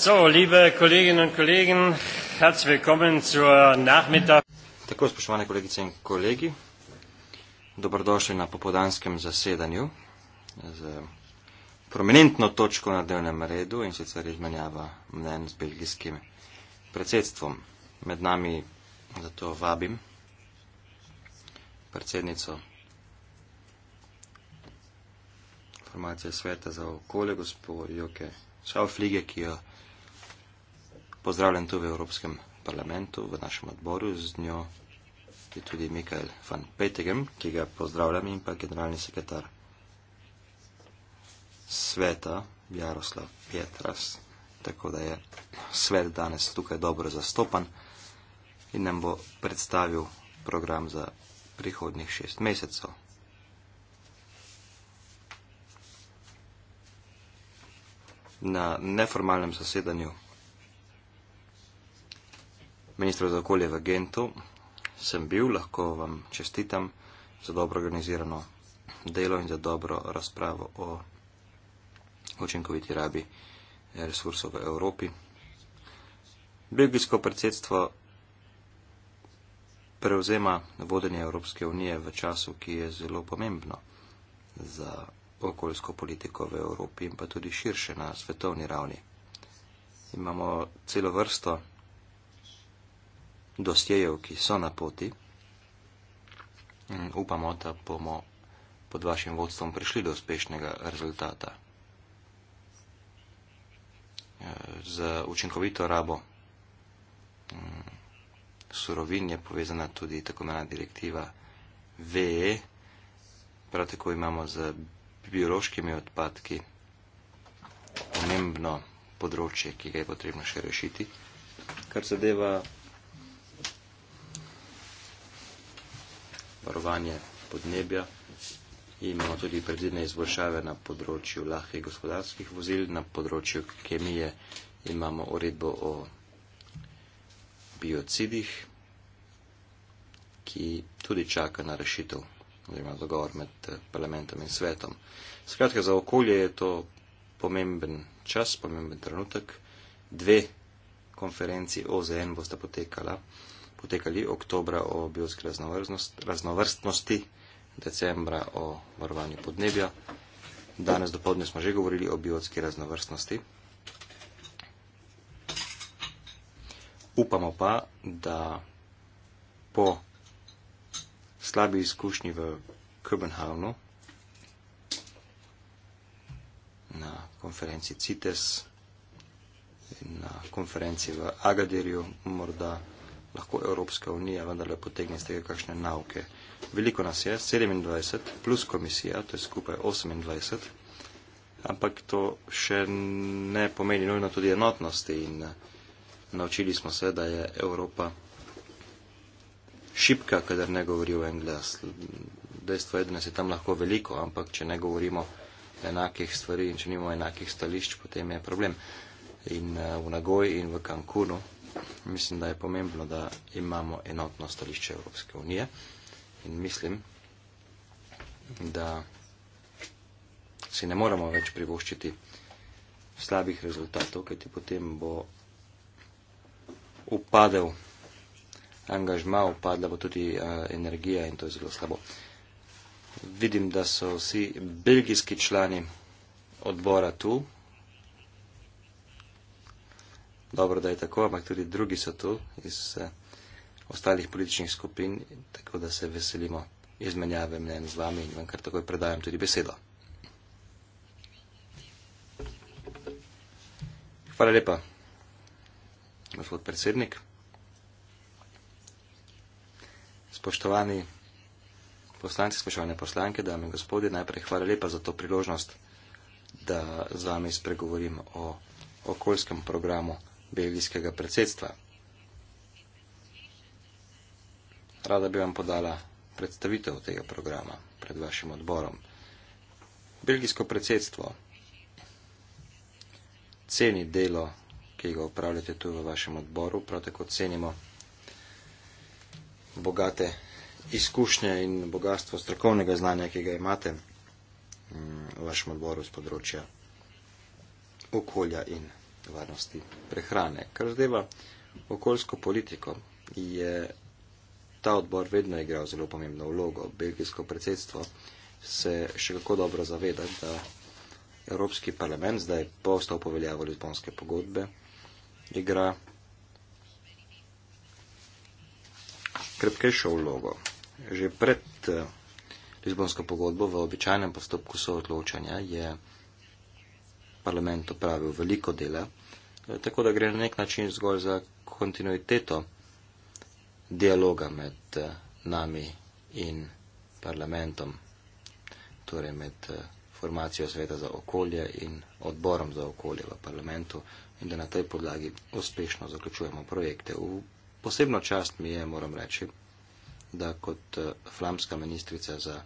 So, liebe Kolleginnen und Kollegen, herzlich willkommen zur Nachmittag. Tako, spoštovane kolegice in kolegi, dobrodošli na popodanskem zasedanju z prominentno točko na dnevnem redu in sicer izmenjava mnen s belgijskim predsedstvom. Med nami zato vabim predsednico formacije sveta za okolje, gospod Joke Šaufliege, ki jo Pozdravljen tu v Evropskem parlamentu, v našem odboru, z njo je tudi Mikael van Petegem, ki ga pozdravljam in pa generalni sekretar sveta Jaroslav Pietras. Tako da je svet danes tukaj dobro zastopan in nam bo predstavil program za prihodnih šest mesecev. Na neformalnem zasedanju ministra za okolje v Gentu sem bil, lahko vam čestitam za dobro organizirano delo in za dobro razpravo o učinkoviti rabi resursov v Evropi. Belgijsko predsedstvo prevzema vodenje Evropske unije v času, ki je zelo pomembno za okoljsko politiko v Evropi in pa tudi širše na svetovni ravni. Imamo celo vrsto dosjejev, ki so na poti. Upamo, da bomo pod vašim vodstvom prišli do uspešnega rezultata. E, z učinkovito rabo mm, surovin je povezana tudi tako imena direktiva VE, prav tako imamo z biološkimi odpadki pomembno področje, ki ga je potrebno še rešiti. Kar zadeva varovanje podnebja. Imamo tudi predvidne izboljšave na področju lahkih gospodarskih vozil, na področju kemije imamo uredbo o biocidih, ki tudi čaka na rešitev oziroma dogovor med eh, parlamentom in svetom. Skratka, za okolje je to pomemben čas, pomemben trenutek. Dve konferenci OZN bosta potekala potekali, oktobra o biotske raznovrstnosti, decembra o varovanju podnebja. Danes dopoledne smo že govorili o biotski raznovrstnosti. Upamo pa, da po slabi izkušnji v Kopenhavnu na konferenci CITES, na konferenci v Agadirju, morda lahko Evropska unija vendarle potegne iz tega kakšne nauke. Veliko nas je, 27 plus komisija, to je skupaj 28, ampak to še ne pomeni nujno tudi enotnosti in eh, naučili smo se, da je Evropa šipka, kadar ne govori v en glas. Dejstvo je, da nas je tam lahko veliko, ampak če ne govorimo enakih stvari in če nimamo enakih stališč, potem je problem. In eh, v Nagoji in v Cancunu Mislim, da je pomembno, da imamo enotno stališče Evropske unije in mislim, da si ne moramo več privoščiti slabih rezultatov, ker ti potem bo upadel angažma, upadla bo tudi uh, energija in to je zelo slabo. Vidim, da so vsi belgijski člani odbora tu, dobro, da je tako, ampak tudi drugi so tu iz eh, ostalih političnih skupin, tako da se veselimo izmenjave mnen z vami in vam kar takoj predajam tudi besedo. Hvala lepa, gospod predsednik. Spoštovani poslanci, spoštovane poslanke, dame in gospodje, najprej hvala lepa za to priložnost, da z vami spregovorim o okoljskem programu belgijskega predsedstva. Rada bi vam podala predstavitev tega programa pred vašim odborom. Belgijsko predsedstvo ceni delo, ki ga upravljate tu v vašem odboru, prav tako cenimo bogate izkušnje in bogatstvo strokovnega znanja, ki ga imate mm, v vašem odboru z področja okolja in varnosti prehrane. Kar zadeva okoljsko politiko, je ta odbor vedno igral zelo pomembno vlogo. Belgijsko predsedstvo se še kako dobro zaveda, da Evropski parlament, zdaj po vstopu veljavo Lizbonske pogodbe, igra krepkejšo vlogo. Že pred eh, Lizbonsko pogodbo v običajnem postopku soodločanja je parlament opravil veliko dela, eh, tako da gre na nek način zgolj za kontinuiteto dialoga med eh, nami in parlamentom, torej med eh, formacijo sveta za okolje in odborom za okolje v parlamentu in da na tej podlagi uspešno zaključujemo projekte. V posebno čast mi je, moram reči, da kot flamska ministrica za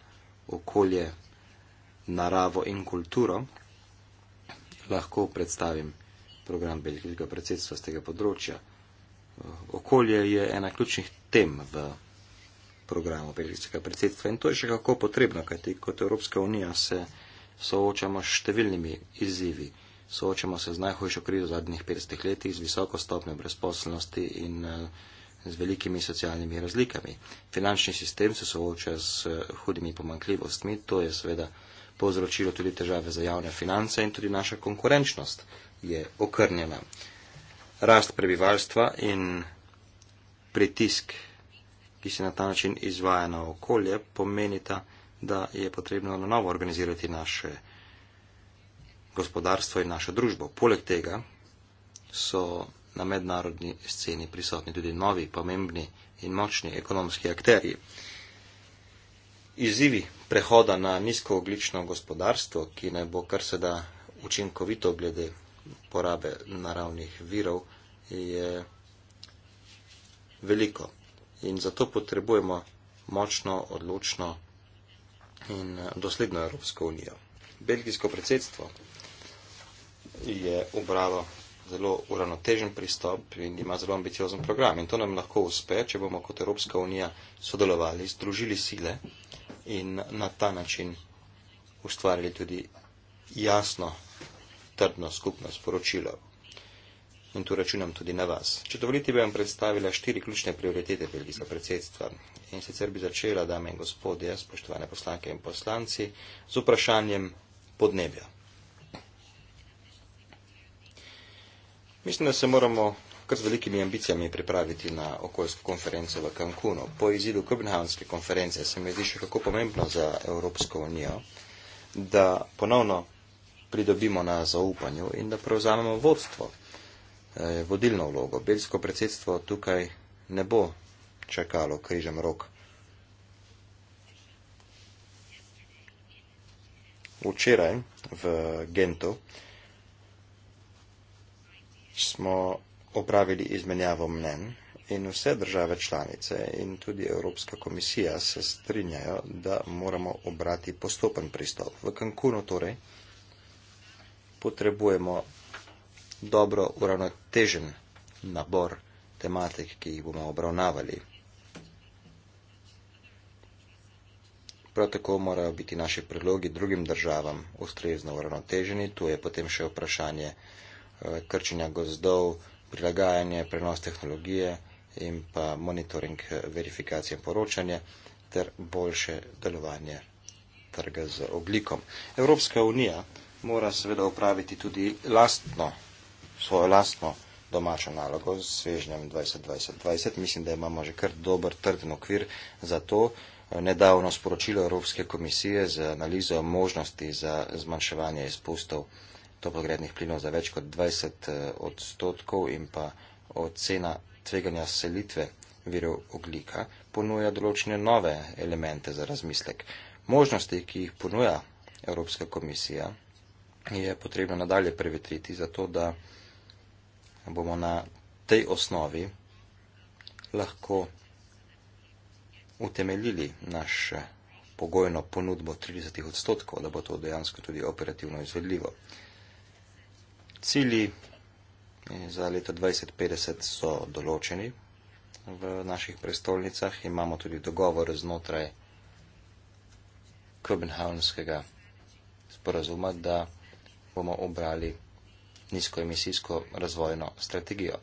okolje, naravo in kulturo, lahko predstavim program belgijskega predsedstva z tega področja. Okolje je ena ključnih tem v programu belgijskega predsedstva in to je še kako potrebno, kajti kot Evropska unija se soočamo s številnimi izzivi. Soočamo se z najhujšo krizo zadnjih 50 let, z visoko stopnjo brezposelnosti in eh, z velikimi socialnimi razlikami. Finančni sistem se sooča s eh, hudimi pomankljivostmi, to je seveda povzročilo tudi težave za javne finance in tudi naša konkurenčnost je okrnjena. Rast prebivalstva in pritisk, ki se na ta način izvaja na okolje, pomenita, da je potrebno na novo organizirati naše gospodarstvo in našo družbo. Poleg tega so na mednarodni sceni prisotni tudi novi, pomembni in močni ekonomski akteri. Izzivi prehoda na nizkooglično gospodarstvo, ki naj bo kar se da učinkovito glede porabe naravnih virov, je veliko. In zato potrebujemo močno, odločno in dosledno Evropsko unijo. Belgijsko predsedstvo je obralo zelo uravnotežen pristop in ima zelo ambiciozen program. In to nam lahko uspe, če bomo kot Evropska unija sodelovali, združili sile in na ta način ustvarili tudi jasno, trdno skupno sporočilo. In tu računam tudi na vas. Če dovolite, bi vam predstavila štiri ključne prioritete belgijskega predsedstva. In sicer bi začela, dame in gospodje, spoštovane poslanke in poslanci, z vprašanjem podnebja. Mislim, da se moramo kar z velikimi ambicijami pripraviti na okoljsko konferenco v Cancunu. Po izidu Kopenhavnske konference se mi zdi še kako pomembno za Evropsko unijo, da ponovno pridobimo na zaupanju in da prevzamemo vodstvo, eh, vodilno vlogo. Belsko predsedstvo tukaj ne bo čakalo križem rok. Včeraj v Gentu smo opravili izmenjavo mnen in vse države članice in tudi Evropska komisija se strinjajo, da moramo obrati postopen pristop. V Cancunu torej potrebujemo dobro uravnotežen nabor tematik, ki jih bomo obravnavali. Prav tako morajo biti naši predlogi drugim državam ustrezno uravnoteženi. Tu je potem še vprašanje eh, krčenja gozdov, prilagajanje, prenos tehnologije in pa monitoring, verifikacija in poročanje ter boljše delovanje trga z oglikom. Evropska unija mora seveda upraviti tudi lastno, svojo lastno domačo nalogo s svežnjem 2020-2020. Mislim, da imamo že kar dober trden okvir za to. Nedavno sporočilo Evropske komisije za analizo možnosti za zmanjševanje izpustov toplogrednih plinov za več kot 20 eh, odstotkov in pa ocena tveganja selitve virov oglika ponuja določene nove elemente za razmislek. Možnosti, ki jih ponuja Evropska komisija, je potrebno nadalje prevetriti, zato da bomo na tej osnovi lahko utemeljili naš pogojno ponudbo 30 odstotkov, da bo to dejansko tudi operativno izvedljivo cilji za leto 2050 so določeni v naših prestolnicah. Imamo tudi dogovor znotraj Kobenhavnskega sporazuma, da bomo obrali nizkoemisijsko razvojno strategijo.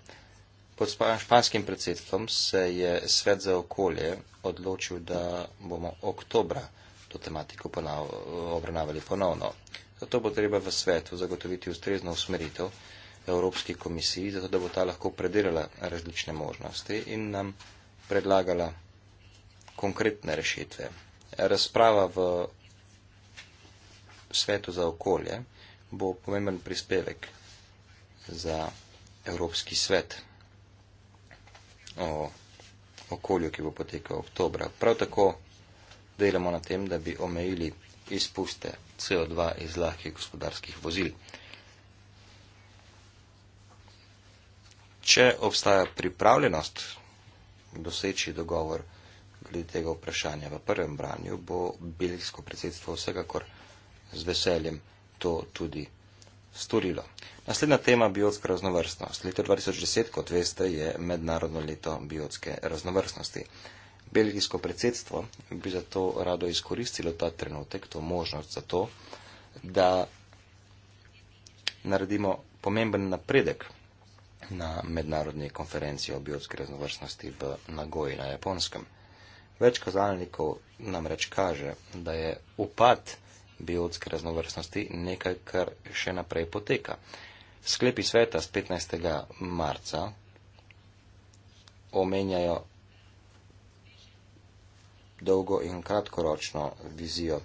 Pod španskim predsedstvom se je Svet za okolje odločil, da bomo oktobra to tematiko ponav, obravnavali ponovno zato bo treba v svetu zagotoviti ustrezno usmeritev Evropski komisiji, zato da bo ta lahko predelala različne možnosti in nam predlagala konkretne rešitve. Razprava v svetu za okolje bo pomemben prispevek za Evropski svet o okolju, ki bo potekal oktobra. Prav tako delamo na tem, da bi omejili izpuste CO2 iz lahkih gospodarskih vozil. Če obstaja pripravljenost doseči dogovor glede tega vprašanja v prvem branju, bo belgijsko predsedstvo vsekakor z veseljem to tudi storilo. Naslednja tema je biotska raznovrstnost. Leto 2010, kot veste, je mednarodno leto biotske raznovrstnosti. Belgijsko predsedstvo bi zato rado izkoristilo ta trenutek, to možnost za to, da naredimo pomemben napredek na mednarodni konferenciji o biotski raznovrstnosti v Nagoji na Japonskem. Več kazalnikov namreč kaže, da je upad biotske raznovrstnosti nekaj, kar še naprej poteka. Sklepi sveta z 15. marca omenjajo dolgo in kratkoročno vizijo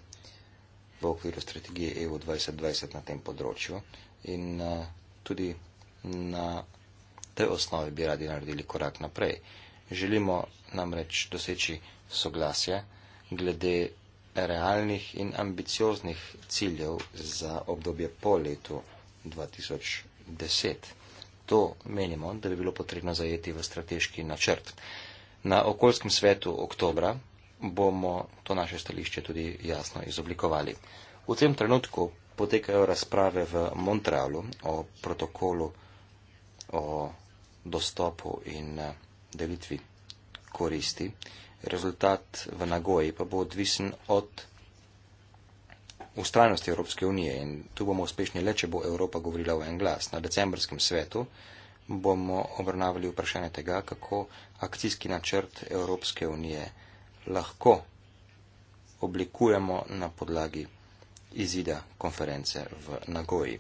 v okviru strategije EU 2020 na tem področju in eh, tudi na tej osnovi bi radi naredili korak naprej. Želimo namreč doseči soglasje glede realnih in ambicioznih ciljev za obdobje po letu 2010. To menimo, da bi bilo potrebno zajeti v strateški načrt. Na okoljskem svetu oktobra bomo to naše stališče tudi jasno izoblikovali. V tem trenutku potekajo razprave v Montrealu o protokolu o dostopu in eh, delitvi koristi. Rezultat v Nagoji pa bo odvisen od ustrajnosti Evropske unije in tu bomo uspešni le, če bo Evropa govorila v en glas. Na decembrskem svetu bomo obrnavali vprašanje tega, kako akcijski načrt Evropske unije lahko oblikujemo na podlagi izida konference v Nagoji.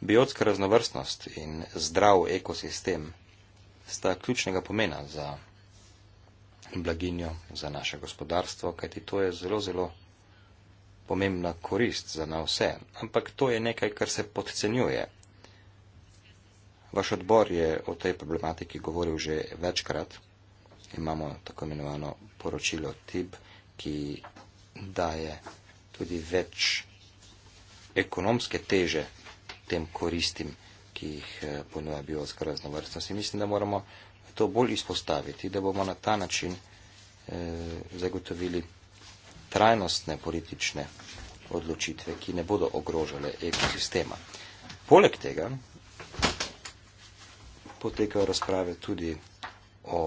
Biotska raznovrstnost in zdrav ekosistem sta ključnega pomena za blaginjo, za naše gospodarstvo, kajti to je zelo, zelo pomembna korist za na vse. Ampak to je nekaj, kar se podcenjuje. Vaš odbor je o tej problematiki govoril že večkrat imamo tako imenovano poročilo TIB, ki daje tudi več ekonomske teže tem koristim, ki jih eh, ponuja biotska raznovrstnost. In mislim, da moramo to bolj izpostaviti, da bomo na ta način eh, zagotovili trajnostne politične odločitve, ki ne bodo ogrožale ekosistema. Poleg tega potekajo razprave tudi o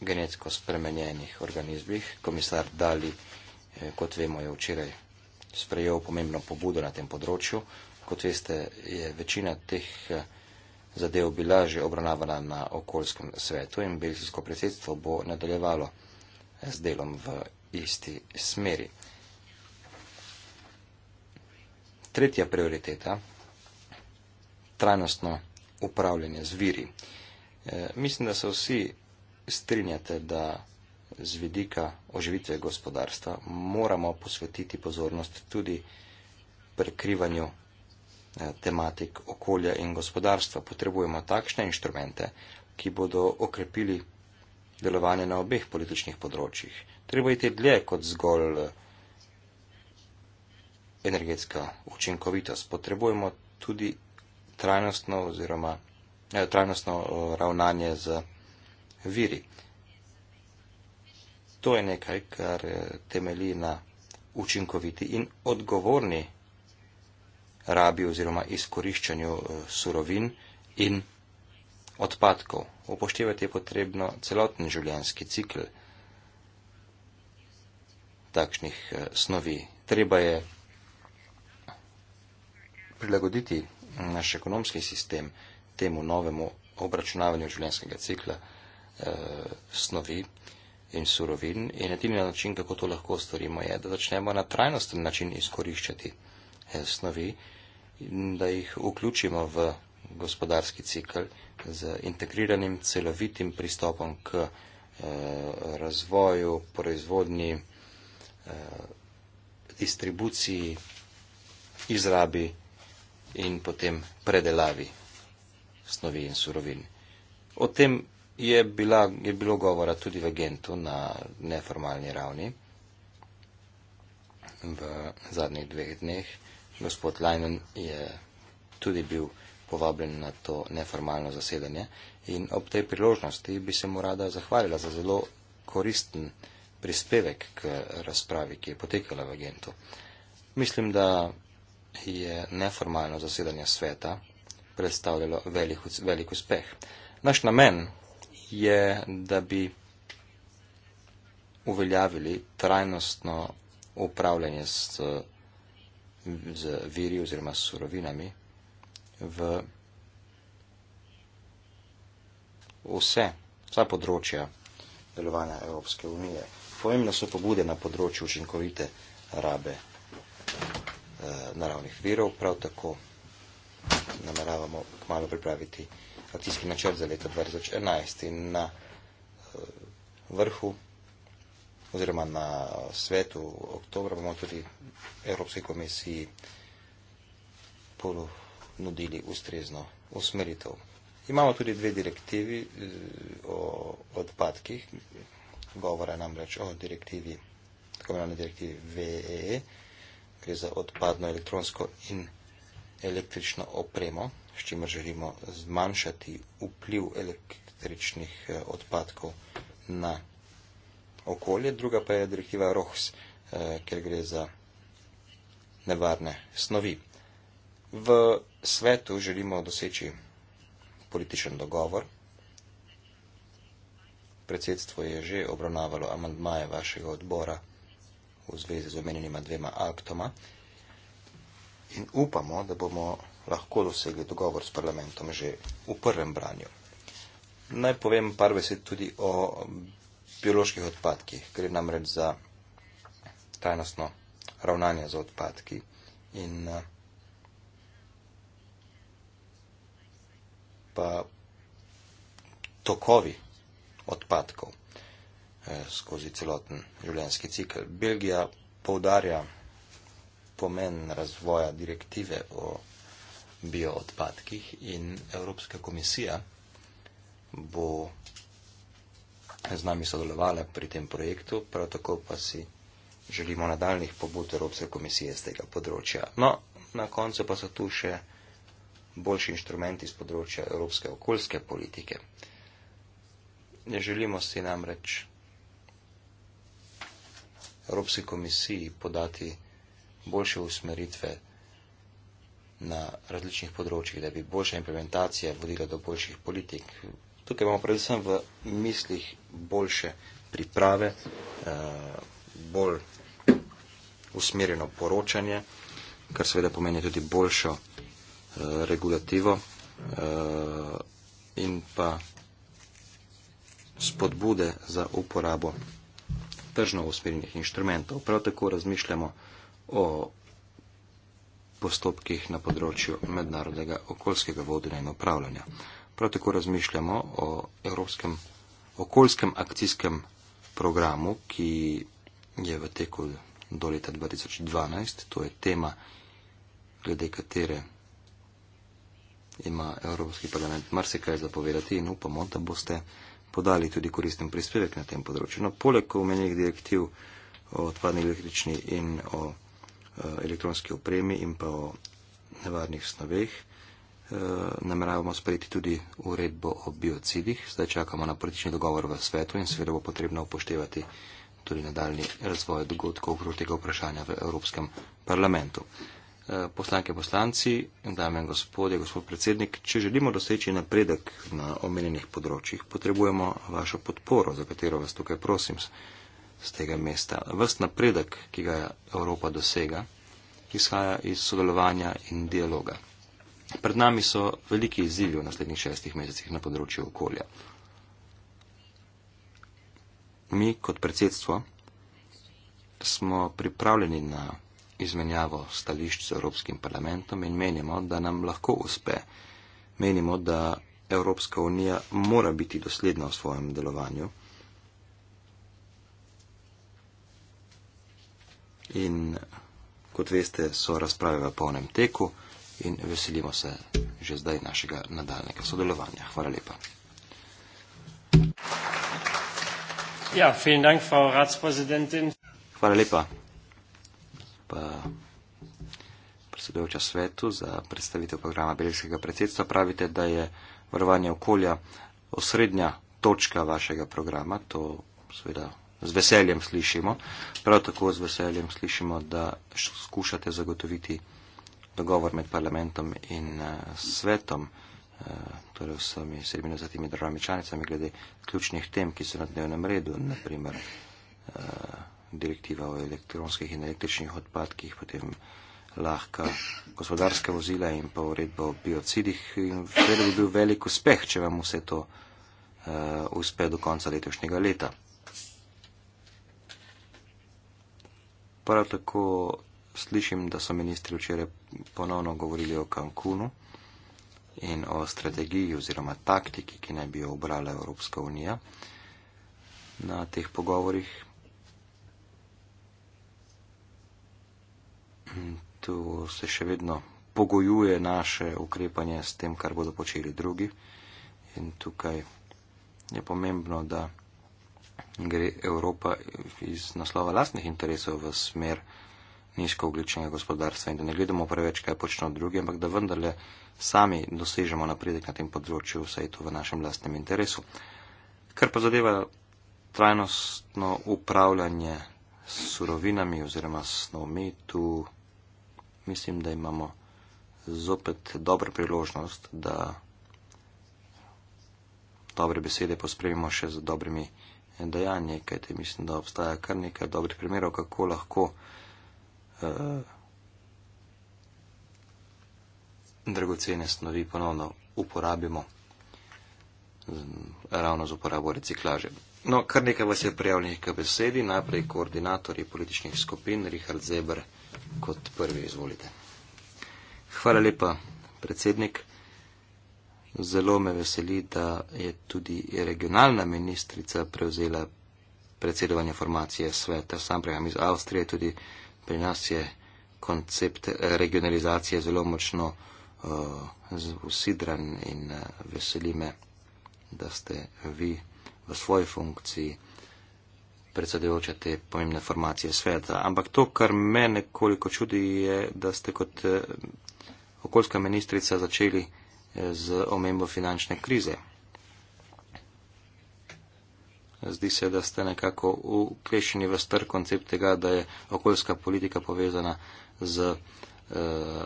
genetsko spremenjenih organizmih. Komisar Dali, eh, kot vemo, je včeraj sprejel pomembno pobudo na tem področju. Kot veste, je večina teh eh, zadev bila že obravnavana na okoljskem svetu in belgijsko predsedstvo bo nadaljevalo eh, z delom v isti smeri. Tretja prioriteta trajnostno upravljanje z viri. E, mislim, da se vsi strinjate, da z vidika oživitve gospodarstva moramo posvetiti pozornost tudi prekrivanju eh, tematik okolja in gospodarstva. Potrebujemo takšne inštrumente, ki bodo okrepili delovanje na obeh političnih področjih. Treba iti dlje kot zgolj eh, energetska učinkovitost. Potrebujemo tudi trajnostno oziroma eh, trajnostno eh, ravnanje z viri. To je nekaj, kar eh, temelji na učinkoviti in odgovorni rabi oziroma izkoriščanju eh, surovin in odpadkov. Upoštevati je potrebno celoten življenski cikl takšnih eh, snovi. Treba je prilagoditi naš ekonomski sistem temu novemu obračunavanju življenskega cikla eh, snovi in surovin. In edini način, kako to lahko storimo, je, da začnemo na trajnosten način izkoriščati eh, snovi in da jih vključimo v gospodarski cikl z integriranim, celovitim pristopom k eh, razvoju, proizvodni, eh, distribuciji, izrabi in potem predelavi snovi in surovin. O tem je, bila, je bilo govora tudi v Gentu na neformalni ravni v zadnjih dveh dneh. Gospod Leinen je tudi bil povabljen na to neformalno zasedanje in ob tej priložnosti bi se mu rada zahvalila za zelo koristen prispevek k razpravi, ki je potekala v Gentu. Mislim, da je neformalno zasedanje sveta predstavljalo velik, velik uspeh. Naš namen je, da bi uveljavili trajnostno upravljanje z, z viri oziroma s surovinami v vse, vsa področja delovanja Evropske unije. Pomembne so pobude na področju učinkovite rabe eh, naravnih virov, prav tako nameravamo kmalo pripraviti eh, akcijski načrt za leto 2011 in na eh, vrhu oziroma na eh, svetu oktobra bomo tudi Evropske komisiji ponudili ustrezno usmeritev. Imamo tudi dve direktivi eh, o odpadkih, govora namreč o direktivi, tako imenovani direktivi VEE, e. gre za odpadno elektronsko in električno opremo, s čimer želimo zmanjšati vpliv električnih eh, odpadkov na okolje. Druga pa je direktiva ROHS, eh, ker gre za nevarne snovi. V svetu želimo doseči političen dogovor. Predsedstvo je že obravnavalo amandmaje vašega odbora v zvezi z omenjenima dvema aktoma in upamo, da bomo lahko dosegli dogovor s parlamentom že v prvem branju. Naj povem par besed tudi o bioloških odpadkih, gre namreč za trajnostno ravnanje za odpadki in eh, pa tokovi odpadkov eh, skozi celoten življenjski cikl. Belgija poudarja pomen razvoja direktive o bioodpadkih in Evropska komisija bo z nami sodelovala pri tem projektu, prav tako pa si želimo nadaljnih pobud Evropske komisije z tega področja. No, na koncu pa so tu še boljši inštrumenti z področja Evropske okoljske politike. Ne želimo si namreč Evropski komisiji podati boljše usmeritve na različnih področjih, da bi boljša implementacija vodila do boljših politik. Tukaj imamo predvsem v mislih boljše priprave, eh, bolj usmerjeno poročanje, kar seveda pomeni tudi boljšo eh, regulativo eh, in pa spodbude za uporabo tržno usmerjenih inštrumentov. Prav tako razmišljamo o o postopkih na področju mednarodnega okoljskega vodenja in upravljanja. Prav tako razmišljamo o Evropskem okoljskem akcijskem programu, ki je v teku do leta 2012. To je tema, glede katere ima Evropski parlament marsikaj zapovedati in upamo, da boste podali tudi koristen prispevek na tem področju. No, poleg omenjenih direktiv o odpadni električni in o Eh, elektronski opremi in pa o nevarnih snoveh. Eh, nameravamo sprejeti tudi uredbo o biocidih. Zdaj čakamo na politični dogovor v svetu in seveda bo potrebno upoštevati tudi nadaljni razvoj dogodkov okrog tega vprašanja v Evropskem parlamentu. Eh, poslanke poslanci, dame in gospode, gospod predsednik, če želimo doseči napredek na omenjenih področjih, potrebujemo vašo podporo, za katero vas tukaj prosim z tega mesta. Vrst napredek, ki ga Evropa dosega, izhaja iz sodelovanja in dialoga. Pred nami so veliki izzivi v naslednjih šestih mesecih na področju okolja. Mi kot predsedstvo smo pripravljeni na izmenjavo stališč z Evropskim parlamentom in menimo, da nam lahko uspe. Menimo, da Evropska unija mora biti dosledna v svojem delovanju. In kot veste, so razprave v polnem teku in veselimo se že zdaj našega nadaljnega sodelovanja. Hvala lepa. Ja, dank, Hvala lepa. Pa predsedujoča svetu za predstavitev programa belgijskega predsedstva pravite, da je varovanje okolja osrednja točka vašega programa. To seveda z veseljem slišimo. Prav tako z veseljem slišimo, da skušate zagotoviti dogovor med parlamentom in eh, svetom, eh, torej vsemi sedmi nazatimi državami članicami, glede ključnih tem, ki so na dnevnem redu, naprimer eh, direktiva o elektronskih in električnih odpadkih, potem lahka gospodarska vozila in pa uredba o biocidih. In seveda bi bil velik uspeh, če vam vse to uh, uspe do konca letošnjega leta. Prav tako slišim, da so ministri včeraj ponovno govorili o Cancunu in o strategiji oziroma taktiki, ki naj bi jo obrala Evropska unija na teh pogovorih. Tu se še vedno pogojuje naše ukrepanje s tem, kar bodo počeli drugi. In tukaj je pomembno, da gre Evropa iz naslova lastnih interesov v smer nizkoogličnega gospodarstva in da ne gledamo preveč, kaj počnejo drugi, ampak da vendarle sami dosežemo napredek na tem področju, vse je to v našem lastnem interesu. Kar pa zadeva trajnostno upravljanje s surovinami oziroma snovmi, tu mislim, da imamo zopet dobro priložnost, da dobre besede pospremimo še z dobrimi dejanje, kaj te mislim, da obstaja kar nekaj dobrih primerov, kako lahko eh, dragocene snovi ponovno uporabimo, z, ravno z uporabo reciklaže. No, kar nekaj vas je prijavljenih k besedi, najprej koordinatorji političnih skupin, Richard Zeber, kot prvi izvolite. Hvala lepa, predsednik. Zelo me veseli, da je tudi regionalna ministrica prevzela predsedovanje formacije sveta. Sam prejam iz Avstrije, tudi pri nas je koncept eh, regionalizacije zelo močno eh, usidran uh, in uh, veseli me, da ste vi v svoji funkciji predsedujoča te pomembne formacije sveta. Ampak to, kar me nekoliko čudi, je, da ste kot uh, okoljska ministrica začeli z omembo finančne krize. Zdi se, da ste nekako uklešeni v str koncept tega, da je okoljska politika povezana z eh,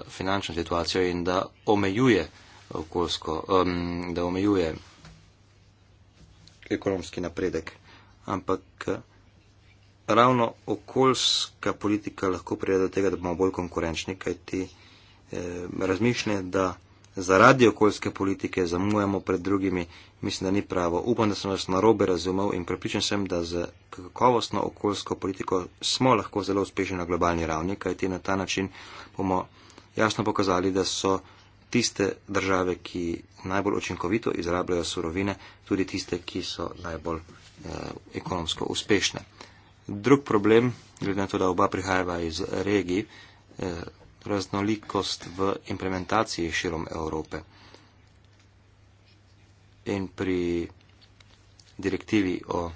finančno situacijo in da omejuje okoljsko, um, da omejuje ekonomski napredek. Ampak eh, ravno okoljska politika lahko prijede do tega, da bomo bolj konkurenčni, kajti eh, razmišljanje, da zaradi okoljske politike zamujamo pred drugimi, mislim, da ni pravo. Upam, da sem vas narobe razumel in prepričan sem, da z kakovostno okoljsko politiko smo lahko zelo uspešni na globalni ravni, kajti na ta način bomo jasno pokazali, da so tiste države, ki najbolj očinkovito izrabljajo surovine, tudi tiste, ki so najbolj eh, ekonomsko uspešne. Drug problem, glede na to, da oba prihajava iz regij, eh, raznolikost v implementaciji širom Evrope. In pri direktivi o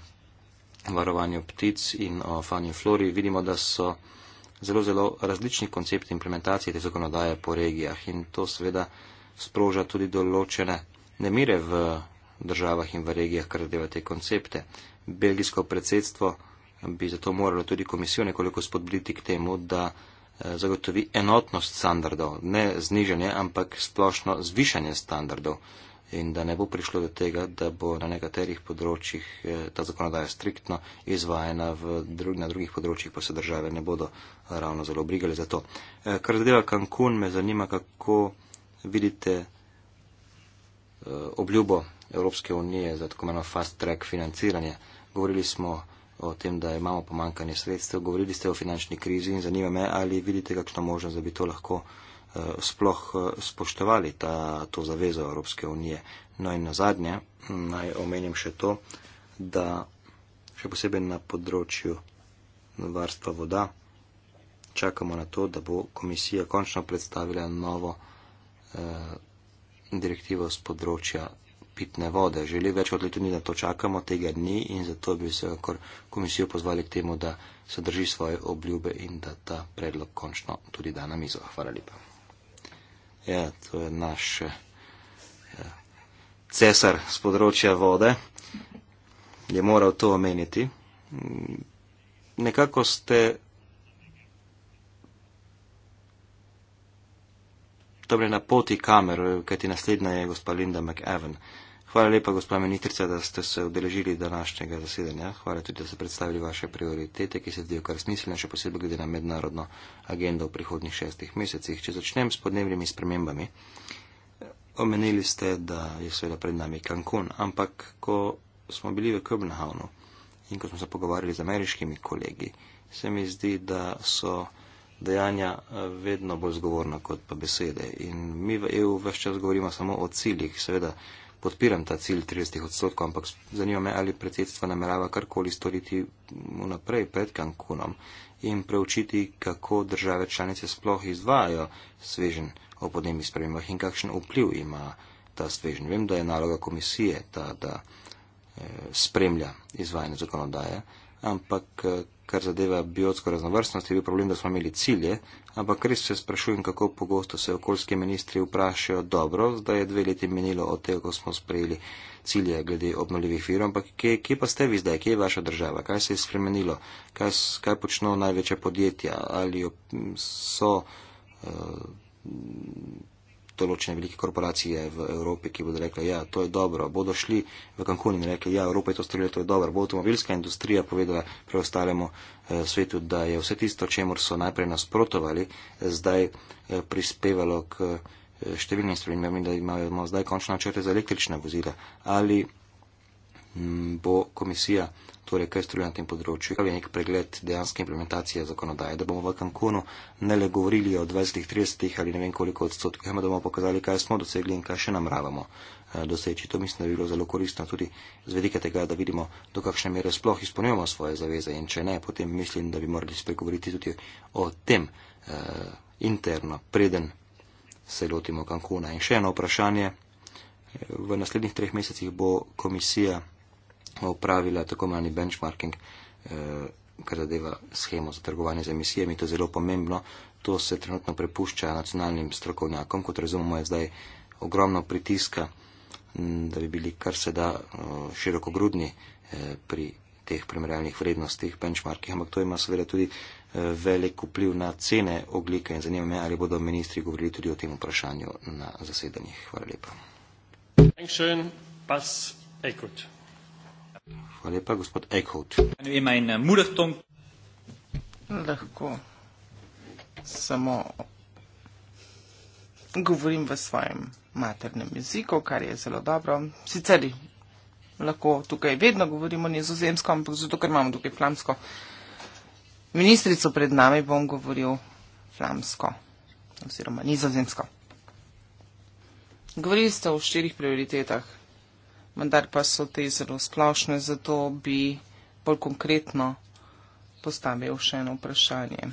varovanju ptic in o fani flori vidimo, da so zelo, zelo različni koncepti implementacije te zakonodaje po regijah in to seveda sproža tudi določene nemire v državah in v regijah, kar zadeva te koncepte. Belgijsko predsedstvo bi zato moralo tudi komisijo nekoliko spodbuditi k temu, da Eh, zagotovi enotnost standardov, ne znižanje, ampak splošno zvišanje standardov in da ne bo prišlo do tega, da bo na nekaterih področjih eh, ta zakonodaja striktno izvajena, drug, na drugih področjih pa se države ne bodo ravno zelo brigali za to. Eh, kar zadeva Cancun, me zanima, kako vidite obljubo Evropske unije za tako imeno fast track financiranje. Govorili smo o o tem, da imamo pomankanje sredstev, govorili ste o finančni krizi in zanima me, ali vidite kakšno možnost, da bi to lahko eh, sploh eh, spoštovali, ta, to zavezo Evropske unije. No in na zadnje, hm, naj omenim še to, da še posebej na področju varstva voda čakamo na to, da bo komisija končno predstavila novo eh, direktivo z področja pitne vode. Že več kot leto ni, da to čakamo, tega ni in zato bi se komisijo pozvali k temu, da se drži svoje obljube in da ta predlog končno tudi da na mizo. Hvala lepa. Ja, to je naš ja, cesar z področja vode. Je moral to omeniti. Nekako ste. Dobro, na poti kamer, kajti naslednja je gospa Linda McEwen. Hvala lepa, gospa ministrica, da ste se odeležili današnjega zasedanja. Hvala tudi, da ste predstavili vaše prioritete, ki se zdijo kar smiselne, še posebej glede na mednarodno agendo v prihodnjih šestih mesecih. Če začnem s podnebnimi spremembami, omenili ste, da je seveda pred nami Cancun, ampak ko smo bili v Köbenhavnu in ko smo se pogovarjali z ameriškimi kolegi, se mi zdi, da so dejanja eh, vedno bolj zgovorna kot pa besede. In mi v EU veščas govorimo samo o ciljih, seveda podpiram ta cilj 30 odstotkov, ampak zanima me, ali predsedstvo namerava karkoli storiti vnaprej pred Cancunom in preučiti, kako države članice sploh izvajajo svežen o podnebnih spremembah in kakšen vpliv ima ta svežen. Vem, da je naloga komisije ta, da eh, spremlja izvajanje zakonodaje ampak eh, kar zadeva biotsko raznovrstnost, je bil problem, da smo imeli cilje, ampak res se sprašujem, kako pogosto se okoljski ministri vprašajo dobro, zdaj je dve leti menilo od tega, ko smo sprejeli cilje glede obnovljivih virov, ampak kje, kje pa ste vi zdaj, kje je vaša država, kaj se je spremenilo, kaj, kaj počno največja podjetja ali so. Uh, določene velike korporacije v Evropi, ki bodo rekle, da ja, to je dobro, bodo šli v Cancun in rekli, da ja, Evropa je to storila, to je dobro, bo avtomobilska industrija povedala preostalemu eh, svetu, da je vse tisto, čemu so najprej nasprotovali, eh, zdaj eh, prispevalo k eh, številnim spremembam in da imamo zdaj končno načrte za električna vozila. Ali m, mm, bo komisija eh, torej kaj storila na tem področju, kaj je nek pregled dejanske implementacije zakonodaje, da bomo v Cancunu ne le govorili o 20-30 ali ne vem koliko odstotkih, ampak da bomo pokazali, kaj smo dosegli in kaj še namravamo eh, doseči. To mislim, da bi bilo zelo koristno tudi z vedike tega, da vidimo, do kakšne mere sploh izpolnjujemo svoje zaveze in če ne, potem mislim, da bi morali spregovoriti tudi o tem eh, interno, preden se lotimo Cancuna. In še eno vprašanje. V naslednjih treh mesecih bo komisija opravila tako imenovani benchmarking, eh, kar zadeva schemo za trgovanje z emisijami. To je zelo pomembno. To se trenutno prepušča nacionalnim strokovnjakom, kot razumemo, je zdaj ogromno pritiska, da bi bili kar se da eh, širokogrudni eh, pri teh primerjalnih vrednostih, benchmarkih, ampak to ima seveda tudi velik vpliv na cene oglika in zanima me, ali bodo ministri govorili tudi o tem vprašanju na zasedanjih. Hvala lepa. Thanks, Hvala lepa, gospod Eichhout. Eh, lahko samo govorim v svojem maternem jeziku, kar je zelo dobro. Sicer lahko tukaj vedno govorimo nizozemsko, ampak zato, ker imamo tukaj flamsko ministrico pred nami, bom govoril flamsko oziroma nizozemsko. Govorili ste o štirih prioritetah vendar pa so te zelo splošne, zato bi bolj konkretno postavil še eno vprašanje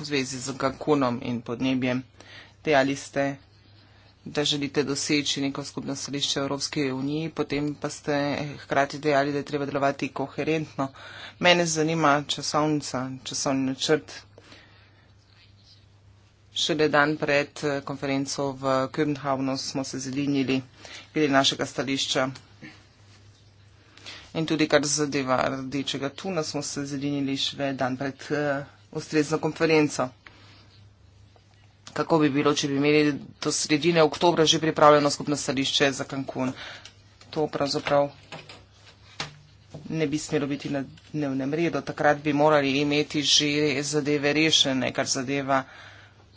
v zvezi z kakunom in podnebjem. Te ali ste, da želite doseči neko skupno stališče Evropske unije, potem pa ste hkrati dejali, da je treba delovati koherentno. Mene zanima časovnica, časovni načrt. Šele dan pred eh, konferenco v Kürnhavnu smo se zelinili glede našega stališča. In tudi kar zadeva rdečega tuna, smo se zelinili šele dan pred eh, ustrezno konferenco. Kako bi bilo, če bi imeli do sredine oktobra že pripravljeno skupno stališče za Cancun? To pravzaprav ne bi smelo biti na dnevnem redu. Takrat bi morali imeti že zadeve rešene, kar zadeva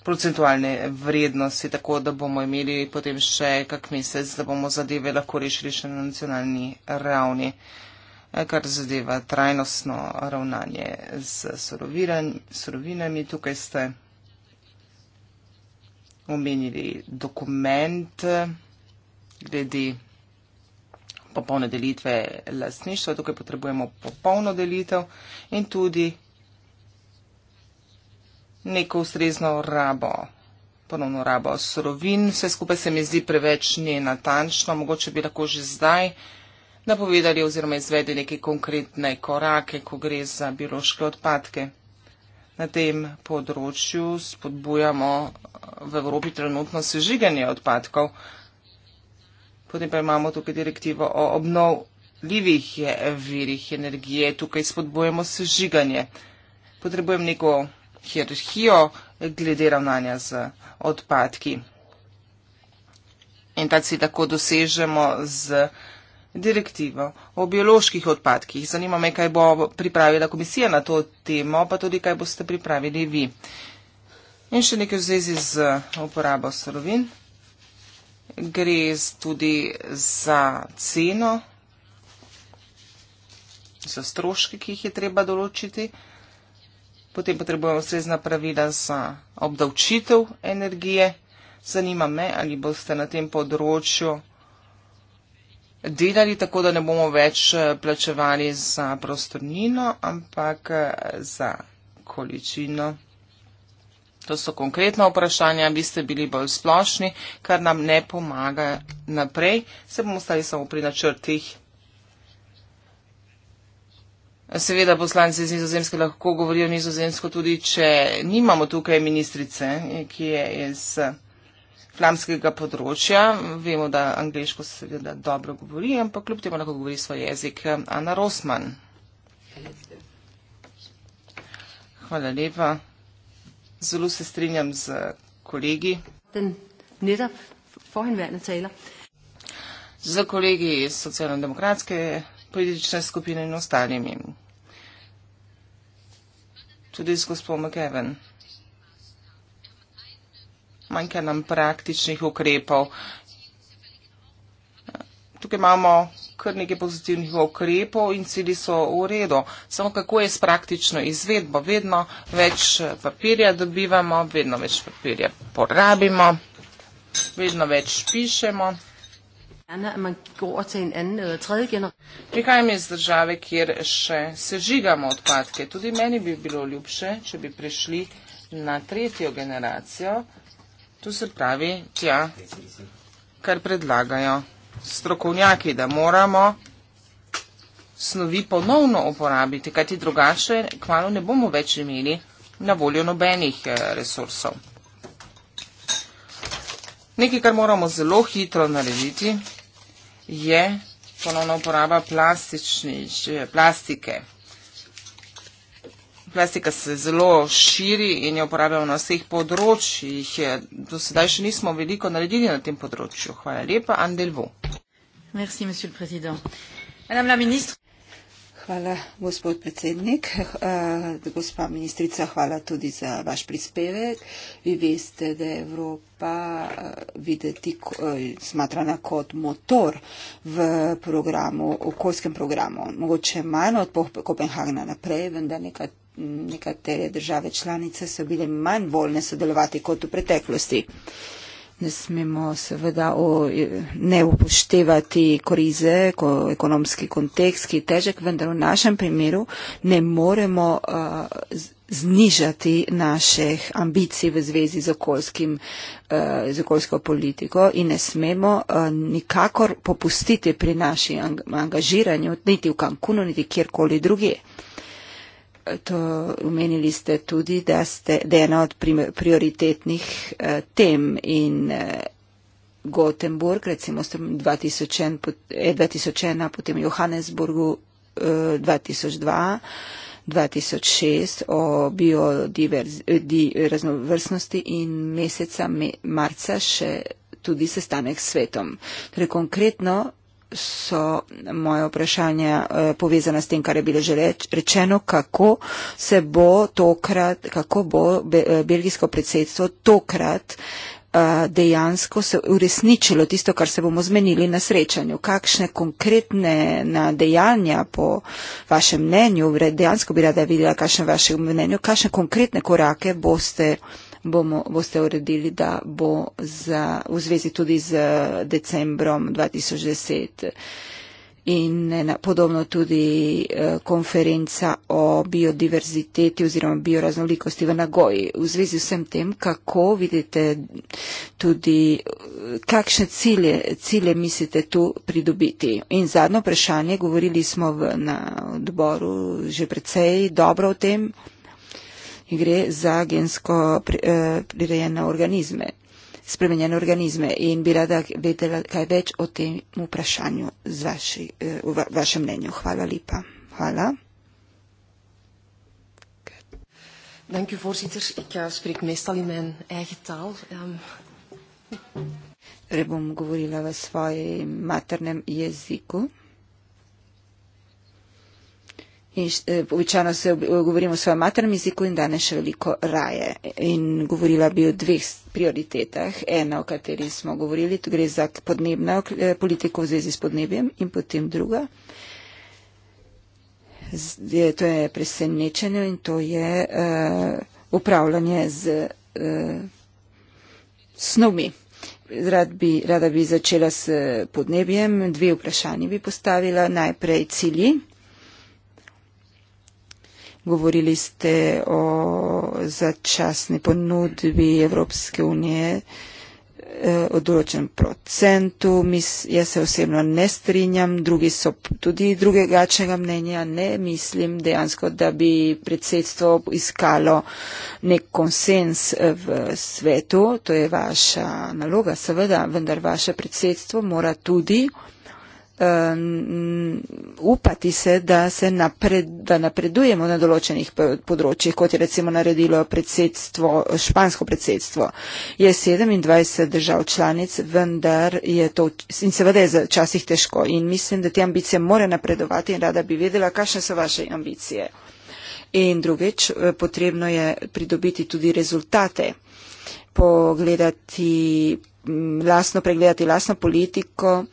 procentualne vrednosti, tako da bomo imeli potem še kak mesec, da bomo zadeve lahko rešili še na nacionalni ravni, eh, kar zadeva trajnostno ravnanje z sorovinami. Tukaj ste omenili dokument eh, glede popolne delitve lasništva. Tukaj potrebujemo popolno delitev in tudi neko ustrezno rabo, ponovno rabo surovin. Vse skupaj se mi zdi preveč nenatančno, mogoče bi lahko že zdaj napovedali oziroma izvedli neke konkretne korake, ko gre za biološke odpadke. Na tem področju spodbujamo v Evropi trenutno sežiganje odpadkov. Potem pa imamo tukaj direktivo o obnovljivih virih energije. Tukaj spodbujamo sežiganje. Potrebujem neko hierarhijo glede ravnanja z odpadki. In ta cilj tako dosežemo z direktivo o bioloških odpadkih. Zanima me, kaj bo pripravila komisija na to temo, pa tudi kaj boste pripravili vi. In še nekaj v zvezi z uporabo sorovin. Gre tudi za ceno, za stroške, ki jih je treba določiti. Potem potrebujemo ustrezna pravila za obdavčitev energije. Zanima me, ali boste na tem področju delali tako, da ne bomo več eh, plačevali za prostornino, ampak eh, za količino. To so konkretna vprašanja, vi ste bili bolj splošni, kar nam ne pomaga naprej. Se bomo stali samo pri načrtih. Seveda poslanci iz nizozemske lahko govorijo nizozemsko, tudi če nimamo tukaj ministrice, ki je iz flamskega področja. Vemo, da angliško seveda dobro govori, ampak kljub temu lahko govori svoj jezik. Ana Rosman. Hvala lepa. Zelo se strinjam z kolegi. Z kolegi iz socialno-demokratske politične skupine in ostalimi tudi z gospo McEwen. Manjka nam praktičnih ukrepov. Tukaj imamo kar nekaj pozitivnih ukrepov in cili so v redu. Samo kako je s praktično izvedbo? Vedno več papirja dobivamo, vedno več papirja porabimo, vedno več pišemo. Prihajam iz države, kjer še sežigamo odpadke. Tudi meni bi bilo ljubše, če bi prišli na tretjo generacijo. Tu se pravi, tja, kar predlagajo strokovnjaki, da moramo snovi ponovno uporabiti, kajti drugače kmalo ne bomo več imeli na voljo nobenih eh, resursov. Nekaj, kar moramo zelo hitro narediti, je ponovna uporaba plastike. Plastika se zelo širi in je uporabljena na vseh področjih. Do sedaj še nismo veliko naredili na tem področju. Hvala lepa, Andelvo. Merci, monsieur le président. Madame la ministre. Hvala, gospod predsednik. Uh, gospa ministrica, hvala tudi za vaš prispevek. Vi veste, da je Evropa uh, videti uh, smatrana kot motor v programu, okoljskem programu. Mogoče manj od Kopenhagna naprej, vendar nekaj, nekatere države članice so bile manj voljne sodelovati kot v preteklosti. Uh, ne smemo seveda o, ne upoštevati krize, ko ekonomski kontekst, ki je težek, vendar v našem primeru ne moremo a, znižati naših ambicij v zvezi z, okoljskim, a, z okoljsko politiko in ne smemo a, nikakor popustiti pri naši angažiranju, niti v Kankunu, niti kjerkoli drugje to omenili ste tudi, da, ste, da je ena od prioritetnih eh, tem in eh, Gothenburg, recimo 2001, eh, potem Johannesburgu 2002-2006 o bioraznovrstnosti in meseca marca še tudi sestanek s svetom. Torej konkretno so moje vprašanja eh, povezana s tem, kar je bilo že reč, rečeno, kako se bo tokrat, kako bo eh, belgijsko predsedstvo tokrat eh, dejansko se uresničilo tisto, kar se bomo zmenili na srečanju. Kakšne konkretne na dejanja po vašem mnenju, dejansko bi rada videla, kakšne vaše mnenju, kakšne konkretne korake boste bomo, boste uredili, da bo za, v zvezi tudi z decembrom 2010. In podobno tudi eh, konferenca o biodiverziteti oziroma bioraznolikosti v Nagoji. V zvezi vsem tem, kako vidite tudi, eh, kakšne cilje, cilje mislite tu pridobiti. In zadnje vprašanje, govorili smo v, na odboru že precej dobro o tem in gre za gensko eh, prirejene organizme, spremenjene organizme in bi rada vedela kaj več o tem vprašanju z vaši, eh, v vašem mnenju. Hvala lepa. Hvala. Dank u voorzitter. Ik uh, spreek meestal in mijn eigen taal. Ehm. Rebom torej govorila v svojem maternem jeziku in povečano eh, se govorim o svojem maternem jeziku in danes še veliko raje. In govorila bi o dveh prioritetah. Ena, o kateri smo govorili, tu gre za podnebno eh, politiko v zvezi s podnebjem in potem druga. Je, to je presenečenje in to je uh, upravljanje z uh, snovmi. Rad bi, rada bi začela s podnebjem. Dve vprašanje bi postavila. Najprej cilji. Govorili ste o začasni ponudbi Evropske unije eh, o določen procentu. Mis, jaz se osebno ne strinjam, drugi so tudi drugačnega mnenja. Ne mislim dejansko, da bi predsedstvo iskalo nek konsens eh, v svetu. To je vaša naloga, seveda, vendar vaše predsedstvo mora tudi upati se, da, se napred, da napredujemo na določenih področjih, kot je recimo naredilo predsedstvo, špansko predsedstvo. Je 27 držav članic, vendar je to in seveda je včasih težko in mislim, da te ambicije more napredovati in rada bi vedela, kakšne so vaše ambicije. In drugič, eh, potrebno je pridobiti tudi rezultate, pogledati, lasno, pregledati lasno politiko,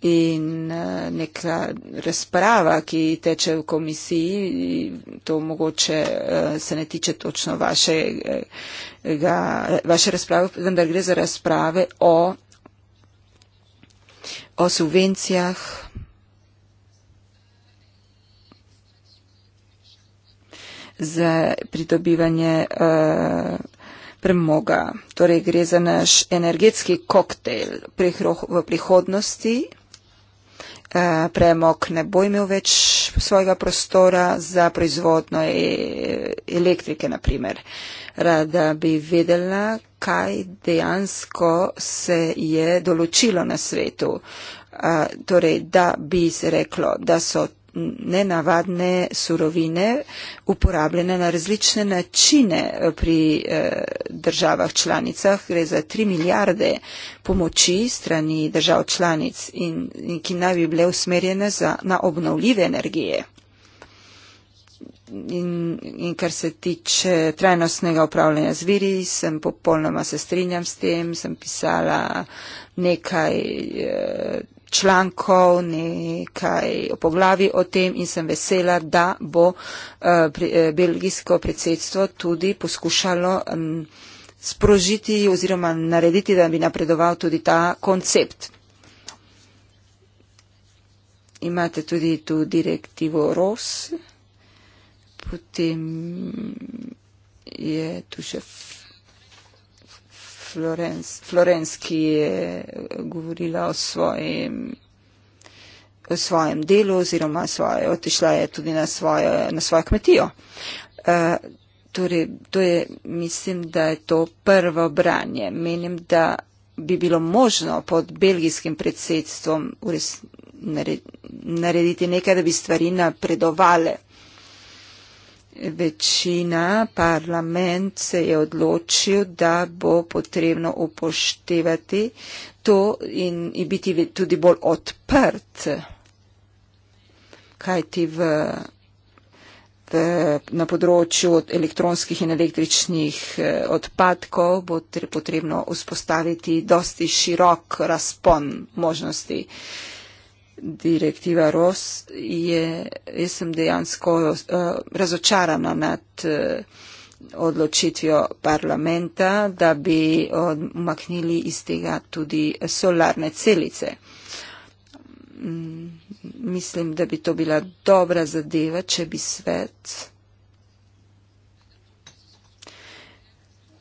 in eh, neka razprava, ki teče v komisiji, to mogoče eh, se ne tiče točno vaše, ga, vaše razprave, vendar gre za razprave o, o subvencijah. za pridobivanje uh, premoga. Torej gre za naš energetski koktejl v prihodnosti. Eh, premog ne bo imel več svojega prostora za proizvodno e, elektrike, naprimer. Rada bi vedela, kaj dejansko se je določilo na svetu. Eh, torej, da bi se reklo, da so nenavadne surovine uporabljene na različne načine eh, pri eh, državah članicah. Gre za 3 milijarde pomoči strani držav članic, in, in ki naj bi bile usmerjene za, na obnovljive energije. In, in kar se tiče trajnostnega upravljanja z viri, sem popolnoma se strinjam s tem, sem pisala nekaj. Eh, člankov, nekaj poglavi o tem in sem vesela, da bo eh, eh, belgijsko predsedstvo tudi poskušalo sprožiti oziroma narediti, da bi napredoval tudi ta koncept. Imate tudi tu direktivo ROS, potem je tu še Florenc, Florenc, ki je eh, govorila o svojem, o svojem delu oziroma svoje, otišla je tudi na, svoje, na svojo kmetijo. Uh, torej, to je, mislim, da je to prvo branje. Menim, da bi bilo možno pod belgijskim predsedstvom res, narediti nekaj, da bi stvari napredovale. Večina parlament se je odločil, da bo potrebno upoštevati to in biti tudi bolj odprt, kajti v, v, na področju od elektronskih in električnih eh, odpadkov bo potrebno vzpostaviti dosti širok razpon možnosti direktiva ROS, je, jaz sem dejansko uh, razočarana nad uh, odločitvijo parlamenta, da bi umaknili iz tega tudi solarne celice. Mm, mislim, da bi to bila dobra zadeva, če bi svet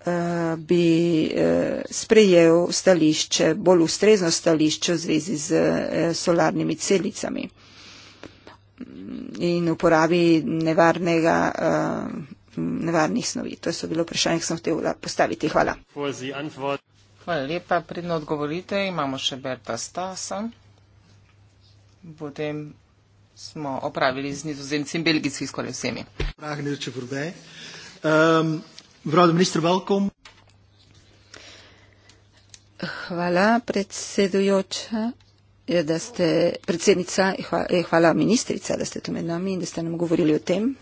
Eh, bi eh, sprejel stališče, bolj ustrezno stališče v zvezi z eh, solarnimi celicami in uporabi nevarnega, nevarnih snovi. To je so bilo vprašanje, ki sem hotel postaviti. Hvala. Hvala lepa. Predno odgovorite. Imamo še Berta Stasa. Potem smo opravili z nizozemci in belgijski skoraj vsemi. Um, Mevrouw de minister, welkom. Hvala, predsedujoča, da ste, predsednica, hvala, hvala ministrica, da ste tu med nami in da ste nam govorili o tem.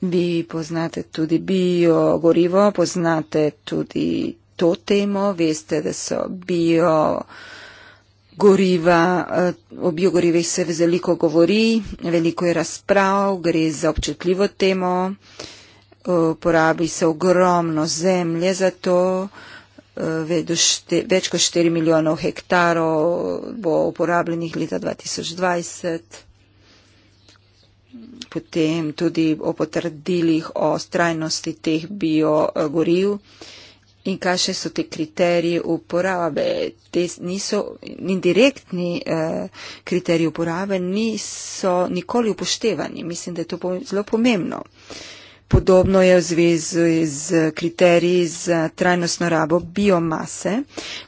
Vi poznate tudi biogorivo, poznate tudi to temo, veste, da so biogorivo goriva, eh, o biogorivih se veliko govori, veliko je razprav, gre za občutljivo temo, eh, porabi se ogromno zemlje za to, eh, več kot 4 milijonov hektarov bo uporabljenih leta 2020. Potem tudi o potrdilih o strajnosti teh biogoriv. In kaj še so te kriteriji uporabe? Te niso indirektni eh, kriteriji uporabe, niso nikoli upoštevani. Mislim, da je to po, zelo pomembno. Podobno je v zvezi z kriteriji za trajnostno rabo biomase.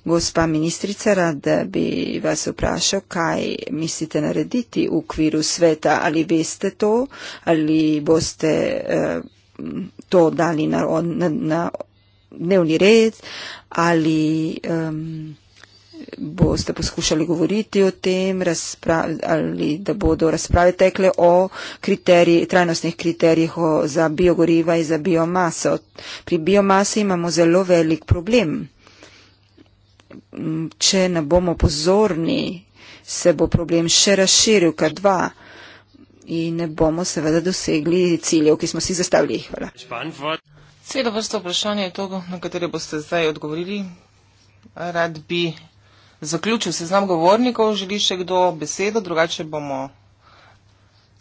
Gospa ministrica, rad bi vas vprašal, kaj mislite narediti v okviru sveta. Ali veste to, ali boste eh, to dali na, na, na dnevni red ali um, boste poskušali govoriti o tem ali da bodo razprave tekle o kriteriji, trajnostnih kriterijih o, za biogoriva in za biomaso. Pri biomasi imamo zelo velik problem. Če ne bomo pozorni, se bo problem še razširil, kar dva. In ne bomo seveda dosegli ciljev, ki smo si zastavili. Hvala. Spanford. Celo vrsto vprašanj je to, na katere boste zdaj odgovorili. Rad bi zaključil seznam govornikov. Želi še kdo besedo, drugače bomo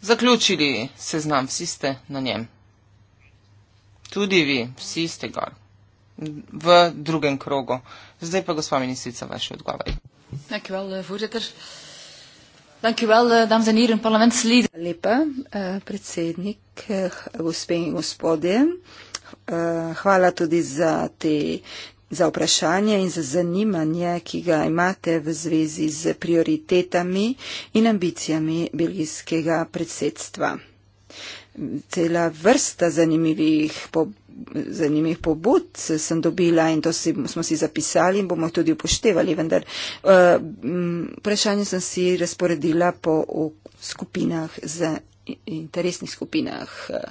zaključili seznam. Vsi ste na njem. Tudi vi, vsi ste gor. V drugem krogu. Zdaj pa gospa ministrica, vaš odgovor. Dankjewel, eh, voorzitter. Dankjewel, eh, dames en heren, parlement slide. Lepa, eh, predsednik, gospe in gospodje. Eh, hvala tudi za, te, za vprašanje in za zanimanje, ki ga imate v zvezi z prioritetami in ambicijami belgijskega predsedstva. Cela vrsta zanimivih, po, zanimivih pobud sem dobila in to si, smo si zapisali in bomo tudi upoštevali, vendar eh, vprašanje sem si razporedila po skupinah, z, interesnih skupinah. Uh,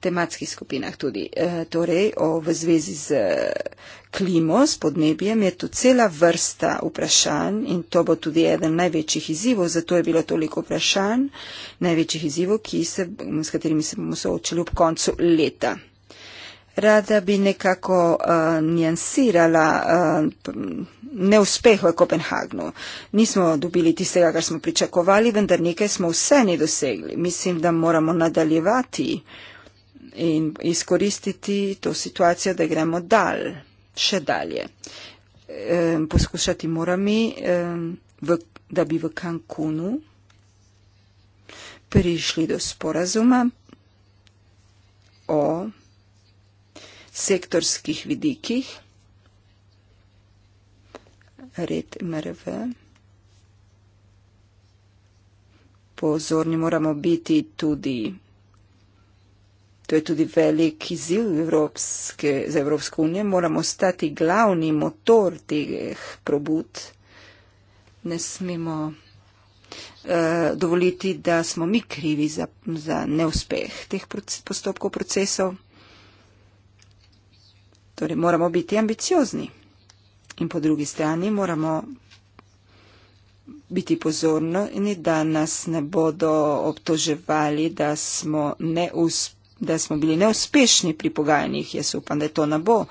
tematskih skupinah tudi. E, torej, o, v zvezi z e, klimo, s podnebjem je tu cela vrsta vprašanj in to bo tudi eden največjih izzivov, zato je bilo toliko vprašanj, največjih izzivov, se, s katerimi se bomo soočili ob koncu leta. Rada bi nekako uh, njansirala uh, neuspeh v Kopenhagnu. Nismo dobili tistega, kar smo pričakovali, vendar nekaj smo vse ne dosegli. Mislim, da moramo nadaljevati uh, in izkoristiti to situacijo, da gremo dal, še dalje. E, poskušati morami, e, v, da bi v Cancunu prišli do sporazuma o sektorskih vidikih, red MRV. Pozorni moramo biti tudi To je tudi velik izziv Evropske, za Evropsko unijo. Moramo stati glavni motor teh probud. Ne smemo uh, dovoliti, da smo mi krivi za, za neuspeh teh postopkov, procesov. Torej moramo biti ambiciozni. In po drugi strani moramo biti pozorni, da nas ne bodo obtoževali, da smo neuspešni da smo bili neuspešni pri pogajanjih. Jaz upam, da to ne bo.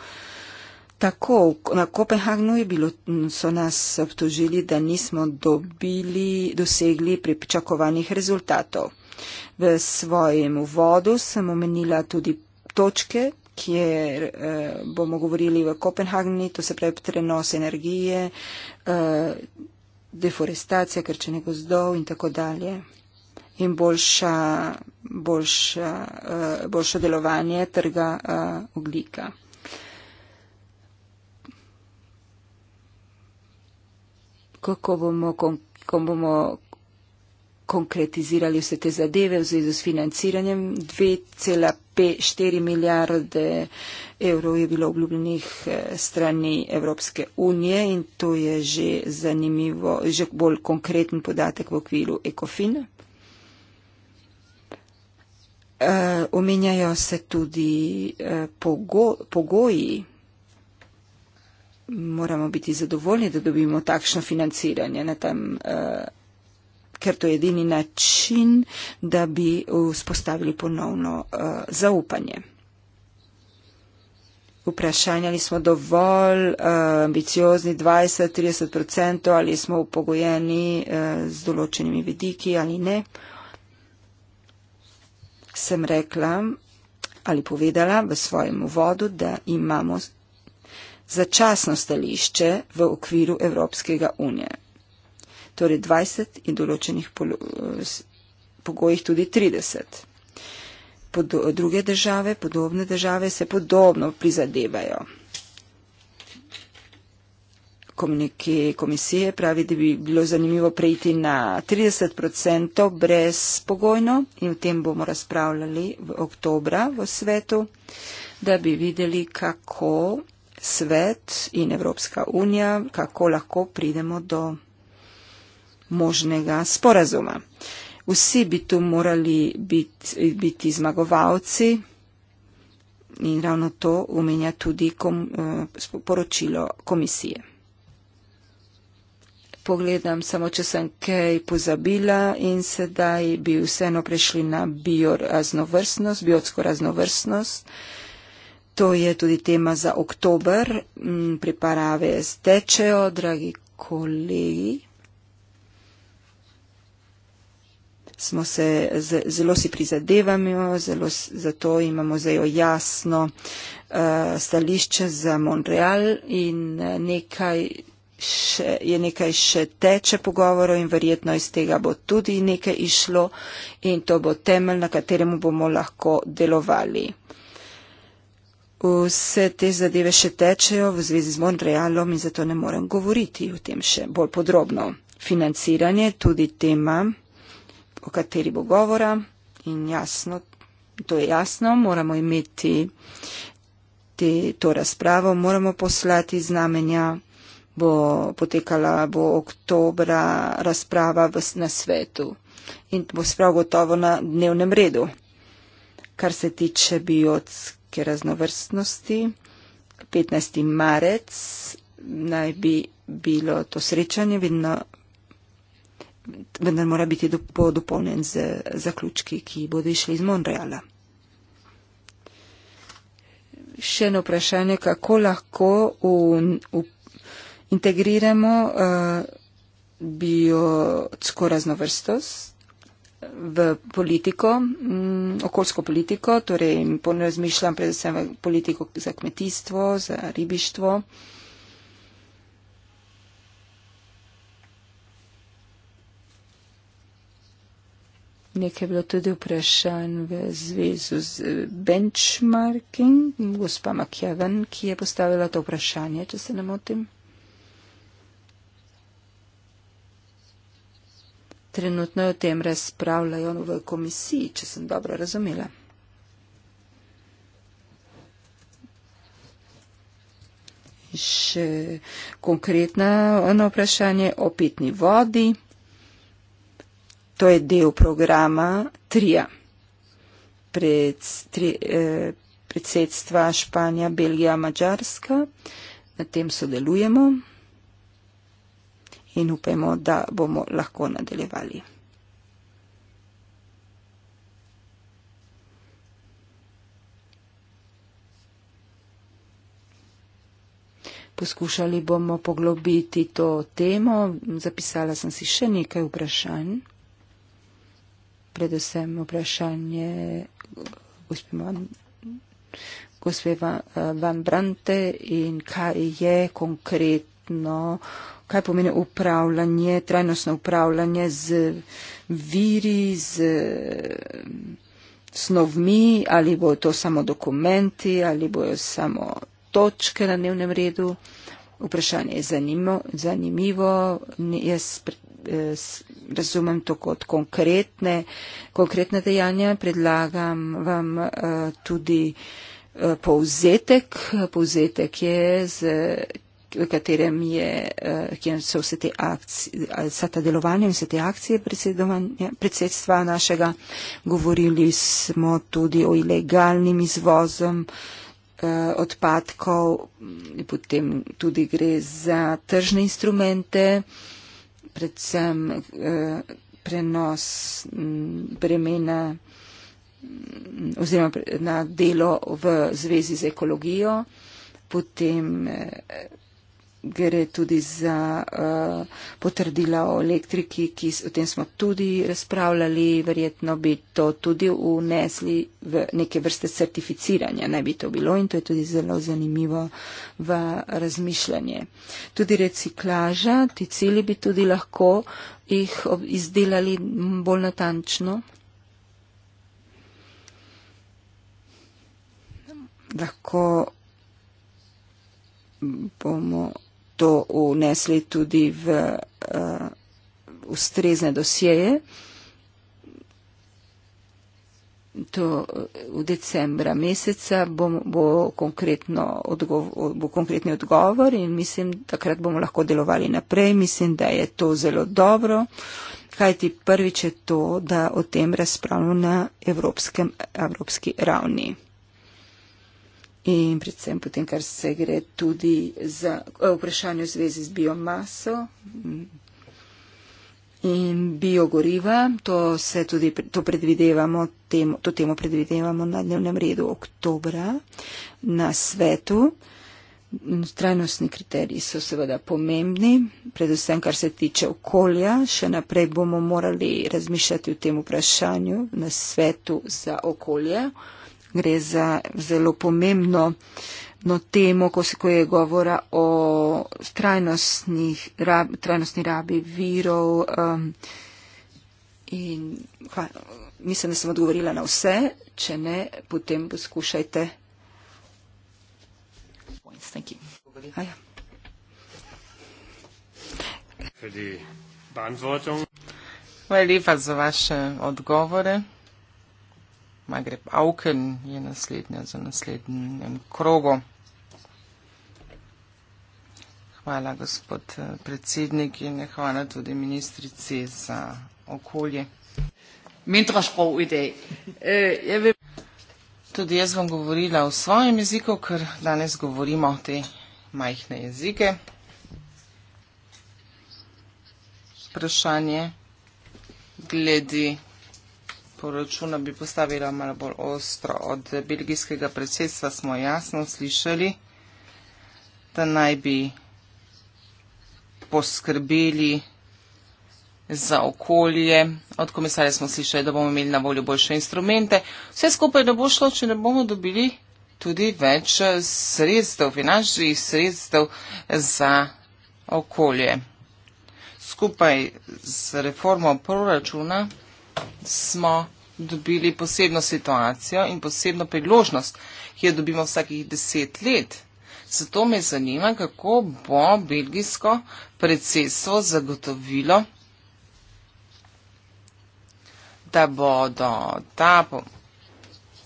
Tako, na Kopenhagnu bilo, so nas obtožili, da nismo dobili, dosegli pričakovanih rezultatov. V svojem uvodu sem omenila tudi točke, kjer eh, bomo govorili v Kopenhagni, to se pravi prenos energije, eh, deforestacija, krčenje gozdov in tako dalje in boljša, boljša, eh, boljše delovanje trga eh, oglika. Kako bomo, kom, bomo konkretizirali vse te zadeve v zvezi s financiranjem? 2,4 milijarde evrov je bilo obljubljenih eh, strani Evropske unije in to je že zanimivo, že bolj konkreten podatek v okviru ECOFIN. -a. Uh, omenjajo se tudi uh, pogo pogoji. Moramo biti zadovoljni, da dobimo takšno financiranje, tam, uh, eh, ker to je edini način, da bi vzpostavili ponovno uh, zaupanje. Vprašanjali smo dovolj uh, ambiciozni 20-30 percent, ali smo upogojeni uh, z določenimi vidiki ali ne. Uh, sem rekla ali povedala v svojem uvodu, da imamo začasno stališče v okviru Evropskega unije. Torej 20 in določenih pogojih tudi 30. Podo druge države, podobne države se podobno prizadevajo komunike komisije pravi, da bi bilo zanimivo prejti na 30% brezpogojno in o tem bomo razpravljali v oktobra v svetu, da bi videli, kako svet in Evropska unija, kako lahko pridemo do možnega sporazuma. Vsi bi tu morali biti, biti zmagovalci. In ravno to omenja tudi kom, eh, poročilo komisije pogledam, samo če sem kaj pozabila in sedaj bi vseeno prešli na bioraznovrstnost, biotsko raznovrstnost. To je tudi tema za oktober. Mm, priprave stečejo, dragi kolegi. Smo se zelo si prizadevami, zelo zato imamo zdaj jasno uh, stališče za Montreal in eh, nekaj še, je nekaj še teče pogovorov in verjetno iz tega bo tudi nekaj išlo in to bo temelj, na katerem bomo lahko delovali. Vse te zadeve še tečejo v zvezi z Montrealom in zato ne morem govoriti o tem še bolj podrobno. Financiranje je tudi tema, o kateri bo govora in jasno, to je jasno, moramo imeti te, to razpravo, moramo poslati znamenja bo potekala bo oktobra razprava v, na svetu in bo sprav gotovo na dnevnem redu. Kar se tiče biotske raznovrstnosti, 15. marec naj bi bilo to srečanje, vidno, vendar mora biti do, dopolnjen z zaključki, ki bodo išli iz Montreala. Še eno vprašanje, kako lahko v, v integriramo uh, biotsko raznovrstost v politiko, mm, okoljsko politiko, torej razmišljam predvsem v politiko za kmetijstvo, za ribištvo. Nekaj je bilo tudi vprašanj v zvezu z eh, benchmarking, gospa Makjeven, ki je postavila to vprašanje, če se ne motim. trenutno o tem razpravljajo v komisiji, če sem dobro razumela. Še konkretna ono vprašanje o pitni vodi. To je del programa trija pred, tri, eh, predsedstva Španija, Belgija, Mačarska. Na tem sodelujemo in upajmo, da bomo lahko nadaljevali. Poskušali bomo poglobiti to temo. Zapisala sem si še nekaj vprašanj. Predvsem vprašanje gospe Van, Van Brante in kaj je konkretno kaj pomeni upravljanje, trajnostno upravljanje z viri, z eh, snovmi, ali bo to samo dokumenti, ali bojo samo točke na dnevnem redu. Vprašanje je zanimivo, zanimivo. jaz eh, razumem to kot konkretne, konkretne dejanja, predlagam vam eh, tudi povzetek. Povzetek je z v katerem je, eh, so vse te akcije, eh, vsa ta delovanja in vse te akcije predsedstva našega. Govorili smo tudi o ilegalnim izvozom eh, odpadkov, potem tudi gre za tržne instrumente, predvsem prenos mm, bremena mm, oziroma na delo v zvezi z ekologijo, potem gre tudi za uh, potrdila o elektriki, ki o tem smo tudi razpravljali, verjetno bi to tudi unesli v neke vrste certificiranja, naj bi to bilo in to je tudi zelo zanimivo v razmišljanje. Tudi reciklaža, ti cili bi tudi lahko jih izdelali bolj natančno. Lahko bomo to unesli tudi v uh, ustrezne dosjeje. To eh, v decembra meseca bo, bo, odgovor, bo konkretni odgovor in mislim, takrat bomo lahko delovali naprej. Mislim, da je to zelo dobro, kajti prvič je to, da o tem razpravljamo na evropskem, evropski ravni in predvsem potem, kar se gre tudi za eh, vprašanje v zvezi z biomaso in biogoriva. To, tudi, to, temo, to temo predvidevamo na dnevnem redu oktobra na svetu. Trajnostni kriteriji so seveda pomembni, predvsem kar se tiče okolja. Še naprej bomo morali razmišljati o tem vprašanju na svetu za okolje gre za zelo pomembno no, temo, ko, se, ko je govora o rab, trajnostni rabi virov. Um, in, hva, mislim, da sem odgovorila na vse. Če ne, potem poskušajte. Ja. Hvala lepa za vaše odgovore. Magreb Auken je naslednja za naslednjem krogu. Hvala, gospod eh, predsednik, in hvala tudi ministrici za okolje. Eh, tudi jaz bom govorila v svojem jeziku, ker danes govorimo te majhne jezike. Vprašanje glede poročuna bi postavila malo bolj ostro. Od belgijskega predsedstva smo jasno slišali, da naj bi poskrbeli za okolje. Od komisarja smo slišali, da bomo imeli na voljo boljše instrumente. Vse skupaj ne bo šlo, če ne bomo dobili tudi več sredstev, finančnih sredstev za okolje. Skupaj z reformo proračuna smo dobili posebno situacijo in posebno priložnost, ki jo dobimo vsakih deset let. Zato me zanima, kako bo belgijsko predsedstvo zagotovilo, da bodo ta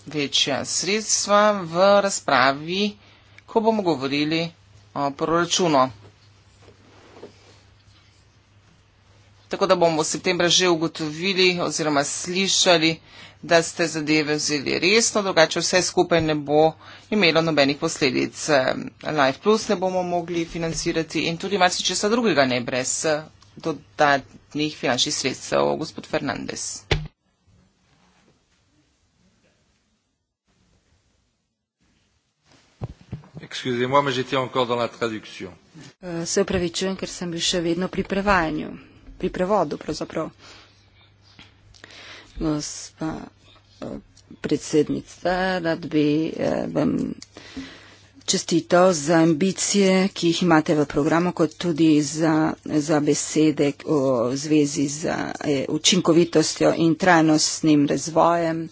večja sredstva v razpravi, ko bomo govorili o proračunu. Tako da bomo v septembra že ugotovili oziroma slišali, da ste zadeve vzeli resno, drugače vse skupaj ne bo imelo nobenih posledic. Life Plus ne bomo mogli financirati in tudi marsi česa drugega ne brez eh, dodatnih finančnih sredstev, gospod Fernandez. Eh, se upravičujem, ker sem bil še vedno pri prevajanju pri prevodu pravzaprav. Gospa eh, predsednica, rad bi eh, vam čestitev za ambicije, ki jih imate v programu, kot tudi za, za besede v zvezi z eh, učinkovitostjo in trajnostnim razvojem.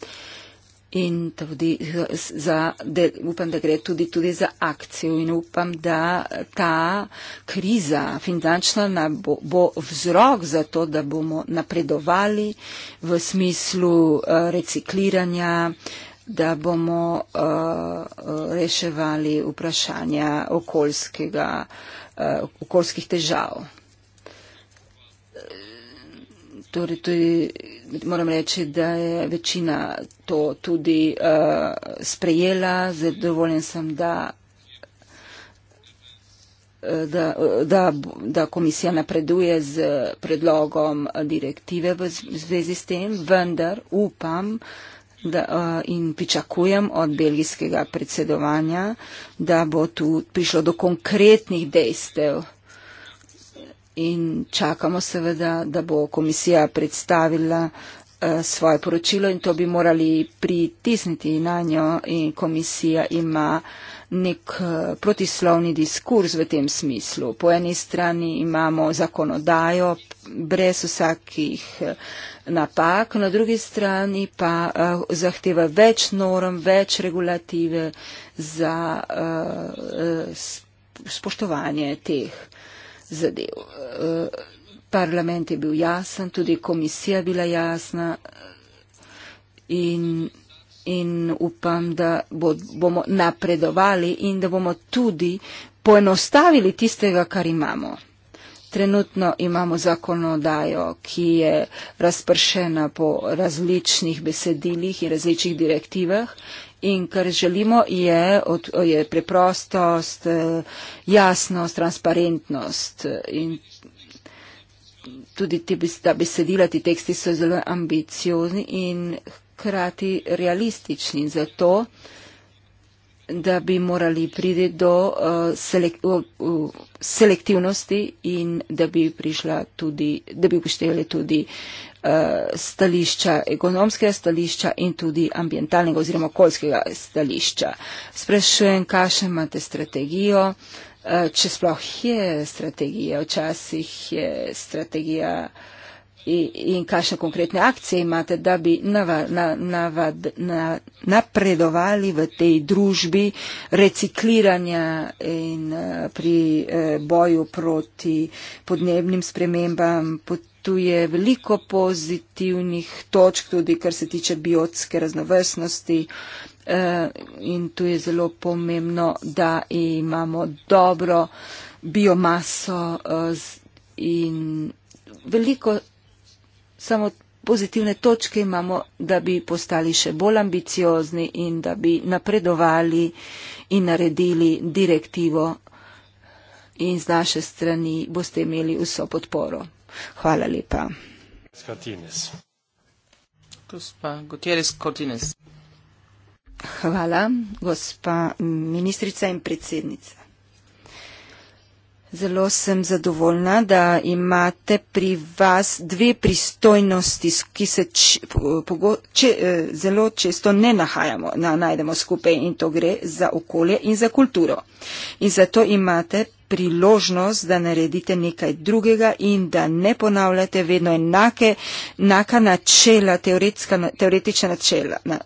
In tudi za, de, upam, da gre tudi, tudi za akcijo in upam, da ta kriza finančna bo, bo vzrok za to, da bomo napredovali v smislu eh, recikliranja, da bomo eh, reševali vprašanja eh, okoljskih težav. Torej, tudi, moram reči, da je večina to tudi uh, sprejela. Zadovoljen sem, da, eh, da, da, da komisija napreduje z predlogom direktive v zvezi s tem, vendar upam da, uh, in pričakujem od belgijskega predsedovanja, da bo tu prišlo do konkretnih dejstev in čakamo seveda, da bo komisija predstavila uh, svoje poročilo in to bi morali pritisniti na njo in komisija ima nek uh, protislovni diskurs v tem smislu. Po eni strani imamo zakonodajo brez vsakih eh, napak, na drugi strani pa uh, zahteva več norm, več regulative za uh, uh, spoštovanje teh zadev. Eh, parlament je bil jasen, tudi komisija je bila jasna in, in upam, da bo, bomo napredovali in da bomo tudi poenostavili tistega, kar imamo. Trenutno imamo zakonodajo, ki je razpršena po različnih besedilih in različnih direktivah In kar želimo je, od, je preprostost, eh, jasnost, transparentnost. In tudi ti besedila, ti teksti so zelo ambiciozni in hkrati realistični. Zato, da bi morali priti do uh, selek, uh, selektivnosti in da bi prišla tudi, da bi upoštevali tudi uh, Eh, stališča, ekonomskega stališča in tudi ambientalnega oziroma okoljskega stališča. Sprašujem, kakšne imate strategijo, eh, če sploh je strategija, včasih je strategija in kakšne konkretne akcije imate, da bi napredovali v tej družbi recikliranja in eh, pri boju proti podnebnim spremembam, pod tu je veliko pozitivnih točk, tudi kar se tiče biotske raznovrstnosti. Eh, in tu je zelo pomembno, da imamo dobro biomaso eh, in veliko samo pozitivne točke imamo, da bi postali še bolj ambiciozni in da bi napredovali in naredili direktivo. In z naše strani boste imeli vso podporo. Hvala lepa. Hvala, gospa ministrica in predsednica. Zelo sem zadovoljna, da imate pri vas dve pristojnosti, ki se če, eh, zelo često ne nahajamo, na, najdemo skupaj in to gre za okolje in za kulturo. In zato imate priložnost, da naredite nekaj drugega in da ne ponavljate vedno enake, enaka načela, na, teoretična načela. Na,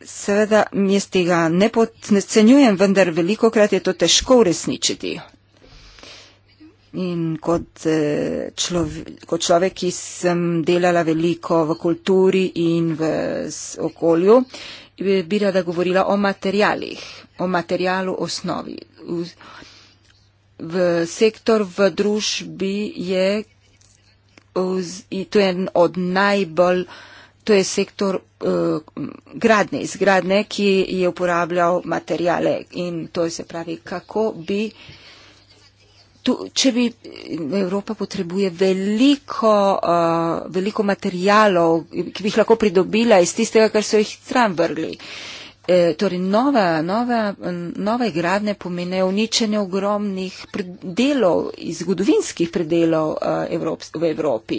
seveda, jaz tega ne podcenjujem, vendar veliko krat je to težko uresničiti. In kot, eh, človek, kot človek, ki sem delala veliko v kulturi in v okolju, bi rada govorila o materialih, o materialu osnovi. V, v sektor v družbi je, vz, to je en od najbolj, to je sektor uh, eh, gradne, izgradne, ki je uporabljal materiale in to se pravi, kako bi. Uh, tu, če bi Evropa potrebuje veliko, uh, veliko materijalov, ki bi jih lahko pridobila iz tistega, kar so jih stran vrgli. E, torej, nova, nova, nove gradne pomene uničenje ogromnih predelov, zgodovinskih predelov uh, Evrop, v Evropi.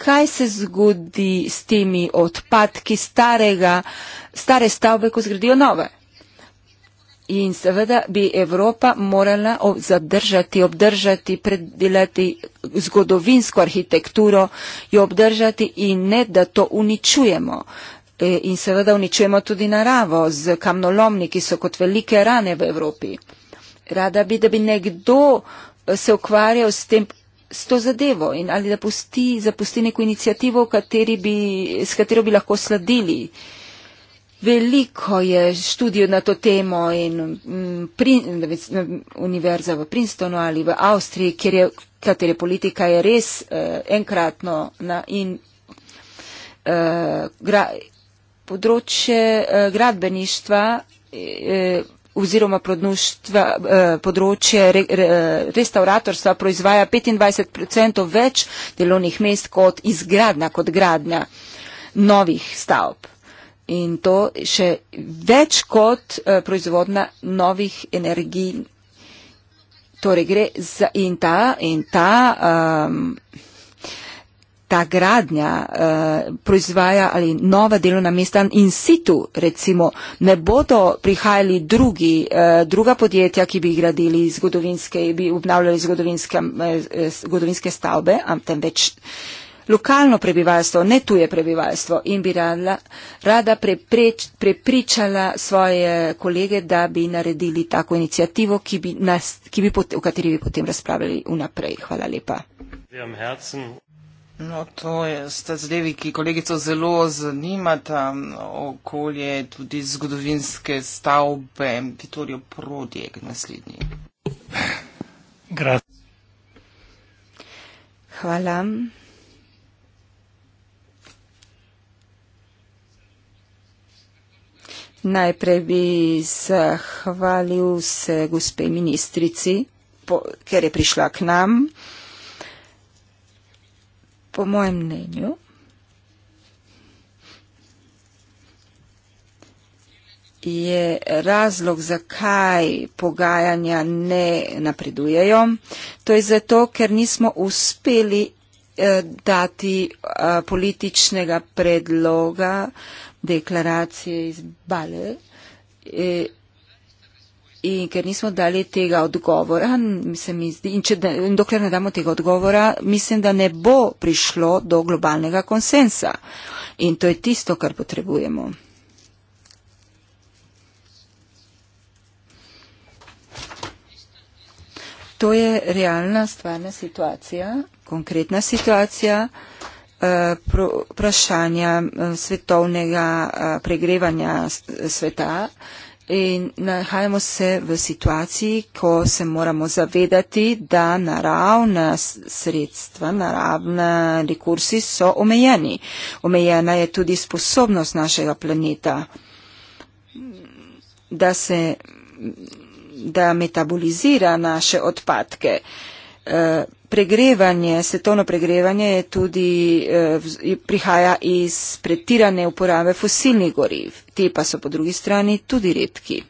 Kaj se zgodi s temi odpadki starega, stare stavbe, ko zgradijo nove? In seveda bi Evropa morala zadržati, obdržati, predelati zgodovinsko arhitekturo, jo obdržati in ne, da to uničujemo. E, in seveda uničujemo tudi naravo z kamnolomni, ki so kot velike rane v Evropi. Rada bi, da bi nekdo e, se ukvarjal s tem s to zadevo in ali da pusti, zapusti neko inicijativo, bi, s katero bi lahko sledili. Uh, Veliko je študij na to temo in mm, univerza v Princetonu ali v Avstriji, kjer je, katere politika je res eh, enkratno na in eh, gra, področje eh, gradbeništva eh, oziroma eh, področje re, re, restauratorstva proizvaja 25% več delovnih mest kot izgradnja, kot gradnja novih stavb in to še več kot eh, proizvodna novih energij. Torej gre za in ta, in ta, um, ta gradnja uh, proizvaja ali nova delovna mesta in situ recimo ne bodo prihajali drugi, uh, druga podjetja, ki bi gradili zgodovinske, bi obnavljali zgodovinske, uh, zgodovinske stavbe, temveč uh, lokalno prebivalstvo, ne tuje prebivalstvo in bi rada, rada prepreč, prepričala svoje kolege, da bi naredili tako inicijativo, ki bi nas, ki bi pot, v kateri bi potem razpravljali vnaprej. Hvala lepa. No, to je sta zadevi, ki kolegico zelo zanimata, okolje tudi zgodovinske stavbe, Vitorijo Prodjek naslednji. Grazie. Hvala. Najprej bi zahvalil se gospe ministrici, po, ker je prišla k nam. Po mojem mnenju. je razlog, zakaj pogajanja ne napredujejo. To je zato, ker nismo uspeli eh, dati eh, političnega predloga eh, deklaracije iz Bale. E, in ker nismo dali tega odgovora, se mi zdi, in, če, in dokler ne damo tega odgovora, mislim, da ne bo prišlo do globalnega konsensa. In to je tisto, kar potrebujemo. To je realna, stvarna situacija, konkretna situacija vprašanja svetovnega pregrevanja sveta in nahajamo se v situaciji, ko se moramo zavedati, da naravna sredstva, naravna rekursi so omejeni. Omejena je tudi sposobnost našega planeta, da se da metabolizira naše odpadke. Uh, Eh, pregrevanje, svetovno pregrevanje je tudi, eh, prihaja iz pretirane uporabe fosilnih goriv. Te pa so po drugi strani tudi redki.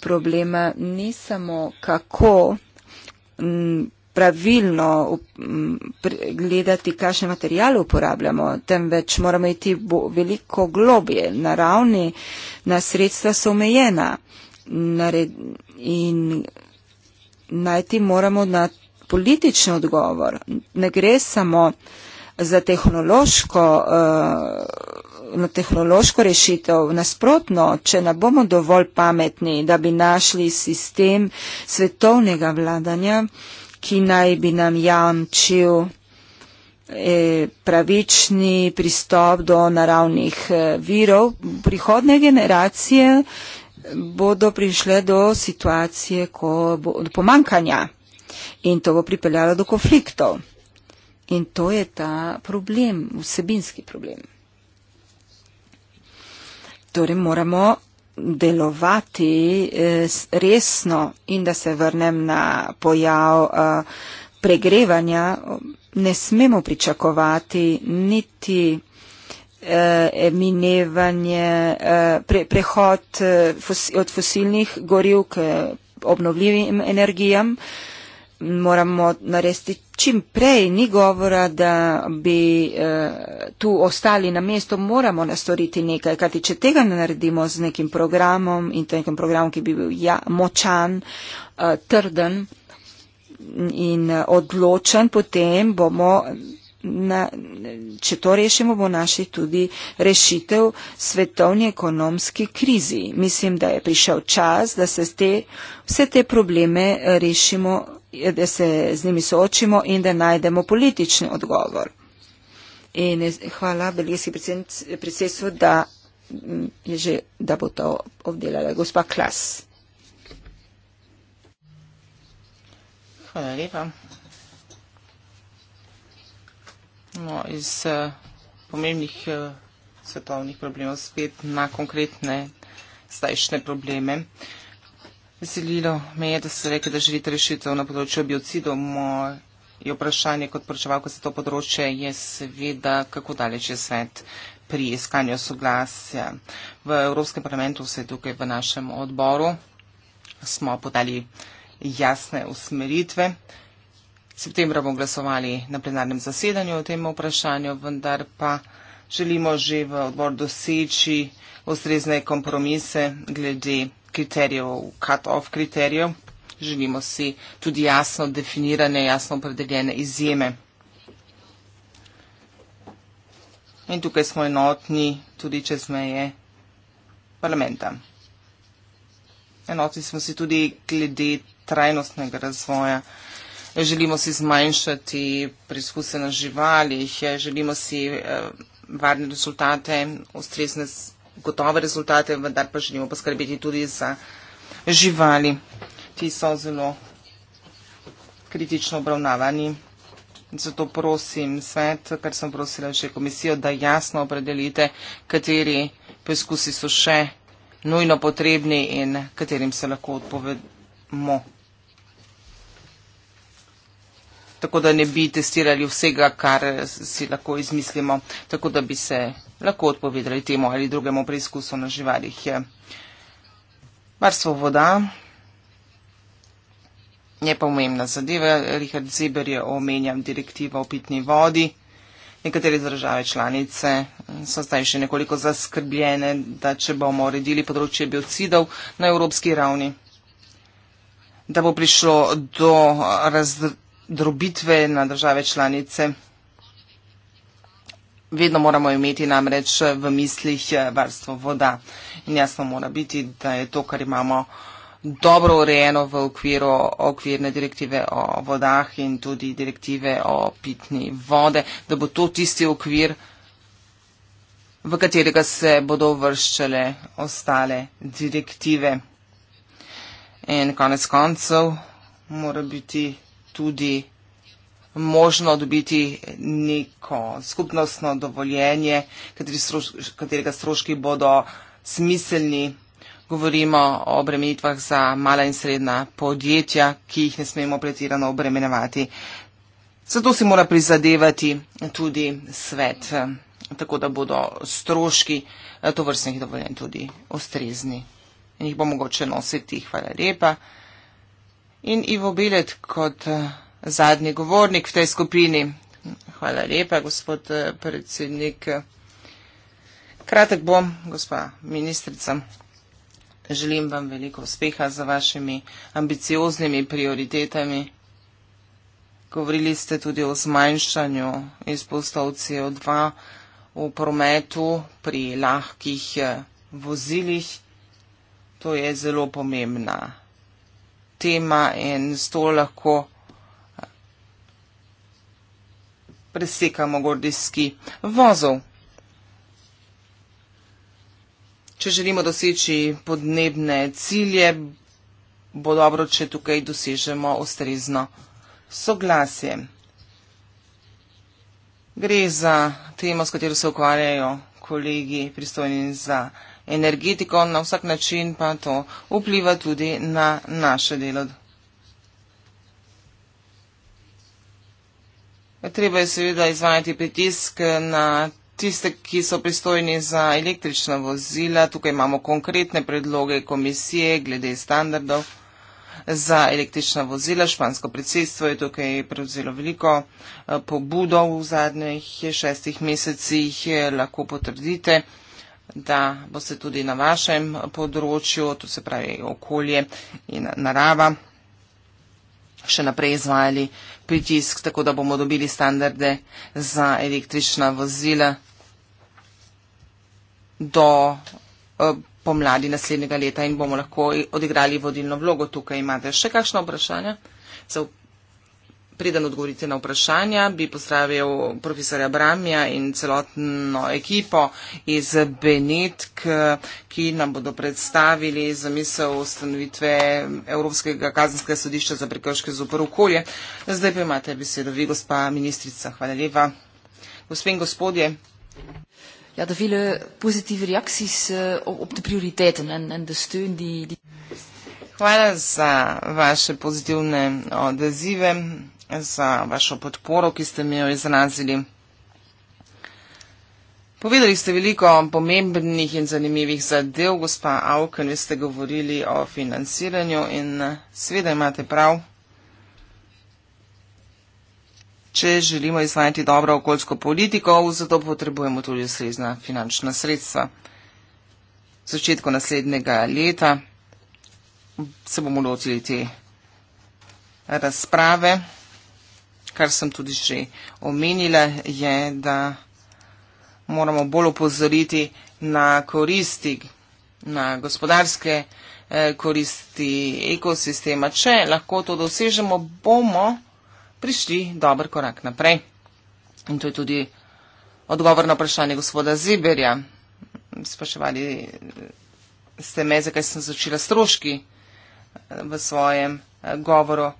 Problema ni samo, kako pravilno gledati, kakšne materijale uporabljamo, temveč moramo iti veliko globje. Na ravni na sredstva so omejena nared, in najti moramo na politični odgovor. Ne gre samo za tehnološko, uh, na tehnološko rešitev. Nasprotno, če ne bomo dovolj pametni, da bi našli sistem svetovnega vladanja, ki naj bi nam jamčil eh, pravični pristop do naravnih eh, virov. Prihodne generacije uh, bodo prišle do situacije, ko bo do pomankanja in to bo pripeljalo do konfliktov. In to je ta problem, vsebinski problem. Torej moramo delovati eh, resno in da se vrnem na pojav eh, pregrevanja, ne smemo pričakovati niti eh, minevanje, eh, pre, prehod eh, fos, od fosilnih goriv k obnovljivim energijam. Moramo narediti čim prej, ni govora, da bi eh, tu ostali na mestu, moramo nastoriti nekaj, kajti če tega ne naredimo z nekim programom in to nekim programom, ki bi bil ja, močan, eh, trden in eh, odločen, potem bomo na, če to rešimo, bo našli tudi rešitev svetovni ekonomski krizi. Mislim, da je prišel čas, da se te, vse te probleme eh, rešimo, eh, da se z njimi soočimo in da najdemo politični odgovor. In eh, hvala belgijski predsedstvu, da, mm, da bo to obdelala gospa Klas. Hvala lepa. No, iz eh, pomembnih eh, svetovnih problemov spet na konkretne zdajšnje probleme. Veselilo me je, da ste rekli, da želite rešitev na področju biocidov. Moje vprašanje kot poročevalko za to področje je seveda, kako daleč je svet pri iskanju soglasja. V Evropskem parlamentu, vse tukaj v našem odboru, smo podali jasne usmeritve septembra bomo glasovali na plenarnem zasedanju o tem vprašanju, vendar pa želimo že v odbor doseči ustrezne kompromise glede kriterijev, cut-off kriterijev. Želimo si tudi jasno definirane, jasno opredeljene izjeme. In tukaj smo enotni tudi čez meje parlamenta. Enotni smo si tudi glede trajnostnega razvoja želimo si zmanjšati preizkuse na živalih, želimo si eh, varne rezultate, ustrezne, gotove rezultate, vendar pa želimo poskrbeti tudi za živali. Ti so zelo kritično obravnavani. Zato prosim svet, kar sem prosila že komisijo, da jasno opredelite, kateri poskusi so še nujno potrebni in katerim se lahko odpovedamo. tako da ne bi testirali vsega, kar si lahko izmislimo, tako da bi se lahko odpovedali temu ali drugemu preizkusu na živalih. Varstvo voda je pomembna zadeva. Richard Zeber je omenjal direktivo o pitni vodi. Nekatere države članice so zdaj še nekoliko zaskrbljene, da če bomo uredili področje biocidov na evropski ravni, da bo prišlo do razdražitve drobitve na države članice. Vedno moramo imeti namreč v mislih eh, varstvo voda. In jasno mora biti, da je to, kar imamo dobro urejeno v okviru okvirne direktive o vodah in tudi direktive o pitni vode, da bo to tisti okvir, v katerega se bodo vrščale ostale direktive. In konec koncev mora biti tudi možno dobiti neko skupnostno dovoljenje, katerega stroški bodo smiselni. Govorimo o obremenitvah za mala in srednja podjetja, ki jih ne smemo pretirano obremenevati. Zato si mora prizadevati tudi svet, tako da bodo stroški eh, to vrstnih dovoljenj tudi ustrezni. In jih bo mogoče nositi. Hvala lepa in Ivo Bilet kot eh, zadnji govornik v tej skupini. Hvala lepa, gospod eh, predsednik. Kratek bom, gospa ministrica. Želim vam veliko uspeha za vašimi ambicioznimi prioritetami. Govorili ste tudi o zmanjšanju izpustov CO2 v prometu pri lahkih eh, vozilih. To je zelo pomembna tema in s to lahko presekamo gordijski vozov. Če želimo doseči podnebne cilje, bo dobro, če tukaj dosežemo ustrezno soglasje. Gre za temo, s katero se ukvarjajo kolegi pristojni za energetiko, na vsak način pa to vpliva tudi na naše delo. Treba je seveda izvajati pritisk na tiste, ki so pristojni za električna vozila. Tukaj imamo konkretne predloge komisije glede standardov za električna vozila. Špansko predsedstvo je tukaj prevzelo veliko eh, pobudo v zadnjih šestih mesecih, eh, lahko potrdite da boste tudi na vašem področju, to se pravi okolje in narava, še naprej izvajali pritisk, tako da bomo dobili standarde za električna vozila do eh, pomladi naslednjega leta in bomo lahko odigrali vodilno vlogo. Tukaj imate še kakšno vprašanje? Preden odgovorite na vprašanja, bi pozdravil profesorja Bramja in celotno ekipo iz Benetk, ki nam bodo predstavili zamisel ustanovitve Evropskega kazenskega sodišča za prekrške z upor okolje. Zdaj pa imate besedo vi, gospa ministrica. Hvala lepa. Gospe in gospodje. Ja, da vele pozitivne reakcije uh, ob te prioritete in da stojim, da. Hvala za vaše pozitivne odzive. Uh, za vašo podporo, ki ste mi jo izrazili. Povedali ste veliko pomembnih in zanimivih zadev, gospa Auken, vi ste govorili o financiranju in seveda imate prav. Če želimo izvajati dobro okoljsko politiko, zato potrebujemo tudi srezna finančna sredstva. V začetku naslednjega leta se bomo ločili te razprave kar sem tudi že omenila, je, da moramo bolj upozoriti na koristi, na gospodarske eh, koristi ekosistema. Če lahko to dosežemo, bomo prišli dober korak naprej. In to je tudi odgovor na vprašanje gospoda Ziberja. Spraševali eh, ste me, zakaj sem začela stroški eh, v svojem govoru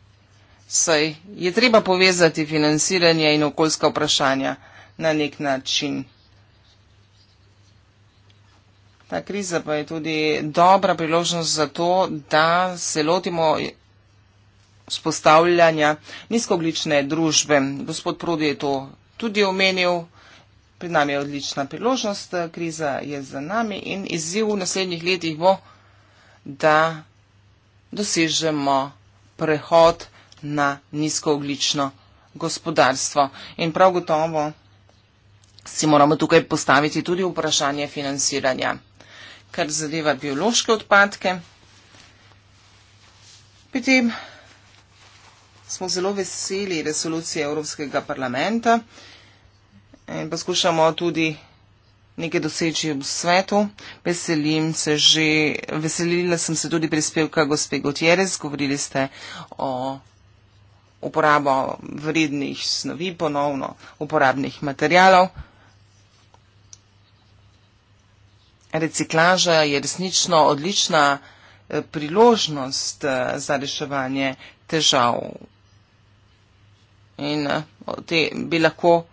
saj je treba povezati financiranje in okoljska vprašanja na nek način. Ta kriza pa je tudi dobra priložnost za to, da se lotimo spostavljanja nizkoglične družbe. Gospod Prodi je to tudi omenil. Pred nami je odlična priložnost, kriza je za nami in izziv v naslednjih letih bo, da dosežemo prehod na nizkooglično gospodarstvo. In prav gotovo si moramo tukaj postaviti tudi vprašanje financiranja, kar zadeva biološke odpadke. Potem smo zelo veseli resolucije Evropskega parlamenta in poskušamo tudi nekaj doseči v svetu. Veselim se že, veselila sem se tudi prispevka gospe Gutierrez, govorili ste o uporabo vrednih snovi, ponovno uporabnih materijalov. Reciklaža je resnično odlična eh, priložnost eh, za reševanje težav. In eh, o te bi lahko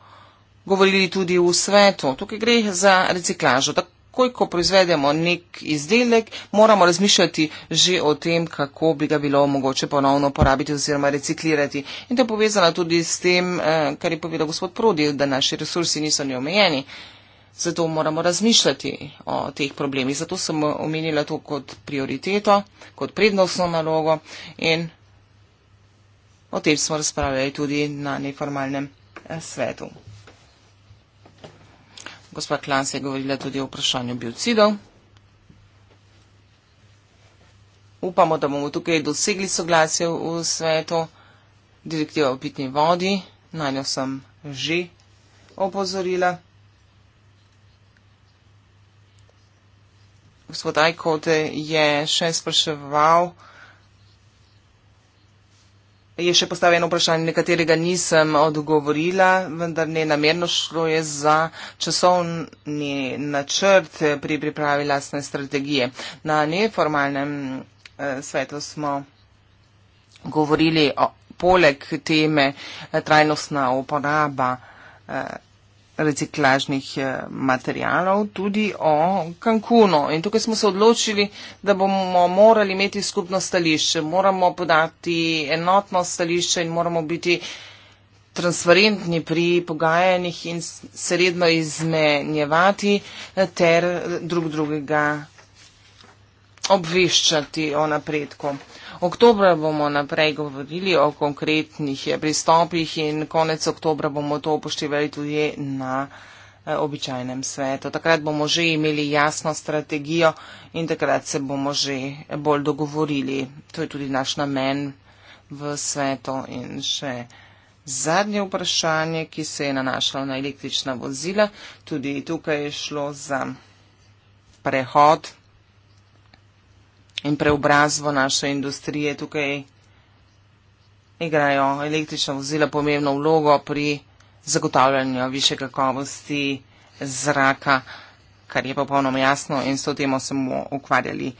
govorili tudi v svetu. Tukaj gre za reciklažo takoj, ko proizvedemo nek izdelek, moramo razmišljati že o tem, kako bi ga bilo mogoče ponovno uporabiti oziroma reciklirati. In to je povezano tudi s tem, eh, kar je povedal gospod Prodil, da naši resursi niso neomejeni. Zato moramo razmišljati o teh problemih. Zato sem omenila to kot prioriteto, kot prednostno nalogo in o tem smo razpravljali tudi na neformalnem eh, svetu. Gospa Klans je govorila tudi o vprašanju biocidov. Upamo, da bomo tukaj dosegli soglasje v svetu. Direktiva o pitni vodi, na njo sem že opozorila. Gospod Ajkote je še spraševal. Je še postavil eno vprašanje, na katerega nisem odgovorila, vendar ne namerno šlo je za časovni načrt pri pripravi lastne strategije. Na neformalnem eh, svetu smo govorili o, poleg teme eh, trajnostna uporaba. Eh, reciklažnih eh, materialov, tudi o Cancunu. In tukaj smo se odločili, da bomo morali imeti skupno stališče, moramo podati enotno stališče in moramo biti transparentni pri pogajanjih in sredno izmenjevati eh, ter drug drugega obveščati o napredku. Oktobra bomo naprej govorili o konkretnih eh, pristopih in konec oktobra bomo to upoštevali tudi na eh, običajnem svetu. Takrat bomo že imeli jasno strategijo in takrat se bomo že bolj dogovorili. To je tudi naš namen v svetu. In še zadnje vprašanje, ki se je nanašalo na električna vozila. Tudi tukaj je šlo za prehod in preobrazbo naše industrije. Tukaj igrajo električna vozila pomembno vlogo pri zagotavljanju više kakovosti zraka, kar je popolnoma jasno in s to temo se bomo ukvarjali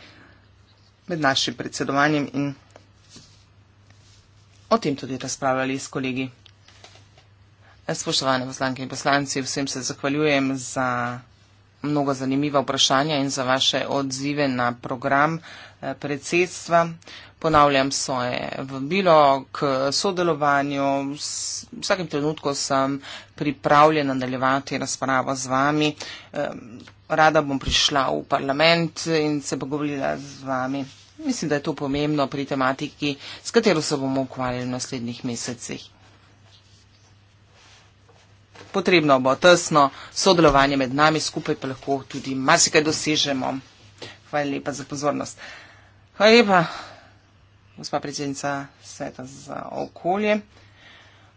med našim predsedovanjem in o tem tudi razpravljali s kolegi. Spoštovane poslanke in poslanci, vsem se zahvaljujem za mnogo zanimiva vprašanja in za vaše odzive na program eh, predsedstva. Ponavljam svoje vabilo k sodelovanju. V vsakem trenutku sem pripravljen nadaljevati razpravo z vami. Rada bom prišla v parlament in se pogovorila z vami. Mislim, da je to pomembno pri tematiki, s katero se bomo ukvarjali v naslednjih mesecih potrebno bo tesno sodelovanje med nami, skupaj pa lahko tudi marsikaj dosežemo. Hvala lepa za pozornost. Hvala lepa, gospa predsednica Sveta za okolje.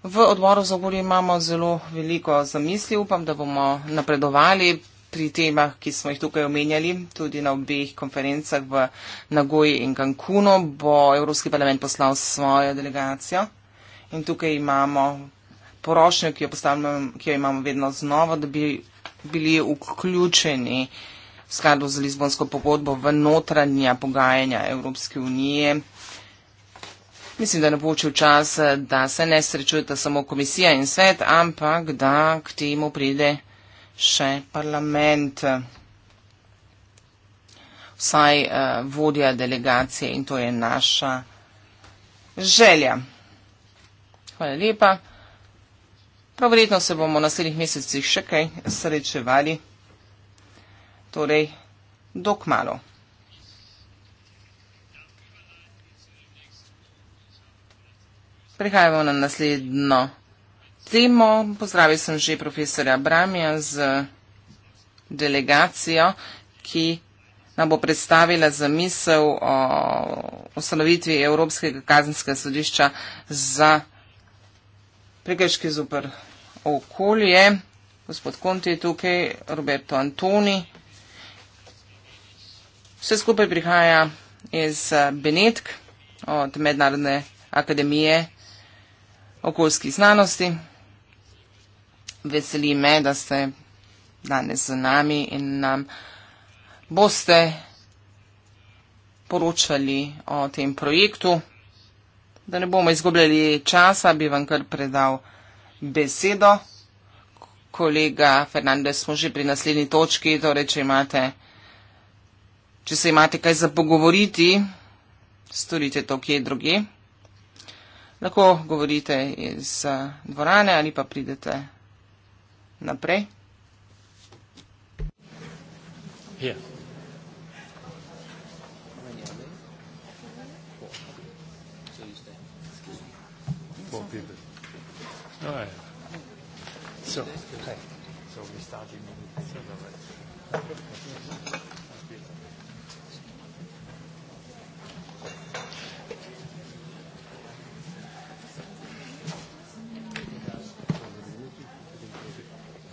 V odboru za okolje imamo zelo veliko zamisli. Upam, da bomo napredovali pri temah, ki smo jih tukaj omenjali, tudi na obeh konferencah v Nagoji in Cancunu bo Evropski parlament poslal svojo delegacijo. In tukaj imamo prošnjo, ki jo, ki jo imamo vedno znova, da bi bili vključeni v skladu z Lizbonsko pogodbo v notranja pogajanja Evropske unije. Mislim, da je napočil čas, da se ne srečujete samo komisija in svet, ampak da k temu pride še parlament, vsaj uh, vodja delegacije in to je naša želja. Hvala lepa. Prav no, verjetno se bomo v naslednjih mesecih še kaj srečevali. Torej, dok malo. Prehajamo na naslednjo temo. Pozdravil sem že profesora Bramija z delegacijo, ki nam bo predstavila zamisel o ustanovitvi Evropskega kazenskega sodišča za prekrške zoprne okolje, gospod Konti je tukaj, Roberto Antoni. Vse skupaj prihaja iz eh, Benetk, od Mednarodne akademije okoljskih znanosti. Veseli me, da ste danes z nami in nam boste poročali o tem projektu. Da ne bomo izgubljali časa, bi vam kar predal besedo. Kolega Fernandez, smo že pri naslednji točki, torej če, imate, če se imate kaj za pogovoriti, storite to kje drugi. Lahko govorite iz eh, dvorane ali pa pridete naprej. Ja. Yeah.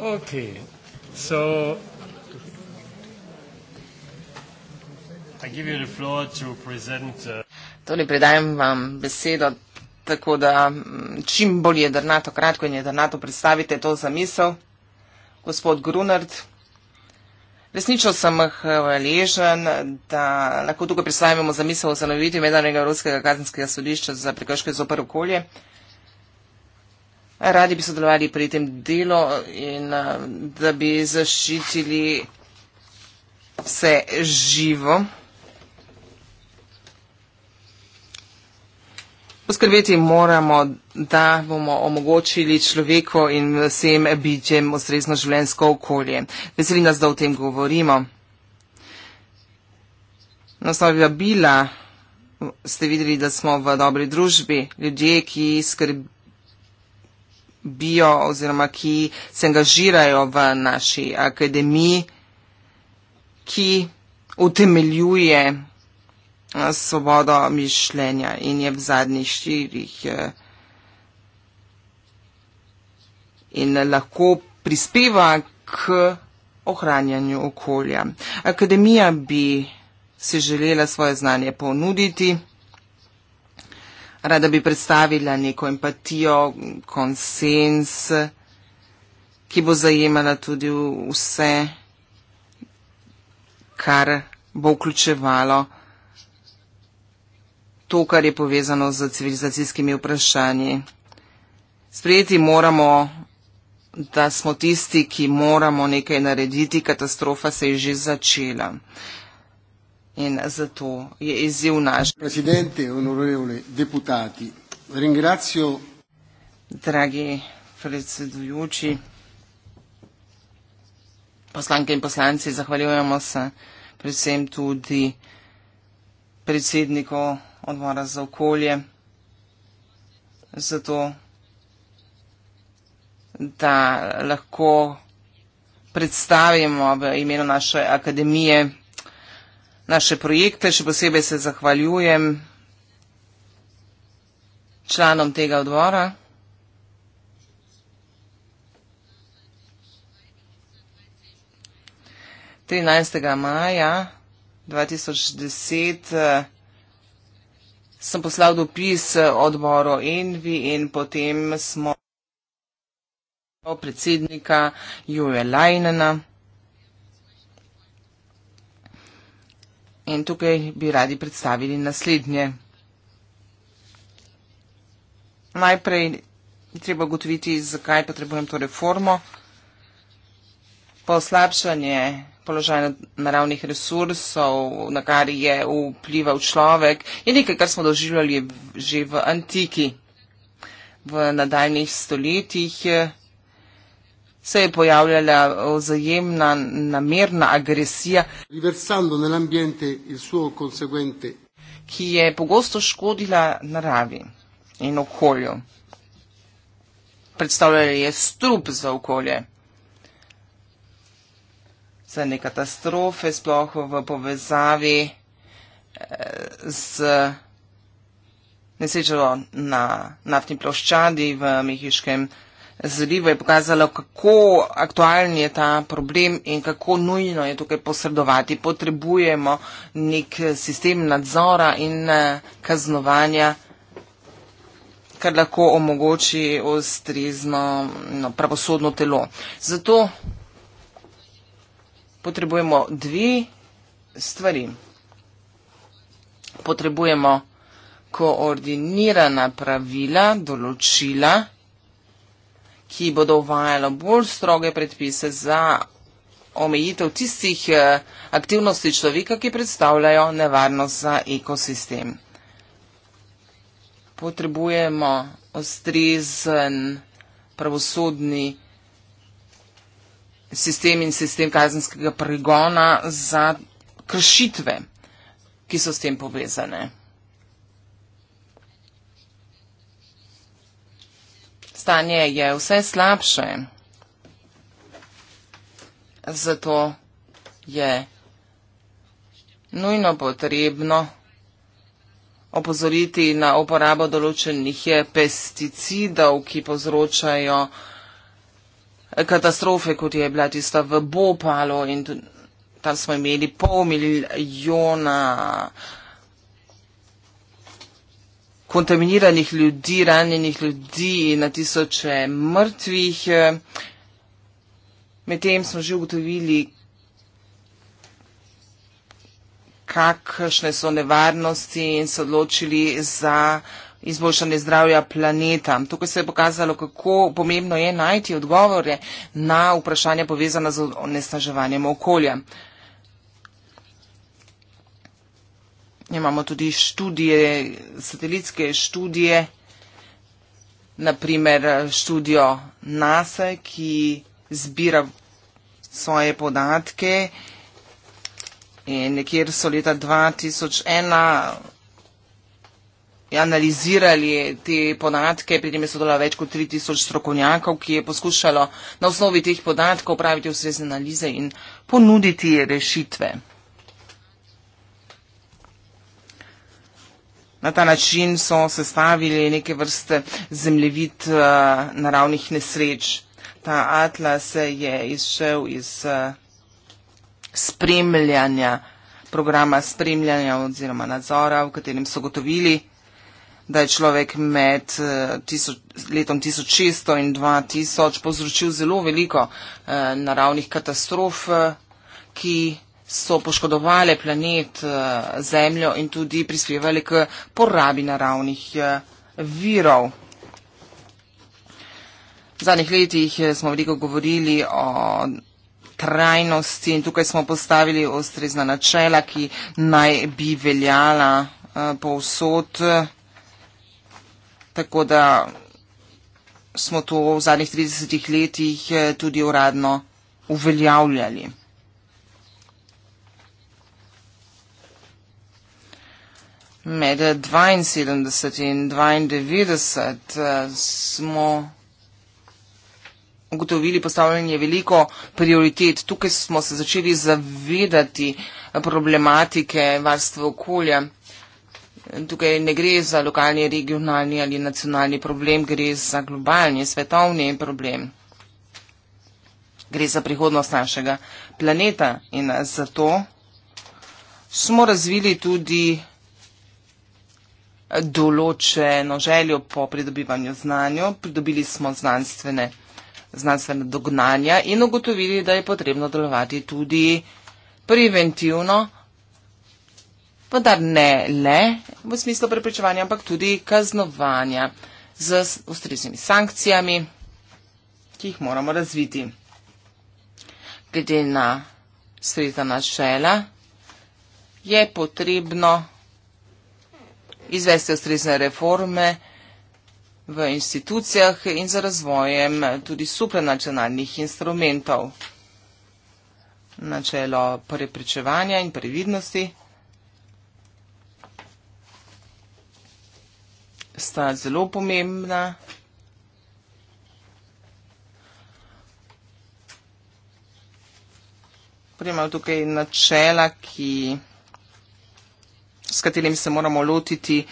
Okay, so I give you the floor to present. Uh, torej, predajam vam besedo, Tako da čim bolj jedrnato, kratko in jedrnato predstavite to zamisel. Gospod Grunard, resnično sem eh, hvaležen, da lahko tukaj predstavimo zamisel o zanovitvi Medanega Evropskega kazenskega sodišča za prekrške z opr okolje. Radi bi sodelovali pri tem delu in eh, da bi zaščitili vse živo. Poskrbeti moramo, da bomo omogočili človeku in vsem bitjem ustrezno življenjsko okolje. Veseli nas, da o tem govorimo. Na osnovi vabila ste videli, da smo v dobri družbi. Ljudje, ki skrbijo oziroma ki se angažirajo v naši akademiji, ki utemeljuje Eh, svobodo mišljenja in je v zadnjih štirih eh, in lahko prispeva k ohranjanju okolja. Akademija bi si želela svoje znanje ponuditi, rada bi predstavila neko empatijo, konsens, ki bo zajemala tudi vse, kar bo vključevalo to, kar je povezano z civilizacijskimi vprašanji. Sprejeti moramo, da smo tisti, ki moramo nekaj narediti, katastrofa se je že začela. In zato je izziv naš. Presidente, onorevoli deputati, ringrazio. Dragi predsedujoči, poslanke in poslanci, zahvaljujemo se predvsem tudi predsedniku odmora za okolje, zato da lahko predstavimo v imenu naše akademije naše projekte. Še posebej se zahvaljujem članom tega odbora. trinajstega maja dvajset deset eh, sem poslal dopis eh, odboru Envi in potem smo predsednika Juve Lajnena. In tukaj bi radi predstavili naslednje. Najprej treba gotoviti, zakaj potrebujem to reformo. Poslabšanje položaj naravnih resursov, na kar je vplival človek, je nekaj, kar smo doživljali že v antiki. V nadaljnih stoletjih eh, se je pojavljala vzajemna namerna agresija, ki je pogosto škodila naravi in okolju. Predstavljala je strup za okolje zadnje katastrofe, sploh v povezavi eh, z nesrečo na naftni ploščadi v Mehiškem zalivu, je pokazalo, kako aktualen je ta problem in kako nujno je tukaj posredovati. Potrebujemo nek sistem nadzora in eh, kaznovanja kar lahko omogoči ustrezno no, pravosodno telo. Zato potrebujemo dve stvari. Potrebujemo koordinirana pravila, določila, ki bodo uvajala bolj stroge predpise za omejitev tistih eh, aktivnosti človeka, ki predstavljajo nevarnost za ekosistem. Potrebujemo ostrezen pravosodni pravil, sistem in sistem kazenskega pregona za kršitve, ki so s tem povezane. Stanje je vse slabše, zato je nujno potrebno opozoriti na uporabo določenih pesticidov, ki povzročajo uh, katastrofe, kot je bila tista v Bopalu in tam smo imeli pol milijona kontaminiranih ljudi, ranjenih ljudi in na tisoče mrtvih. Medtem smo že ugotovili, kakšne so nevarnosti in se odločili za izboljšanje zdravja planeta. Tukaj se je pokazalo, kako pomembno je najti odgovore na vprašanja povezana z onesnaževanjem okolja. Imamo tudi študije, satelitske študije, naprimer študijo NASA, ki zbira svoje podatke. In kjer so leta 2001 analizirali te podatke, pri tem je sodelovalo več kot 3000 strokovnjakov, ki je poskušalo na osnovi teh podatkov praviti ustrezne analize in ponuditi rešitve. Na ta način so sestavili neke vrste zemljevit uh, eh, naravnih nesreč. Ta atlas je izšel iz uh, spremljanja, programa spremljanja oziroma nadzora, v katerem so gotovili, da je človek med eh, tisoč, letom 1600 in 2000 povzročil zelo veliko eh, naravnih katastrof, eh, ki so poškodovali planet, eh, zemljo in tudi prispevali k porabi naravnih eh, virov. V zadnjih letih eh, smo veliko govorili o trajnosti in tukaj smo postavili ostrezna načela, ki naj bi veljala eh, povsod. Eh, Tako da smo to v zadnjih 30 letih eh, tudi uradno uveljavljali. Med 72 in 92 eh, smo ugotovili postavljanje veliko prioritet. Tukaj smo se začeli zavedati problematike varstva okolja. Tukaj ne gre za lokalni, regionalni ali nacionalni problem, gre za globalni, svetovni problem. Gre za prihodnost našega planeta in zato smo razvili tudi določeno željo po pridobivanju znanja. Pridobili smo znanstvene, znanstvene dognanja in ugotovili, da je potrebno delovati tudi preventivno vendar ne le v smislu prepričevanja, ampak tudi kaznovanja z ustreznimi sankcijami, ki jih moramo razviti. Glede na sredna načela je potrebno izvesti ustrezne reforme v institucijah in za razvojem tudi supranacionalnih instrumentov. Načelo preprečevanja in previdnosti. sta zelo pomembna. Potem imamo tukaj načela, ki, s katerimi se moramo lotiti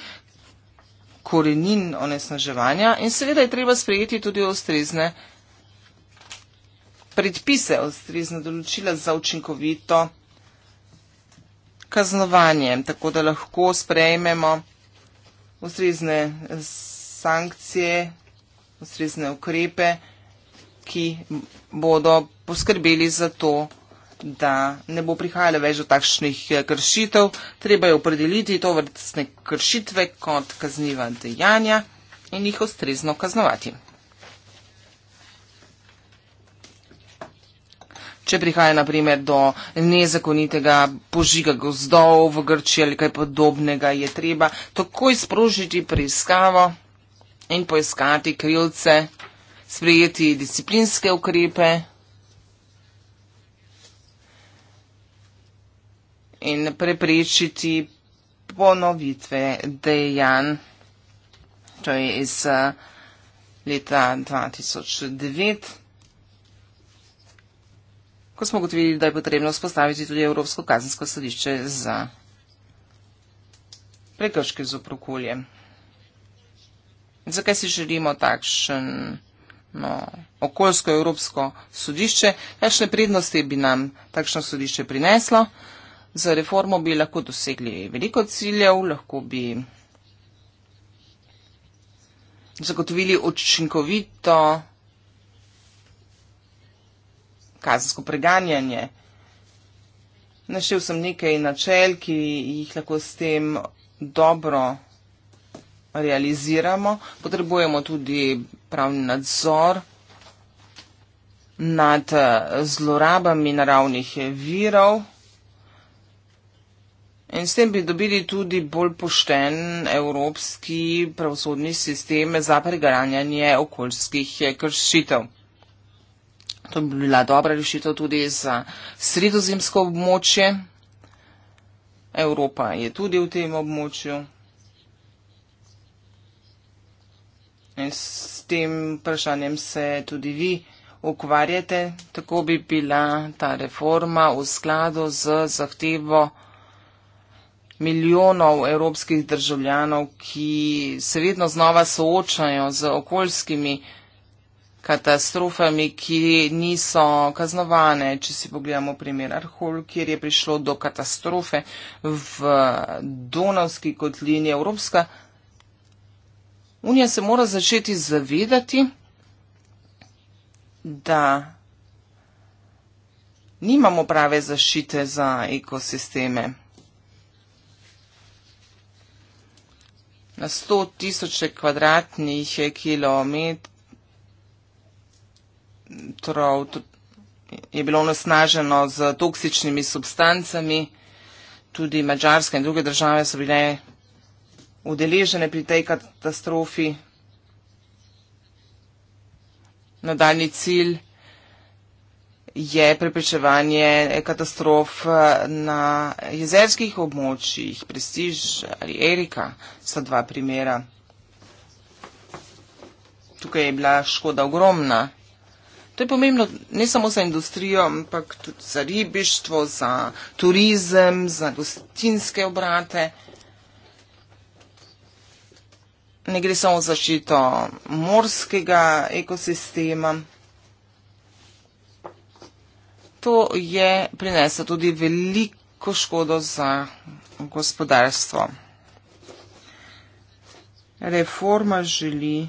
korenin onesnaževanja in seveda je treba sprejeti tudi ustrezne predpise, ustrezne določila za učinkovito kaznovanje, tako da lahko sprejmemo ustrezne eh, sankcije, ustrezne ukrepe, ki bodo poskrbeli za to, da ne bo prihajalo več do takšnih eh, kršitev. Treba je opredeliti to vrstne kršitve kot kazniva dejanja in jih ustrezno kaznovati. če prihaja naprimer do nezakonitega požiga gozdov v Grčiji ali kaj podobnega, je treba takoj sprožiti preiskavo in poiskati krivce, sprejeti disciplinske ukrepe. In preprečiti ponovitve dejanj, to je iz eh, leta 2009 ko smo ugotovili, da je potrebno vzpostaviti tudi Evropsko kazensko sodišče za prekrške z oprokulje. Zakaj si želimo takšen no, okoljsko-evropsko sodišče? Kakšne prednosti bi nam takšno sodišče prineslo? Za reformo bi lahko dosegli veliko ciljev, lahko bi zagotovili učinkovito kazensko preganjanje. Našel sem nekaj načel, ki jih lahko s tem dobro realiziramo. Potrebujemo tudi pravni nadzor nad eh, zlorabami naravnih virov. In s tem bi dobili tudi bolj pošten evropski pravosodni sistem za preganjanje okoljskih kršitev. To bi bila dobra rešitev tudi za sredozemsko območje. Evropa je tudi v tem območju. In s tem vprašanjem se tudi vi ukvarjate, tako bi bila ta reforma v skladu z zahtevo milijonov evropskih državljanov, ki se vedno znova soočajo z okoljskimi problemi katastrofami, ki niso kaznovane. Če si pogledamo primer Arhul, kjer je prišlo do katastrofe v Donavski kotlini Evropska. Unija se mora začeti zavedati, da nimamo prave zašite za ekosisteme. Na 100 tisoče kvadratnih kilometrov torej, je bilo nasnaženo z toksičnimi substancami. Tudi Mačarska in druge države so bile udeležene pri tej katastrofi. Nadaljni cilj je preprečevanje katastrof na jezerskih območjih. Prestiž ali Erika so dva primera. Tukaj je bila škoda ogromna To je pomembno ne samo za industrijo, ampak tudi za ribištvo, za turizem, za gostinske obrate. Ne gre samo za zaščito morskega ekosistema. To je prineslo tudi veliko škodo za gospodarstvo. Reforma želi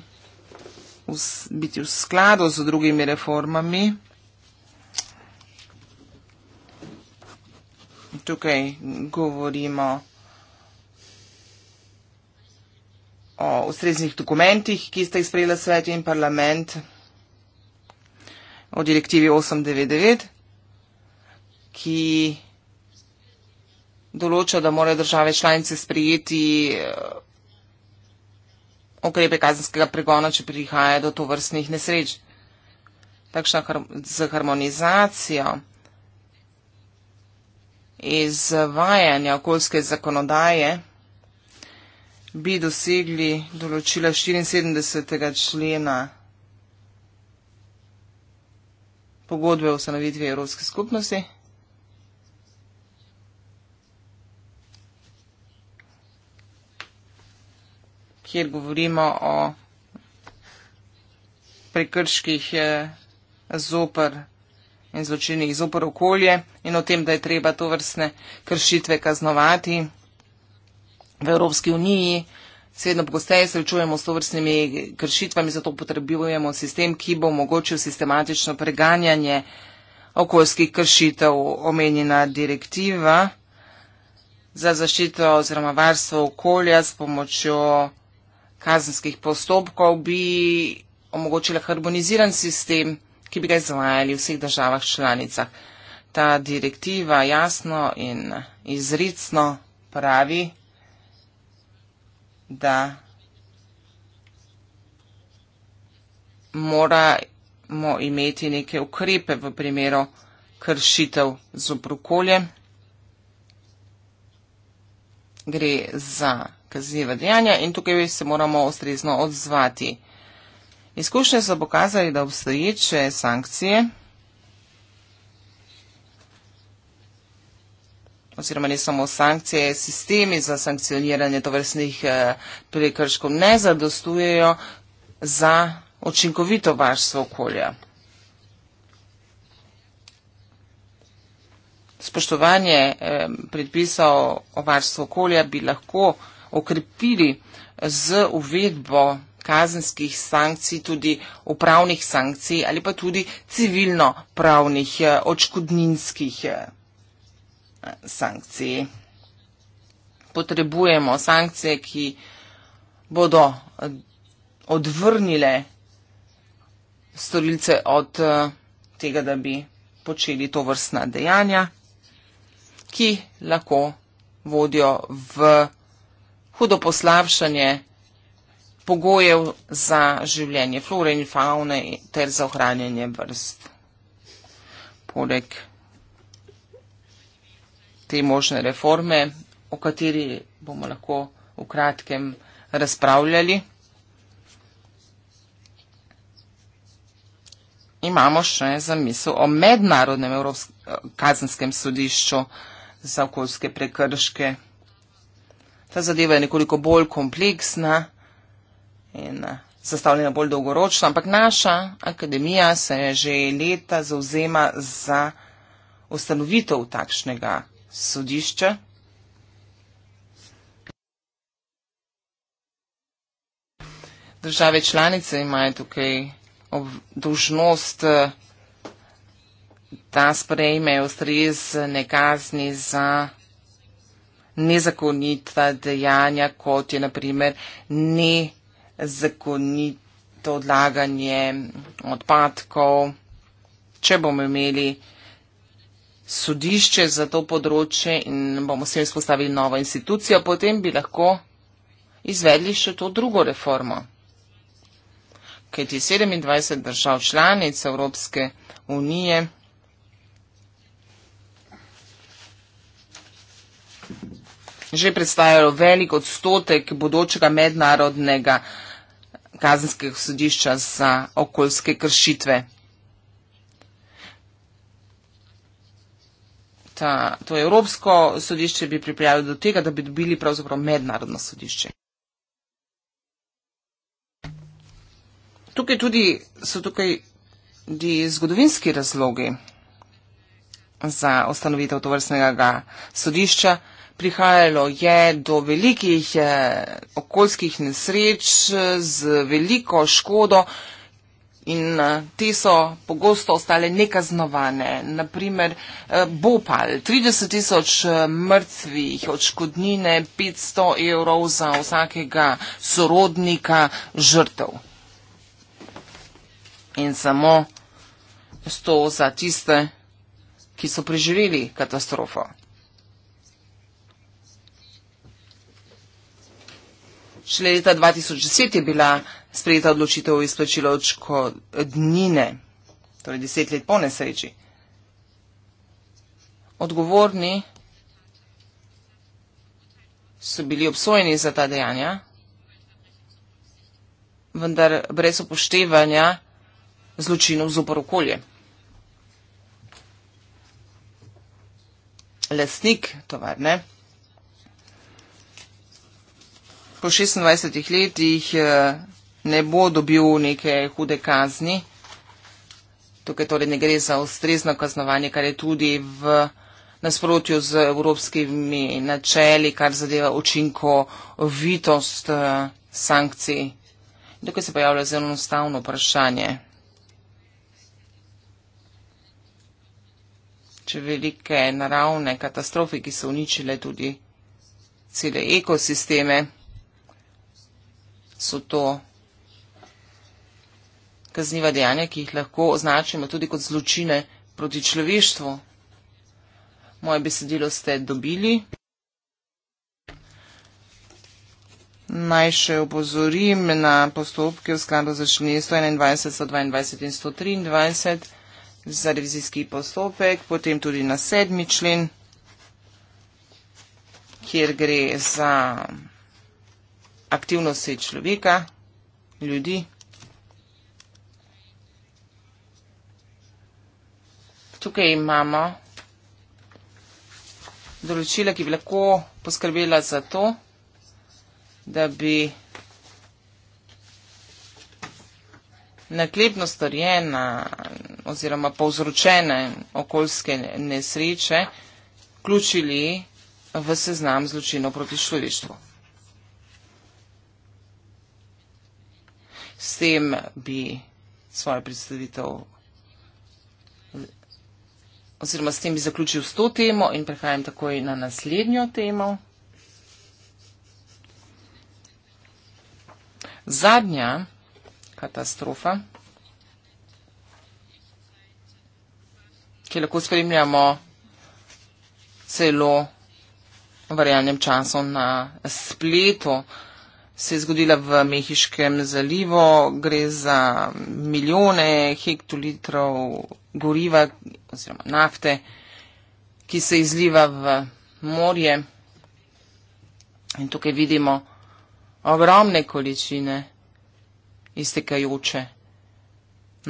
v, biti v skladu z drugimi reformami. Tukaj govorimo o ustreznih dokumentih, ki ste jih sprejela svet in parlament o direktivi 899, ki določa, da morajo države članice sprejeti eh, ukrepe kazenskega pregona, če prihaja do tovrstnih nesreč. Takšna har z harmonizacijo izvajanja okoljske zakonodaje bi dosegli določila 74. člena pogodbe o ustanovitvi Evropske skupnosti. kjer govorimo o prekrških eh, zoper in zločinih zoper okolje in o tem, da je treba to vrstne kršitve kaznovati. V Evropski uniji se vedno pogosteje srečujemo s to vrstnimi kršitvami, zato potrebujemo sistem, ki bo omogočil sistematično preganjanje okoljskih kršitev. Omenjena direktiva za zaščito oziroma varstvo okolja s pomočjo kazenskih postopkov bi omogočila harmoniziran sistem, ki bi ga izvajali v vseh državah članicah. Ta direktiva jasno in izricno pravi, da moramo imeti neke ukrepe v primeru kršitev z obrokoljem. Gre za kazniva dejanja in tukaj se moramo ustrezno odzvati. Izkušnje so pokazali, da obstoječe sankcije oziroma ne samo sankcije, sistemi za sankcioniranje tovrstnih eh, prekrškov ne zadostujejo za učinkovito varstvo okolja. Spoštovanje eh, predpisov o varstvu okolja bi lahko okrepili z uvedbo kazenskih sankcij, tudi upravnih sankcij ali pa tudi civilno-pravnih eh, očkodninskih eh, sankcij. Potrebujemo sankcije, ki bodo eh, odvrnile storilce od tega, da bi počeli to vrstna dejanja, ki lahko vodijo v hudo poslavšanje pogojev za življenje flore in faune ter za ohranjanje vrst. Poleg te možne reforme, o kateri bomo lahko v kratkem razpravljali, imamo še zamisel o mednarodnem Evropsk eh, kazenskem sodišču za okoljske prekrške. Ta zadeva je nekoliko bolj kompleksna in sestavljena eh, bolj dolgoročno, ampak naša akademija se je že leta zauzema za ustanovitev takšnega sodišča. Države članice imajo tukaj dožnost, eh, da sprejmejo ustrezne kazni za nezakonita dejanja, kot je naprimer nezakonito odlaganje odpadkov. Če bomo imeli sodišče za to področje in bomo s tem spostavili novo institucijo, potem bi lahko izvedli še to drugo reformo. Kajti 27 držav članic Evropske unije že predstavljalo velik odstotek bodočega mednarodnega kazenskega sodišča za okoljske kršitve. Ta, to Evropsko sodišče bi pripravljalo do tega, da bi dobili pravzaprav mednarodno sodišče. Tukaj tudi so tukaj di zgodovinski razlogi za ustanovitev tovrstnega sodišča prihajalo je do velikih eh, okoljskih nesreč eh, z veliko škodo in eh, te so pogosto ostale nekaznovane. Naprimer Bopal, 30 tisoč mrtvih, odškodnine 500 evrov za vsakega sorodnika žrtev. In samo 100 za tiste, ki so preživeli katastrofo. Šele leta 2010 je bila sprejeta odločitev o izplačilu odškodnine, torej deset let po nesreči. Odgovorni so bili obsojeni za ta dejanja, vendar brez upoštevanja zločinov zopor okolje. Lastnik tovarne po 26 letih eh, ne bo dobil neke hude kazni. Tukaj torej ne gre za ustrezno kaznovanje, kar je tudi v nasprotju z evropskimi načeli, kar zadeva učinkovitost eh, sankcij. Tukaj se pojavlja zelo enostavno vprašanje. Če velike naravne katastrofe, ki so uničile tudi cele ekosisteme, so to kazniva dejanja, ki jih lahko označimo tudi kot zločine proti človeštvu. Moje besedilo ste dobili. Naj še opozorim na postopke v skladu za členi 121, 122 in 123 za revizijski postopek, potem tudi na sedmi člen, kjer gre za aktivnosti človeka, ljudi. Tukaj imamo določila, ki bi lahko poskrbela za to, da bi naklepno storjena oziroma povzročene okoljske nesreče vključili v seznam zločinov proti človeštvu. S tem bi svojo predstavitev oziroma s tem bi zaključil s to temo in prehajam takoj na naslednjo temo. Zadnja katastrofa, ki lahko spremljamo celo varjanjem časom na spletu, se je zgodila v Mehiškem zalivu. Gre za milijone hektolitrov goriva oziroma nafte, ki se izliva v morje. In tukaj vidimo ogromne količine iztekajoče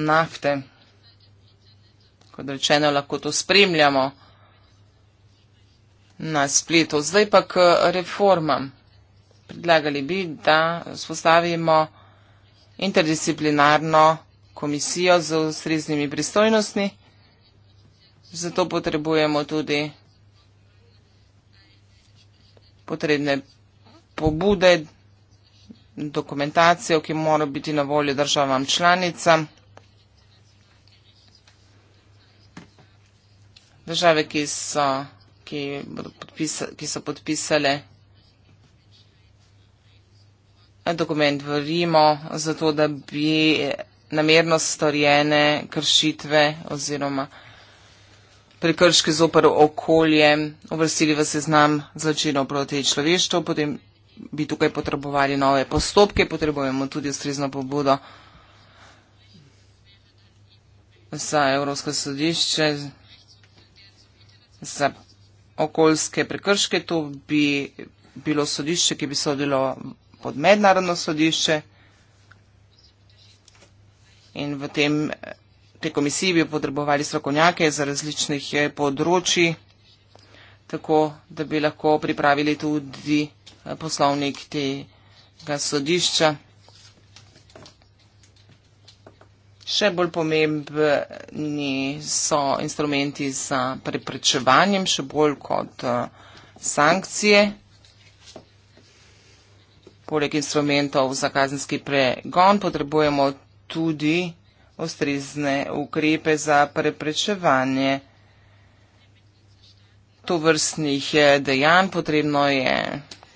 nafte. Kot rečeno, lahko to spremljamo na spletu. Zdaj pa k reformam predlagali bi, da spostavimo interdisciplinarno komisijo z ustreznimi pristojnostmi. Zato potrebujemo tudi potrebne pobude, dokumentacijo, ki mora biti na voljo državam članicam. Države, ki so, ki podpisa, ki so podpisale dokument v Rimo, zato da bi namerno storjene kršitve oziroma prekrške z opor okolje uvrstili v seznam zločinov proti človeštvu, potem bi tukaj potrebovali nove postopke, potrebujemo tudi ustrezno pobudo za Evropsko sodišče, za okoljske prekrške, to bi bilo sodišče, ki bi sodilo pod mednarodno sodišče in v tem, te komisiji bi potrebovali strokovnjake za različnih eh, področji, tako da bi lahko pripravili tudi eh, poslovnik tega sodišča. Še bolj pomembni so instrumenti za preprečevanjem, še bolj kot eh, sankcije poleg instrumentov za kazenski pregon potrebujemo tudi ustrezne ukrepe za preprečevanje tovrstnih eh, dejanj. Potrebno je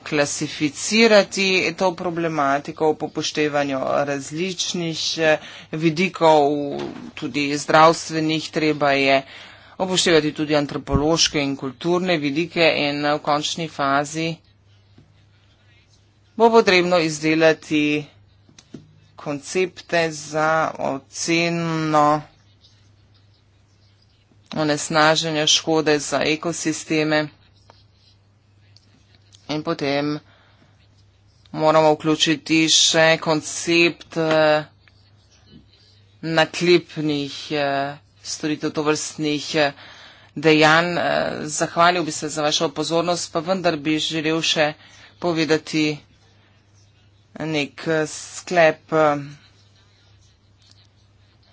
klasificirati to problematiko po poštevanju različnih eh, vidikov, tudi zdravstvenih, treba je upoštevati tudi antropološke in kulturne vidike in eh, v končni fazi bo potrebno izdelati koncepte za oceno onesnaženja škode za ekosisteme in potem moramo vključiti še koncept eh, naklepnih eh, storitev tovrstnih eh, dejanj. Zahvalil bi se za vašo pozornost, pa vendar bi želel še povedati nekaj nek eh, sklep eh,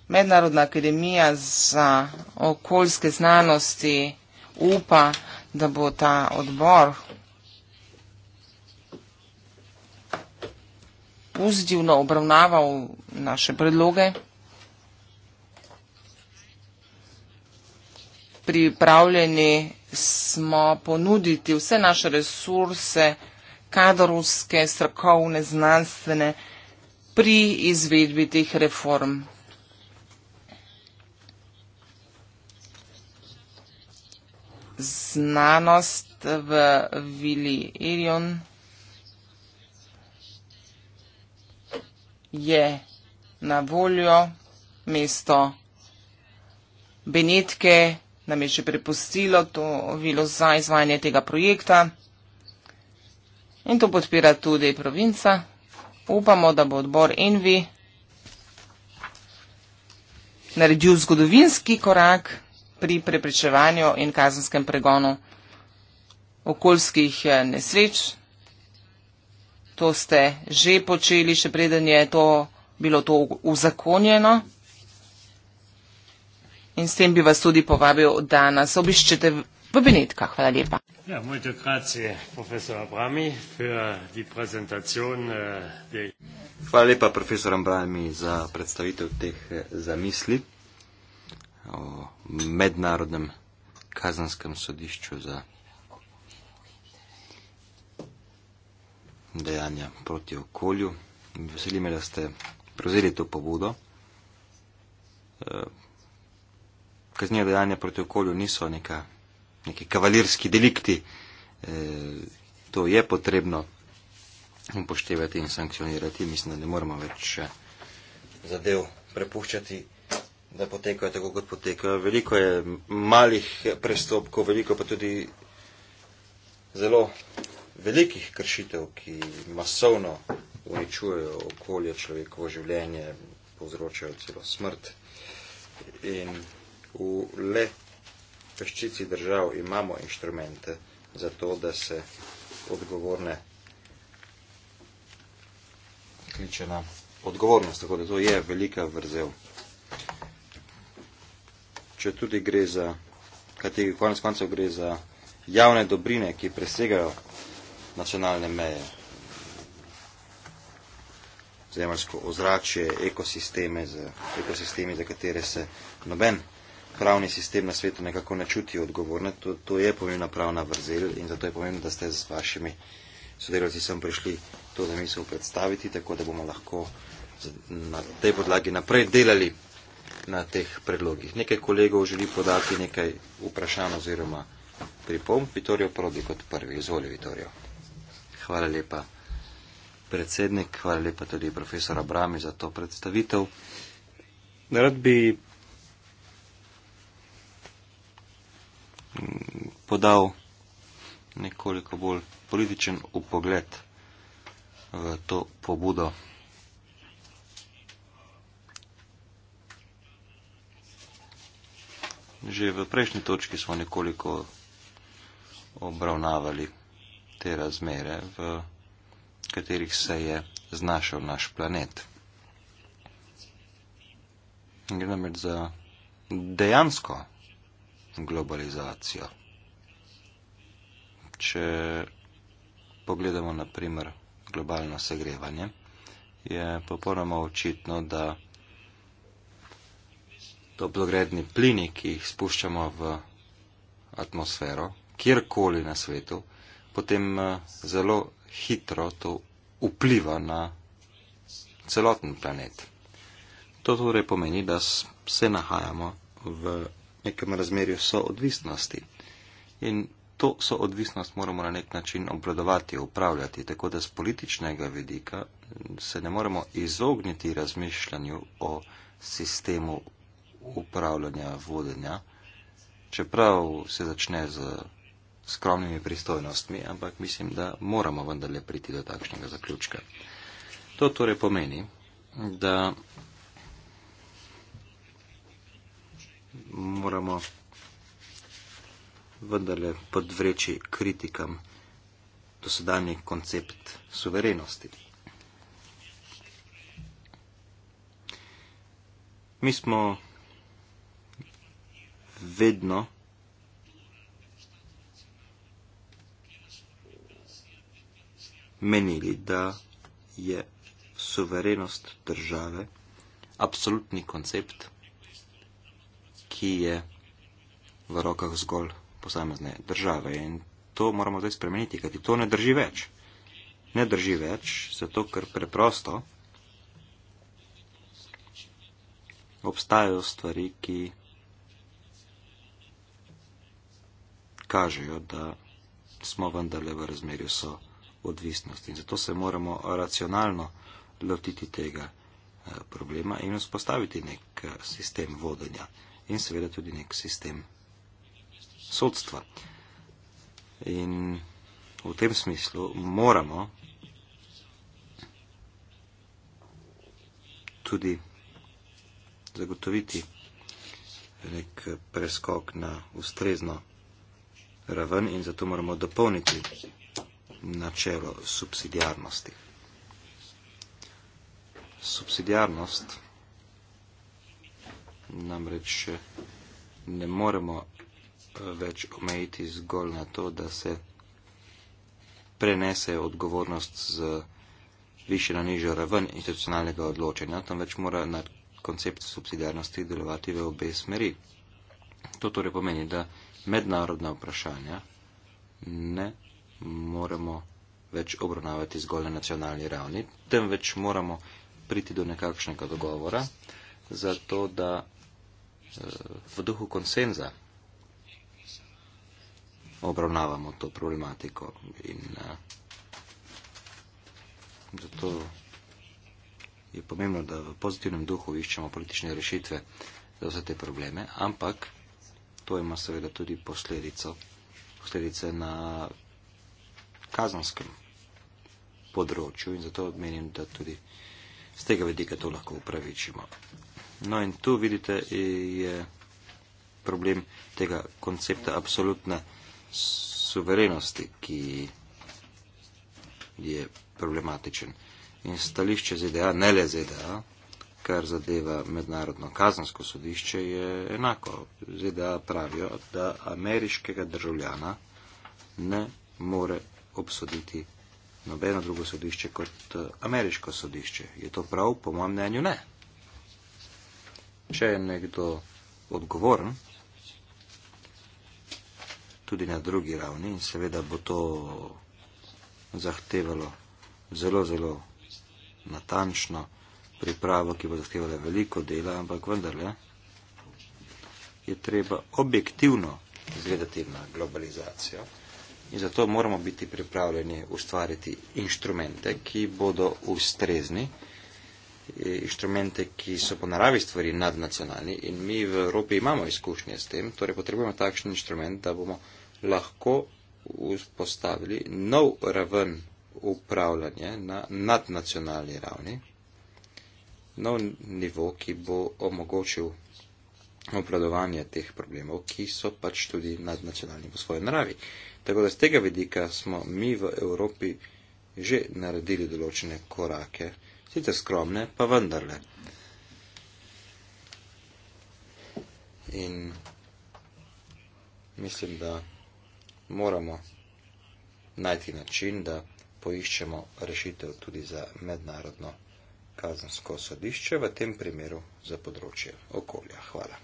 Mednarodna akademija za okoljske znanosti upa, da bo ta odbor pozitivno obravnaval naše predloge. Pripravljeni smo ponuditi vse naše resurse, kadrovske, strokovne, znanstvene pri izvedbi teh reform. Znanost v Vili Erion je na voljo mesto Benetke, nam je še prepustilo to vilo za izvajanje tega projekta in to podpira tudi provinca. Upamo, da bo odbor Envi naredil zgodovinski korak pri preprečevanju in kazenskem pregonu okoljskih eh, nesreč. To ste že počeli, še preden je to bilo to uzakonjeno. In s tem bi vas tudi povabil, da nas obiščete v Benetkah. Hvala lepa. Ja, muito grazie, profesor Abrami, per di presentazione eh, dei... Hvala lepa, profesor Ambrami, za predstavitev teh eh, zamisli o mednarodnem kazanskem sodišču za dejanja proti okolju. Veseli me, da ste prevzeli to pobudo. Eh, kaznjiva dejanja proti okolju niso neka neki kavalirski delikti. E, to je potrebno upoštevati in sankcionirati. Mislim, da ne moramo več e, zadev prepuščati, da potekajo tako, kot potekajo. Veliko je malih prestopkov, veliko pa tudi zelo velikih kršitev, ki masovno uničujejo okolje, človekovo življenje, povzročajo celo smrt. In v let peščici držav imamo inštrumente za to, da se odgovorne kliče na odgovornost, tako da to je velika vrzel. Če tudi gre za, kateri konec koncev gre za javne dobrine, ki presegajo nacionalne meje, zemljsko ozračje, ekosisteme, za, ekosistemi, za katere se noben pravni sistem na svetu nekako ne čuti odgovorne. To, to je pomembna pravna vrzel in zato je pomembno, da ste z vašimi sodelavci sem prišli to zamisel predstaviti, tako da bomo lahko na tej podlagi naprej delali na teh predlogih. Nekaj kolegov želi podati nekaj vprašanj oziroma pripomb. Vitorijo prodi kot prvi. Izvoli, Vitorijo. Hvala lepa, predsednik. Hvala lepa tudi profesor Abrami za to predstavitev. Rad bi podal nekoliko bolj političen upogled v to pobudo. Že v prejšnji točki smo nekoliko obravnavali te razmere, v katerih se je znašel naš planet. Gre namreč za dejansko globalizacijo. Če pogledamo na primer globalno segrevanje, je popolnoma očitno, da toplogredni plini, ki jih spuščamo v atmosfero, kjerkoli na svetu, potem eh, zelo hitro to vpliva na celoten planet. To torej pomeni, da se nahajamo v nekem razmerju soodvisnosti. In to soodvisnost moramo na nek način obvladovati, upravljati, tako da z političnega vidika se ne moremo izogniti razmišljanju o sistemu upravljanja vodenja, čeprav se začne z skromnimi pristojnostmi, ampak mislim, da moramo vendarle priti do takšnega zaključka. To torej pomeni, da moramo vendarle podvreči kritikam dosedanji koncept suverenosti. Mi smo vedno menili, da je suverenost države absolutni koncept ki je v rokah zgolj posamezne države. In to moramo zdaj spremeniti, kajti to ne drži več. Ne drži več, zato ker preprosto obstajajo stvari, ki kažejo, da smo vendarle v razmerju so odvisnosti. In zato se moramo racionalno lotiti tega eh, problema in vzpostaviti nek eh, sistem vodenja in seveda tudi nek sistem sodstva. In v tem smislu moramo tudi zagotoviti nek preskok na ustrezno raven in zato moramo dopolniti načelo subsidijarnosti. Subsidijarnost namreč eh, ne moremo eh, več omejiti zgolj na to, da se prenese odgovornost z više na nižjo raven institucionalnega odločanja, temveč mora na koncept subsidijarnosti delovati v obe smeri. To torej pomeni, da mednarodna vprašanja ne moremo več obravnavati zgolj na nacionalni ravni, temveč moramo priti do nekakšnega dogovora, zato da v duhu konsenza obravnavamo to problematiko in eh, zato je pomembno, da v pozitivnem duhu iščemo politične rešitve za vse te probleme, ampak to ima seveda tudi posledico, posledice na kazanskem področju in zato menim, da tudi uh, z tega vidika to lahko upravičimo. No in tu vidite, je problem tega koncepta absolutne suverenosti, ki je problematičen. In stališče ZDA, ne le ZDA, kar zadeva mednarodno kazansko sodišče, je enako. ZDA pravijo, da ameriškega državljana ne more obsoditi nobeno drugo sodišče kot eh, ameriško sodišče. Je to prav? Po mojem mnenju ne. Če je nekdo odgovoren, tudi na drugi ravni, in seveda bo to zahtevalo zelo, zelo natančno pripravo, ki bo zahtevala veliko dela, ampak vendarle je treba objektivno izgledati na globalizacijo. In zato moramo biti pripravljeni ustvariti inštrumente, ki bodo ustrezni, inštrumente, ki so po naravi stvari nadnacionalni in mi v Evropi imamo izkušnje s tem, torej potrebujemo takšen inštrument, da bomo lahko vzpostavili nov raven upravljanja na nadnacionalni ravni, nov nivo, ki bo omogočil obvladovanje teh problemov, ki so pač tudi nadnacionalni v svoji naravi. Tako da z tega vidika smo mi v Evropi že naredili določene korake, sicer skromne, pa vendarle. In mislim, da moramo najti način, da poiščemo rešitev tudi za mednarodno kazensko sodišče, v tem primeru za področje okolja. Hvala.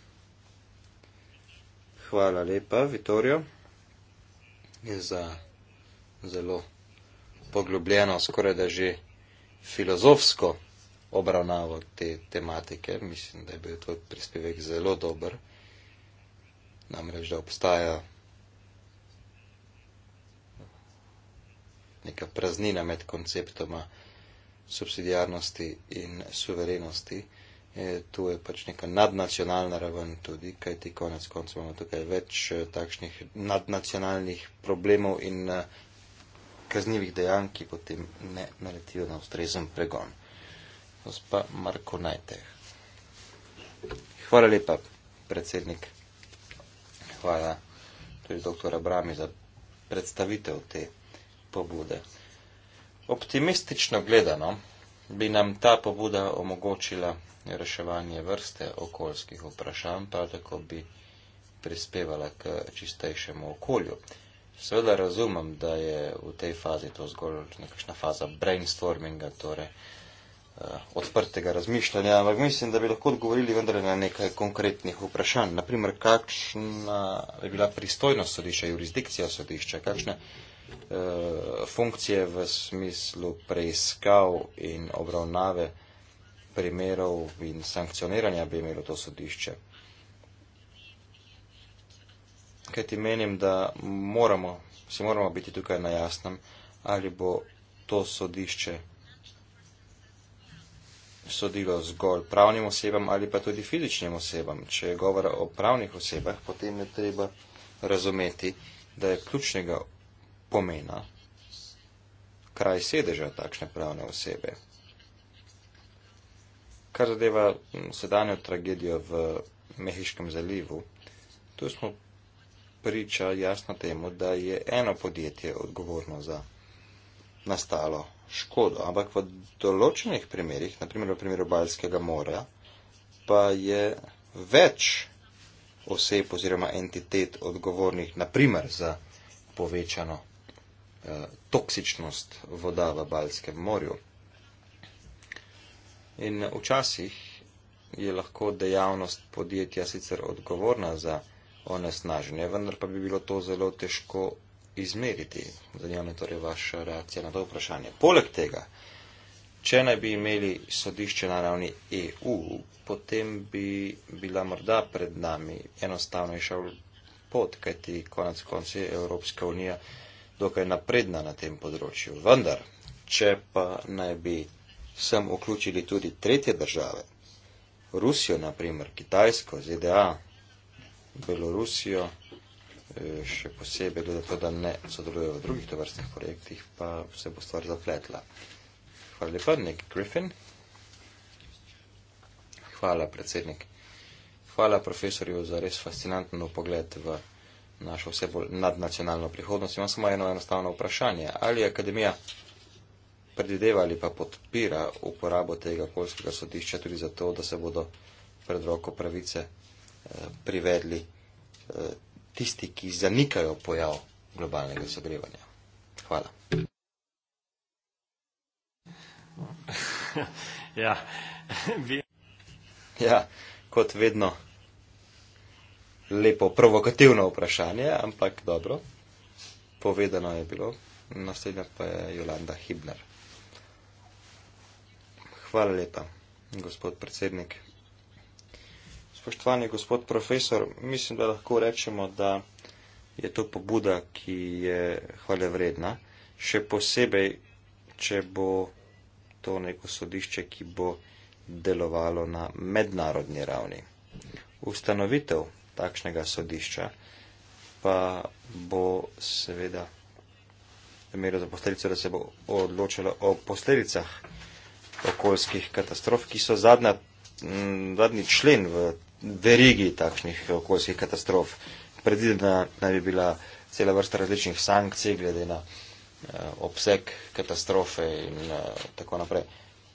Hvala lepa, Vitorijo in za zelo poglobljeno, skoraj da že filozofsko obravnavo te tematike. Mislim, da je bil tvoj prispevek zelo dober. Namreč, da obstaja neka praznina med konceptoma subsidijarnosti in suverenosti. E, tu je pač neka nadnacionalna raven tudi, kaj ti konec koncev imamo tukaj več e, takšnih nadnacionalnih problemov in e, kaznjivih dejanj, ki potem ne naletijo na ustrezen pregon. Gospa Marko Najteh. Hvala lepa, predsednik. Hvala tudi dr. Abrami za predstavitev te pobude. Optimistično gledano bi nam ta pobuda omogočila reševanje vrste okoljskih vprašanj, prav tako bi prispevala k čistejšemu okolju. Seveda razumem, da je v tej fazi to zgolj nekakšna faza brainstorminga, torej eh, odprtega razmišljanja, ampak mislim, da bi lahko odgovorili vendar na nekaj konkretnih vprašanj. Naprimer, kakšna je bila pristojnost sodišča, jurisdikcija sodišča, kakšne uh, funkcije v smislu preiskav in obravnave uh, primerov in sankcioniranja bi imelo to sodišče. Kaj ti menim, da moramo, si moramo biti tukaj na jasnem, ali bo to sodišče sodilo zgolj pravnim osebam ali pa tudi fizičnim osebam. Če je govor o pravnih osebah, potem je treba razumeti, da je ključnega pomena kraj sedeža takšne pravne osebe. Kar zadeva mm, sedanjo tragedijo v Mehiškem zalivu, tu smo priča jasno temu, da je eno podjetje odgovorno za nastalo škodo, ampak v določenih primerjih, naprimer v primeru Baljskega mora, pa je več oseb oziroma entitet odgovornih, naprimer za povečano eh, toksičnost voda v Baljskem morju. In včasih je lahko dejavnost podjetja sicer odgovorna za onesnaženje, vendar pa bi bilo to zelo težko izmeriti. Zanima me torej vaša reakcija na to vprašanje. Poleg tega, če naj bi imeli sodišče na ravni EU, potem bi bila morda pred nami enostavnejša pot, kajti konec konce je Evropska unija dokaj napredna na tem področju. Vendar, če pa naj bi sem vključili tudi tretje države, Rusijo naprimer, Kitajsko, ZDA, Belorusijo, eh, še posebej glede to, da ne sodelujejo v drugih tovrstnih projektih, pa se bo stvar zapletla. Hvala lepa, Nick Griffin. Hvala, predsednik. Hvala profesorju za res fascinantno pogled v našo vse bolj nadnacionalno prihodnost. Imam samo eno enostavno vprašanje. Ali je akademija predvideva ali pa podpira uporabo tega okoljskega sodišča tudi zato, da se bodo pred roko pravice eh, privedli eh, tisti, ki zanikajo pojav globalnega sogrevanja. Hvala. Ja, ja kot vedno, lepo provokativno vprašanje, ampak dobro, povedano je bilo. Naslednja pa je Jolanda Hibner. Hvala lepa, gospod predsednik. Spoštovani gospod profesor, mislim, da lahko rečemo, da je to pobuda, ki je hvale vredna. Še posebej, če bo to neko sodišče, ki bo delovalo na mednarodni ravni. Ustanovitev takšnega sodišča pa bo seveda imelo za posledico, da se bo odločilo o posledicah okoljskih katastrof, ki so zadnja, zadnji člen v verigi takšnih okoljskih katastrof. Predvidena naj bi bila cela vrsta različnih sankcij, glede na eh, obseg katastrofe in eh, tako naprej.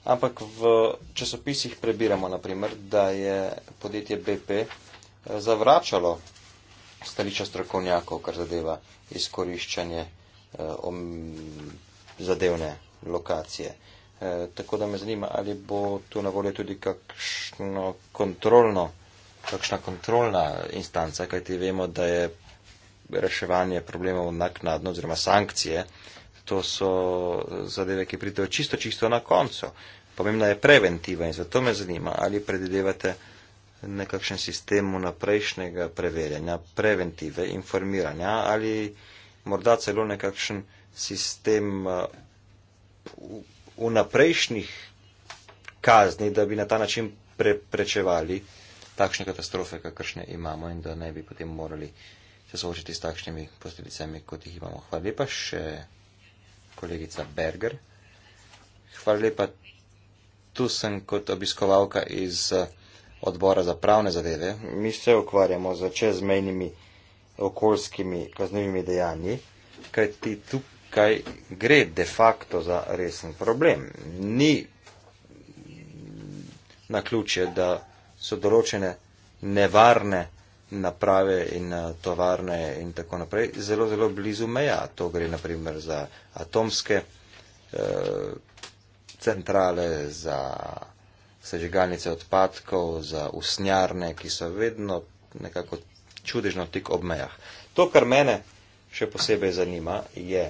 Ampak v časopisih prebiramo, naprimer, da je podjetje BP eh, zavračalo stališča strokovnjakov, kar zadeva izkoriščanje eh, zadevne lokacije. Eh, E, tako da me zanima, ali bo tu na voljo tudi kakšno kontrolno, kakšna kontrolna instanca, kajti vemo, da je reševanje problemov naknadno oziroma sankcije, to so zadeve, ki pridejo čisto, čisto na koncu. Pomembna je preventiva in zato me zanima, ali predvidevate nekakšen sistem naprejšnjega preverjanja, preventive, informiranja ali morda celo nekakšen sistem uh, vnaprejšnjih kazni, da bi na ta način preprečevali takšne katastrofe, kakršne imamo in da ne bi potem morali se soočiti s takšnimi posledicami, kot jih imamo. Hvala lepa še kolegica Berger. Hvala lepa. Tu sem kot obiskovalka iz eh, odbora za pravne zadeve. Mi se ukvarjamo z čezmejnimi okoljskimi kaznevimi dejanji, kajti tukaj tukaj gre de facto za resen problem. Ni na ključje, da so določene nevarne naprave in eh, tovarne in tako naprej zelo, zelo blizu meja. To gre naprimer za atomske eh, centrale, za sežigalnice odpadkov, za usnjarne, ki so vedno nekako čudežno tik ob mejah. To, kar mene še posebej zanima, je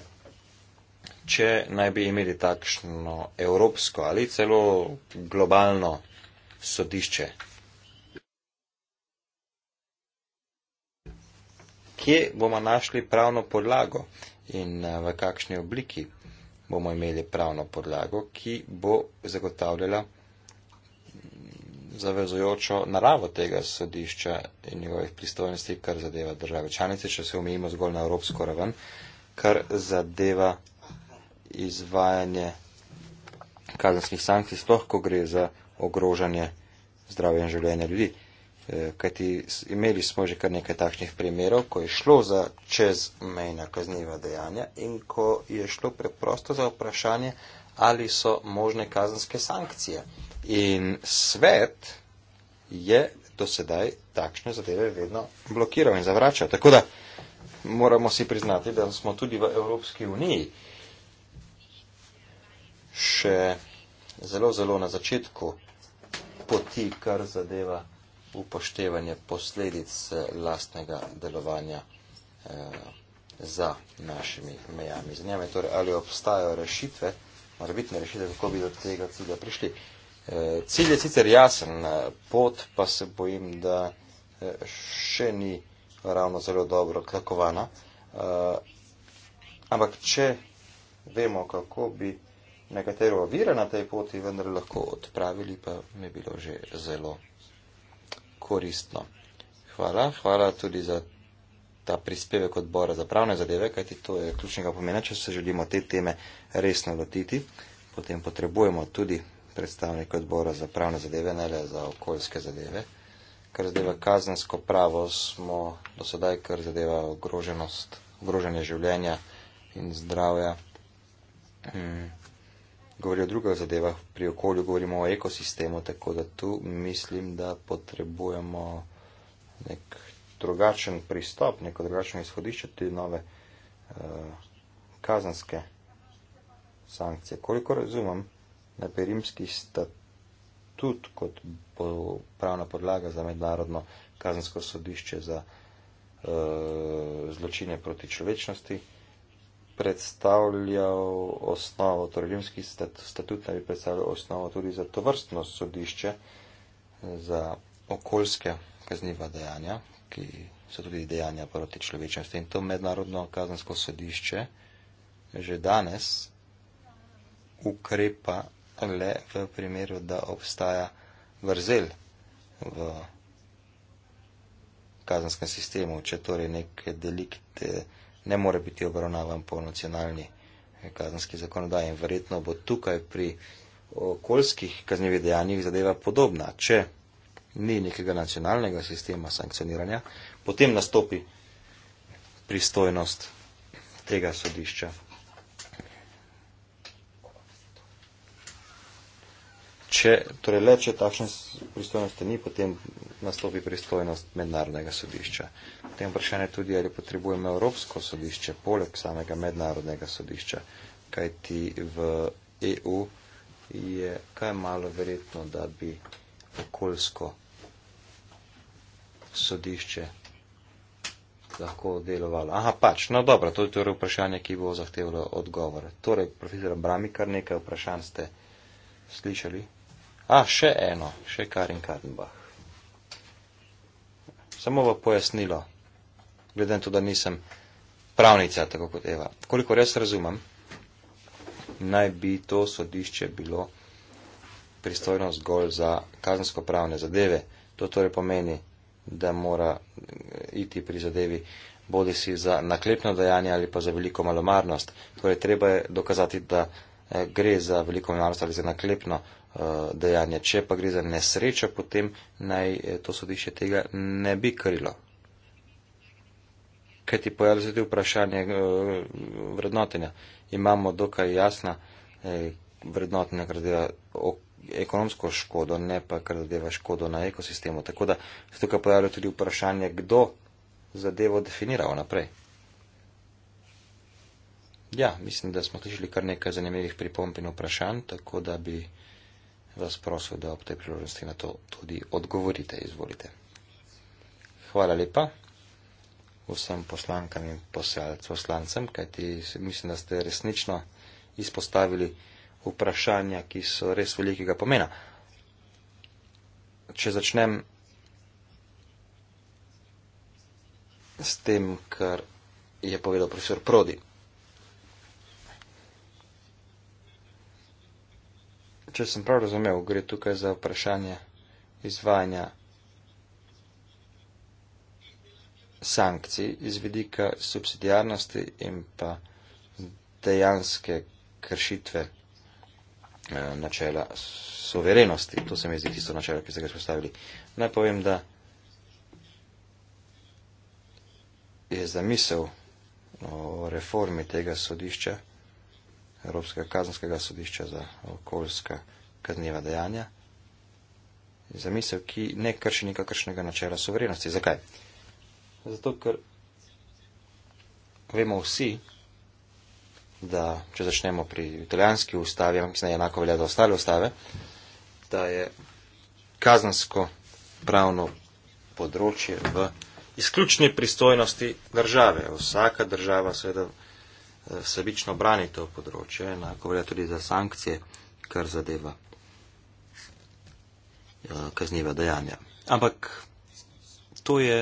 če naj bi imeli takšno evropsko ali celo globalno sodišče. Kje bomo našli pravno podlago in eh, v kakšni obliki bomo imeli pravno podlago, ki bo zagotavljala zavezojočo naravo tega sodišča in njegovih pristojnosti, kar zadeva države članice, če se omejimo zgolj na evropsko raven, kar zadeva izvajanje kazenskih sankcij, sploh ko gre za ogrožanje zdravja in življenja ljudi. Eh, kajti imeli smo že kar nekaj takšnih primerov, ko je šlo za čezmejna kazniva dejanja in ko je šlo preprosto za vprašanje, ali so možne kazenske sankcije. In svet je dosedaj takšne zadeve vedno blokiral in zavračal. Tako da moramo si priznati, da smo tudi v Evropski uniji eh, še zelo, zelo na začetku poti, kar zadeva upoštevanje posledic eh, lastnega delovanja eh, za našimi mejami. Zanima me torej, ali obstajajo rešitve, morbitne rešitve, kako bi do tega cilja prišli. Eh, cilj je sicer jasen, eh, pot pa se bojim, da eh, še ni ravno zelo dobro kakovana. Eh, ampak če vemo, kako bi nekatere ovire na tej poti vendar lahko odpravili, pa mi je bilo že zelo koristno. Hvala, hvala tudi za ta prispevek odbora za pravne zadeve, kajti to je ključnega pomena, če se želimo te teme resno lotiti. Potem potrebujemo tudi predstavnike odbora za pravne zadeve, ne le za okoljske zadeve. Kar zadeva kazensko pravo, smo do sedaj, kar zadeva ogroženost, ogrožanje življenja in zdravja. Hmm govori o drugih zadevah, pri okolju govorimo o ekosistemu, tako da tu mislim, da potrebujemo nek drugačen pristop, neko drugačno izhodišče, tudi nove uh, eh, kazanske sankcije. Koliko razumem, da je rimski statut kot pravna podlaga za mednarodno kazansko sodišče za uh, zločine proti človečnosti predstavljal osnovo, torej rimski statut naj bi predstavljal osnovo tudi za to vrstno sodišče eh, za okoljske kazniva dejanja, ki so tudi dejanja proti človečnosti. In to mednarodno kazensko sodišče že danes ukrepa le v primeru, da obstaja vrzel v kazenskem sistemu, če torej nek delikt. De, ne more biti obravnavan po nacionalni eh, kazenski zakonodaji. In verjetno bo tukaj pri okoljskih kaznjivih dejanjih zadeva podobna. Če ni nekega nacionalnega sistema sankcioniranja, potem nastopi pristojnost tega sodišča. če, torej le, če takšne pristojnosti ni, potem nastopi pristojnost mednarodnega sodišča. Potem vprašanje tudi, ali potrebujemo Evropsko sodišče poleg samega mednarodnega sodišča, kajti v EU je kaj malo verjetno, da bi okoljsko sodišče lahko delovalo. Aha, pač, no dobro, to je torej vprašanje, ki bo zahtevalo odgovore. Torej, profesor Brami, kar nekaj vprašanj ste slišali. A, še eno, še Karin Kardenbach. Samo v pojasnilo, glede na to, da nisem pravnica, tako kot Eva. Koliko res razumem, naj bi to sodišče bilo pristojno zgolj za kazensko pravne zadeve. To torej pomeni, da mora iti pri zadevi bodi si za naklepno dejanje ali pa za veliko malomarnost. Torej, treba je dokazati, da eh, gre za veliko malomarnost ali za naklepno Eh, dejanja. Če pa gre za nesrečo, potem naj eh, to sodišče tega ne bi krilo. Kaj ti pojavlja se tudi vprašanje eh, vrednotenja? Imamo dokaj jasna vrednotenja, kar zadeva ekonomsko škodo, ne pa kar zadeva škodo na ekosistemu. Tako da se tukaj pojavlja tudi vprašanje, kdo zadevo definira naprej. Ja, mislim, da smo slišali kar nekaj zanimivih pripomb in vprašanj, tako da bi vas prosil, da ob tej priložnosti na to tudi odgovorite. Izvolite. Hvala lepa vsem poslankam in poslancem, kajti mislim, da ste resnično izpostavili vprašanja, ki so res velikega pomena. Če začnem s tem, kar je povedal profesor Prodi. če sem prav razumel, gre tukaj za vprašanje izvajanja sankcij iz vidika subsidijarnosti in pa dejanske kršitve eh, načela soverenosti. To se mi zdi tisto načelo, ki ste ga spostavili. Naj povem, da je zamisel o reformi tega sodišča. Evropskega kazanskega sodišča za okoljska kazniva dejanja. Zamisel, ki ne krši nikakršnega načela soverenosti. Zakaj? Zato, ker vemo vsi, da če začnemo pri italijanski ustavi, ampak mislim, da je enako velja za ostale ustave, da je kazansko pravno področje v izključni pristojnosti države. Vsaka država seveda. Eh, sebično brani to področje, enako velja tudi za sankcije, kar zadeva eh, kazniva dejanja. Ampak to je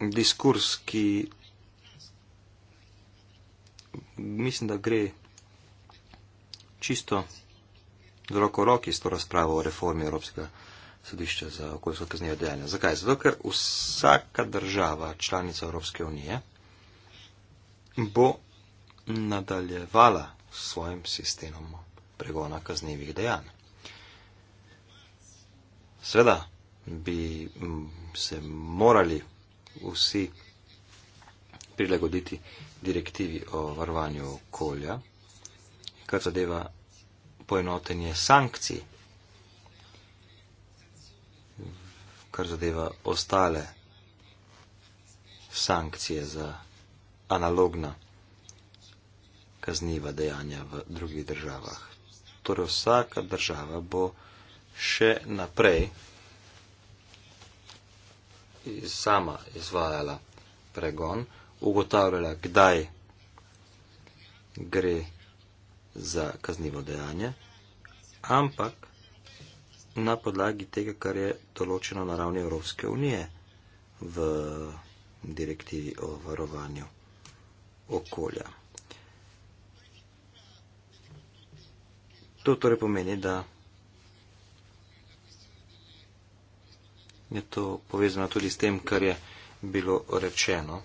diskurs, ki mislim, da gre čisto z roko roki s to razpravo o reformi Evropskega sodišča za okoljsko kaznivo dejanje. Zakaj? Zato, ker vsaka država članica Evropske unije bo nadaljevala s svojim sistemom pregona kaznevih dejanj. Sveda bi se morali vsi prilagoditi direktivi o varovanju okolja, kar zadeva poenotenje sankcij, kar zadeva ostale sankcije za analogna kazniva dejanja v drugih državah. Torej vsaka država bo še naprej sama izvajala pregon, ugotavljala, kdaj gre za kaznivo dejanje, ampak na podlagi tega, kar je določeno na ravni Evropske unije v direktivi o varovanju okolja. To torej pomeni, da je to povezano tudi s tem, kar je bilo rečeno,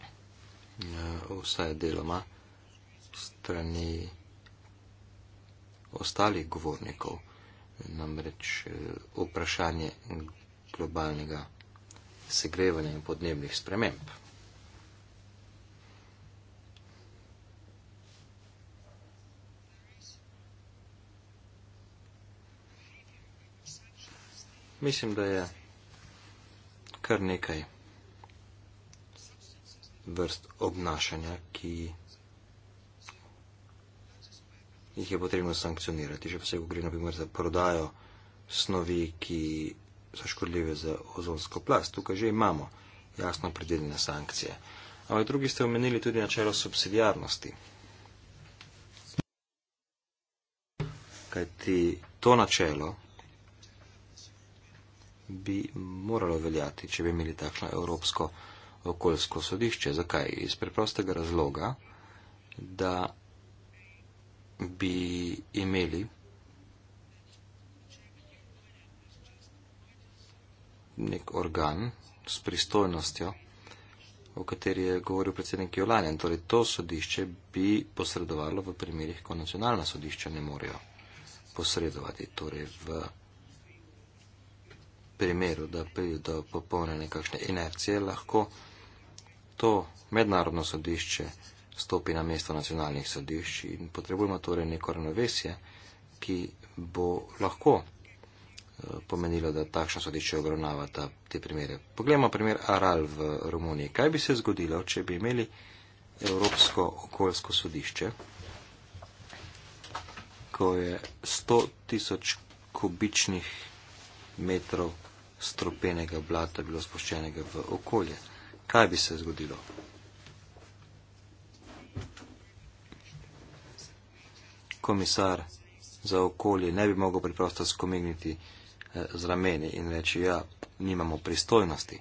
eh, vsaj deloma, strani ostalih govornikov, namreč eh, vprašanje globalnega segrevanja in podnebnih sprememb. Mislim, da je kar nekaj vrst obnašanja, ki jih je potrebno sankcionirati. Že vse, ko gre na primer za prodajo snovi, ki so škodljive za ozonsko plast, tukaj že imamo jasno predeljene sankcije. Ampak drugi ste omenili tudi načelo subsidijarnosti. Kajti to načelo bi moralo veljati, če bi imeli takšno Evropsko okoljsko sodišče. Zakaj? Iz preprostega razloga, da bi imeli nek organ s pristojnostjo, o kateri je govoril predsednik Jolanen. Torej, to sodišče bi posredovalo v primerih, ko nacionalna sodišča ne morejo posredovati. Torej, v primeru, da pride do popolne nekakšne inercije, lahko to mednarodno sodišče stopi na mesto nacionalnih sodišč in potrebujemo torej neko ravnovesje, ki bo lahko eh, pomenilo, da takšno sodišče obravnava ta, te primere. Poglejmo primer Aral v Romuniji. Kaj bi se zgodilo, če bi imeli Evropsko okoljsko sodišče, ko je 100 tisoč kubičnih metrov stropenega blata bilo spoščenega v okolje. Kaj bi se zgodilo? Komisar za okolje ne bi mogel preprosto skomigniti eh, z rameni in reči, ja, nimamo pristojnosti.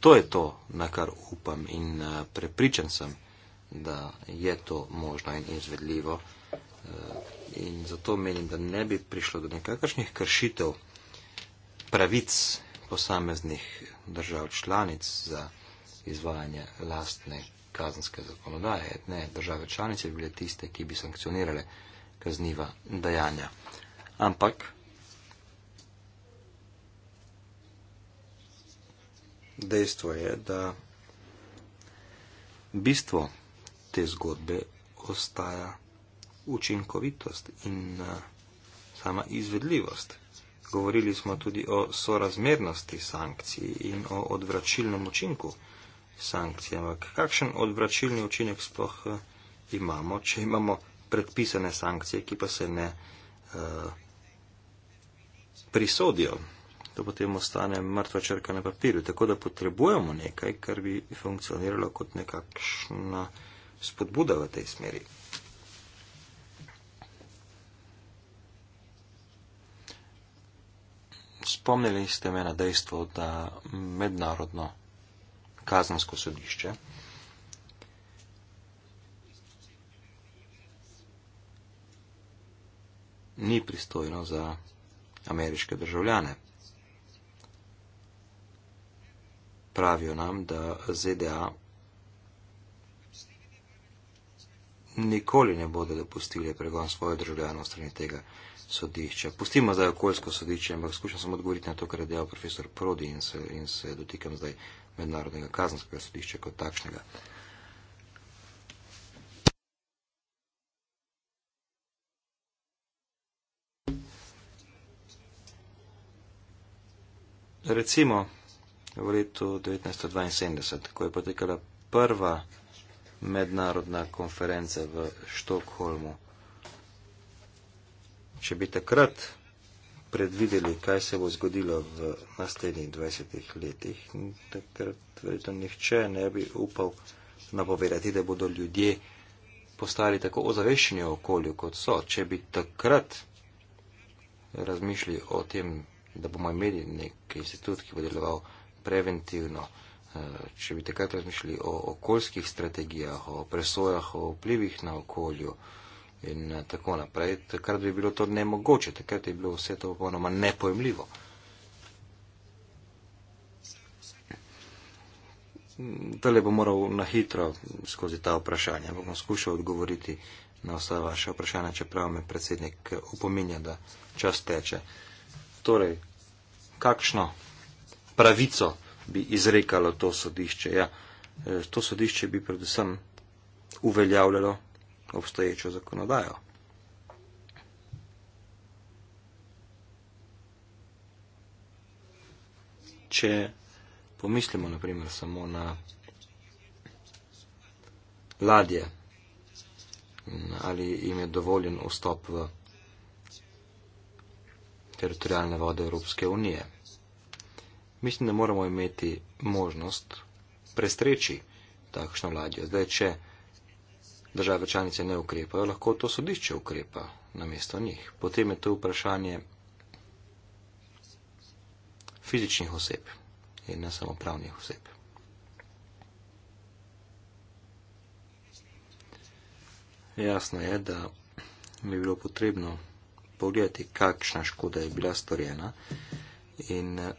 To je to, na kar upam in eh, prepričan sem, da je to možno in izvedljivo. Eh, in zato menim, da ne bi prišlo do nekakršnih kršitev pravic posameznih držav članic za izvajanje lastne kazenske zakonodaje. Ne, države članice bi bile tiste, ki bi sankcionirale kazniva dejanja. Ampak dejstvo je, da bistvo te zgodbe ostaja učinkovitost in eh, sama izvedljivost Govorili smo tudi o sorazmernosti sankcij in o odvračilnem učinku sankcij. Ampak kakšen odvračilni učinek sploh eh, imamo, če imamo predpisane sankcije, ki pa se ne uh, prisodijo? To potem ostane mrtva črka na papirju. Tako da potrebujemo nekaj, kar bi funkcioniralo kot nekakšna spodbuda v tej smeri. spomnili ste me na dejstvo, da mednarodno kazansko sodišče ni pristojno za ameriške državljane. Pravijo nam, da ZDA nikoli ne bodo dopustili pregon svojih državljanov strani tega sodišče. Pustimo zdaj okoljsko sodišče, ampak skušam samo odgovoriti na to, kar je dejal profesor Prodi in se, in se dotikam zdaj mednarodnega kazanskega sodišča kot takšnega. Recimo v letu 1972, ko je potekala prva mednarodna konferenca v Štokholmu če bi takrat predvideli, kaj se bo zgodilo v naslednjih 20 letih, takrat verjetno nihče ne bi upal napovedati, da bodo ljudje postali tako ozaveščeni o okolju, kot so. Če bi takrat razmišljali o tem, da bomo imeli nek institut, ki bo deloval preventivno, eh, če bi takrat razmišljali o okoljskih strategijah, o presojah, o vplivih na okolju, in eh, tako naprej. Takrat bi bilo to nemogoče, takrat je bilo vse to popolnoma nepojemljivo. Tole bom moral na hitro skozi ta vprašanja. Bom skušal odgovoriti na vsa vaša vprašanja, čeprav me predsednik upominja, da čas teče. Torej, kakšno pravico bi izrekalo to sodišče? Ja, eh, to sodišče bi predvsem uveljavljalo obstoječo zakonodajo. Če pomislimo naprimer samo na ladje ali jim je dovoljen vstop v teritorijalne vode Evropske unije. Mislim, da moramo imeti možnost prestreči takšno ladjo. Zdaj, če države članice ne ukrepajo, lahko to sodišče ukrepa na mesto njih. Potem je to vprašanje fizičnih oseb in ne samo pravnih oseb. Jasno je, da bi bilo potrebno pogledati, kakšna škoda je bila storjena in eh,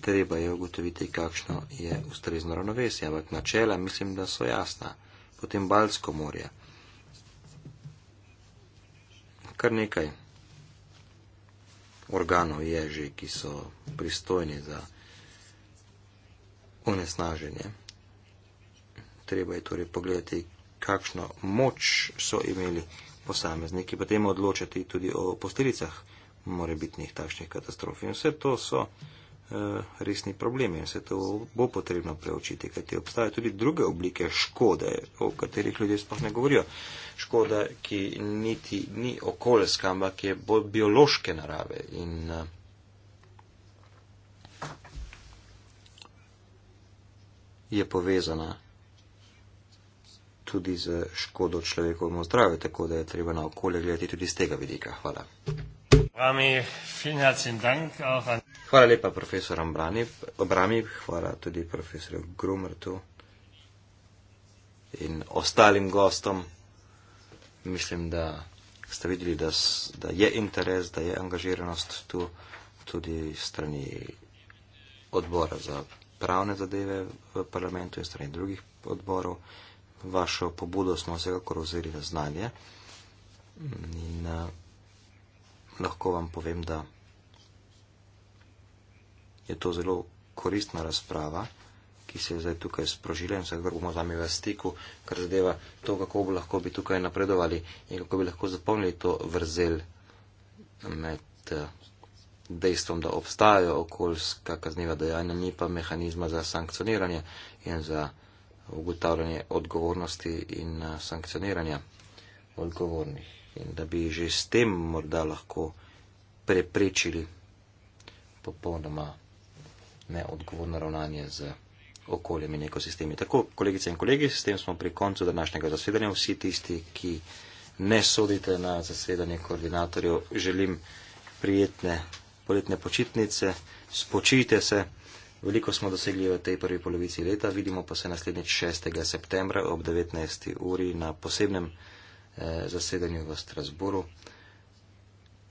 treba je ugotoviti, kakšno je ustrezno ravnovesje. Ampak načela mislim, da so jasna potem Balsko morje. Kar nekaj organov je že, ki so pristojni za onesnaženje. Treba je torej pogledati, kakšno moč so imeli posamezniki, potem odločati tudi o posledicah morebitnih takšnih katastrof. In vse to so. Eh, resni problemi in se to bo potrebno preučiti, kajti obstajajo tudi druge oblike škode, o katerih ljudje sploh ne govorijo. Škoda, ki niti ni okoljska, ampak je bolj biološke narave. In, eh, je povezana tudi z škodo človekovemu zdravju, tako da je treba na okolje gledati tudi z tega vidika. Hvala. Vami, Hvala lepa, profesor Obrami, hvala tudi profesorju Grumrtu in ostalim gostom. Mislim, da ste videli, da, da je interes, da je angažiranost tu tudi strani odbora za pravne zadeve v parlamentu in strani drugih odborov. Vašo pobudo smo vsekakor vzeli na znanje in uh, lahko vam povem, da je to zelo koristna razprava, ki se je zdaj tukaj sprožila in vsekakor bomo z vami v stiku, kar zadeva to, kako bi lahko bi tukaj napredovali in kako bi lahko zapolnili to vrzel med eh, dejstvom, da obstajajo okoljska kazniva dejanja, ni pa mehanizma za sankcioniranje in za ugotavljanje odgovornosti in eh, sankcioniranja odgovornih. In da bi že s tem morda lahko preprečili popolnoma neodgovorno ravnanje z okoljem in ekosistemi. Tako, kolegice in kolegi, s tem smo pri koncu današnjega zasedanja. Vsi tisti, ki ne sodite na zasedanje koordinatorjev, želim prijetne poletne počitnice, spočite se. Veliko smo dosegli v tej prvi polovici leta, vidimo pa se naslednjič 6. septembra ob 19. uri na posebnem eh, zasedanju v Strasburu.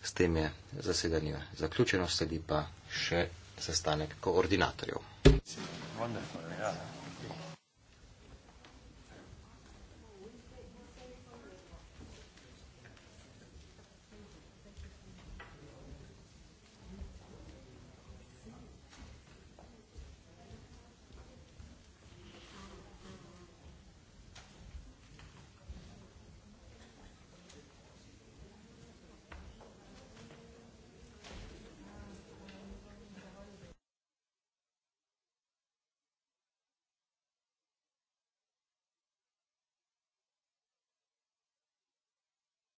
S tem je zasedanje zaključeno, sledi pa še sestanek koordinatorjev. Wonderful, yeah.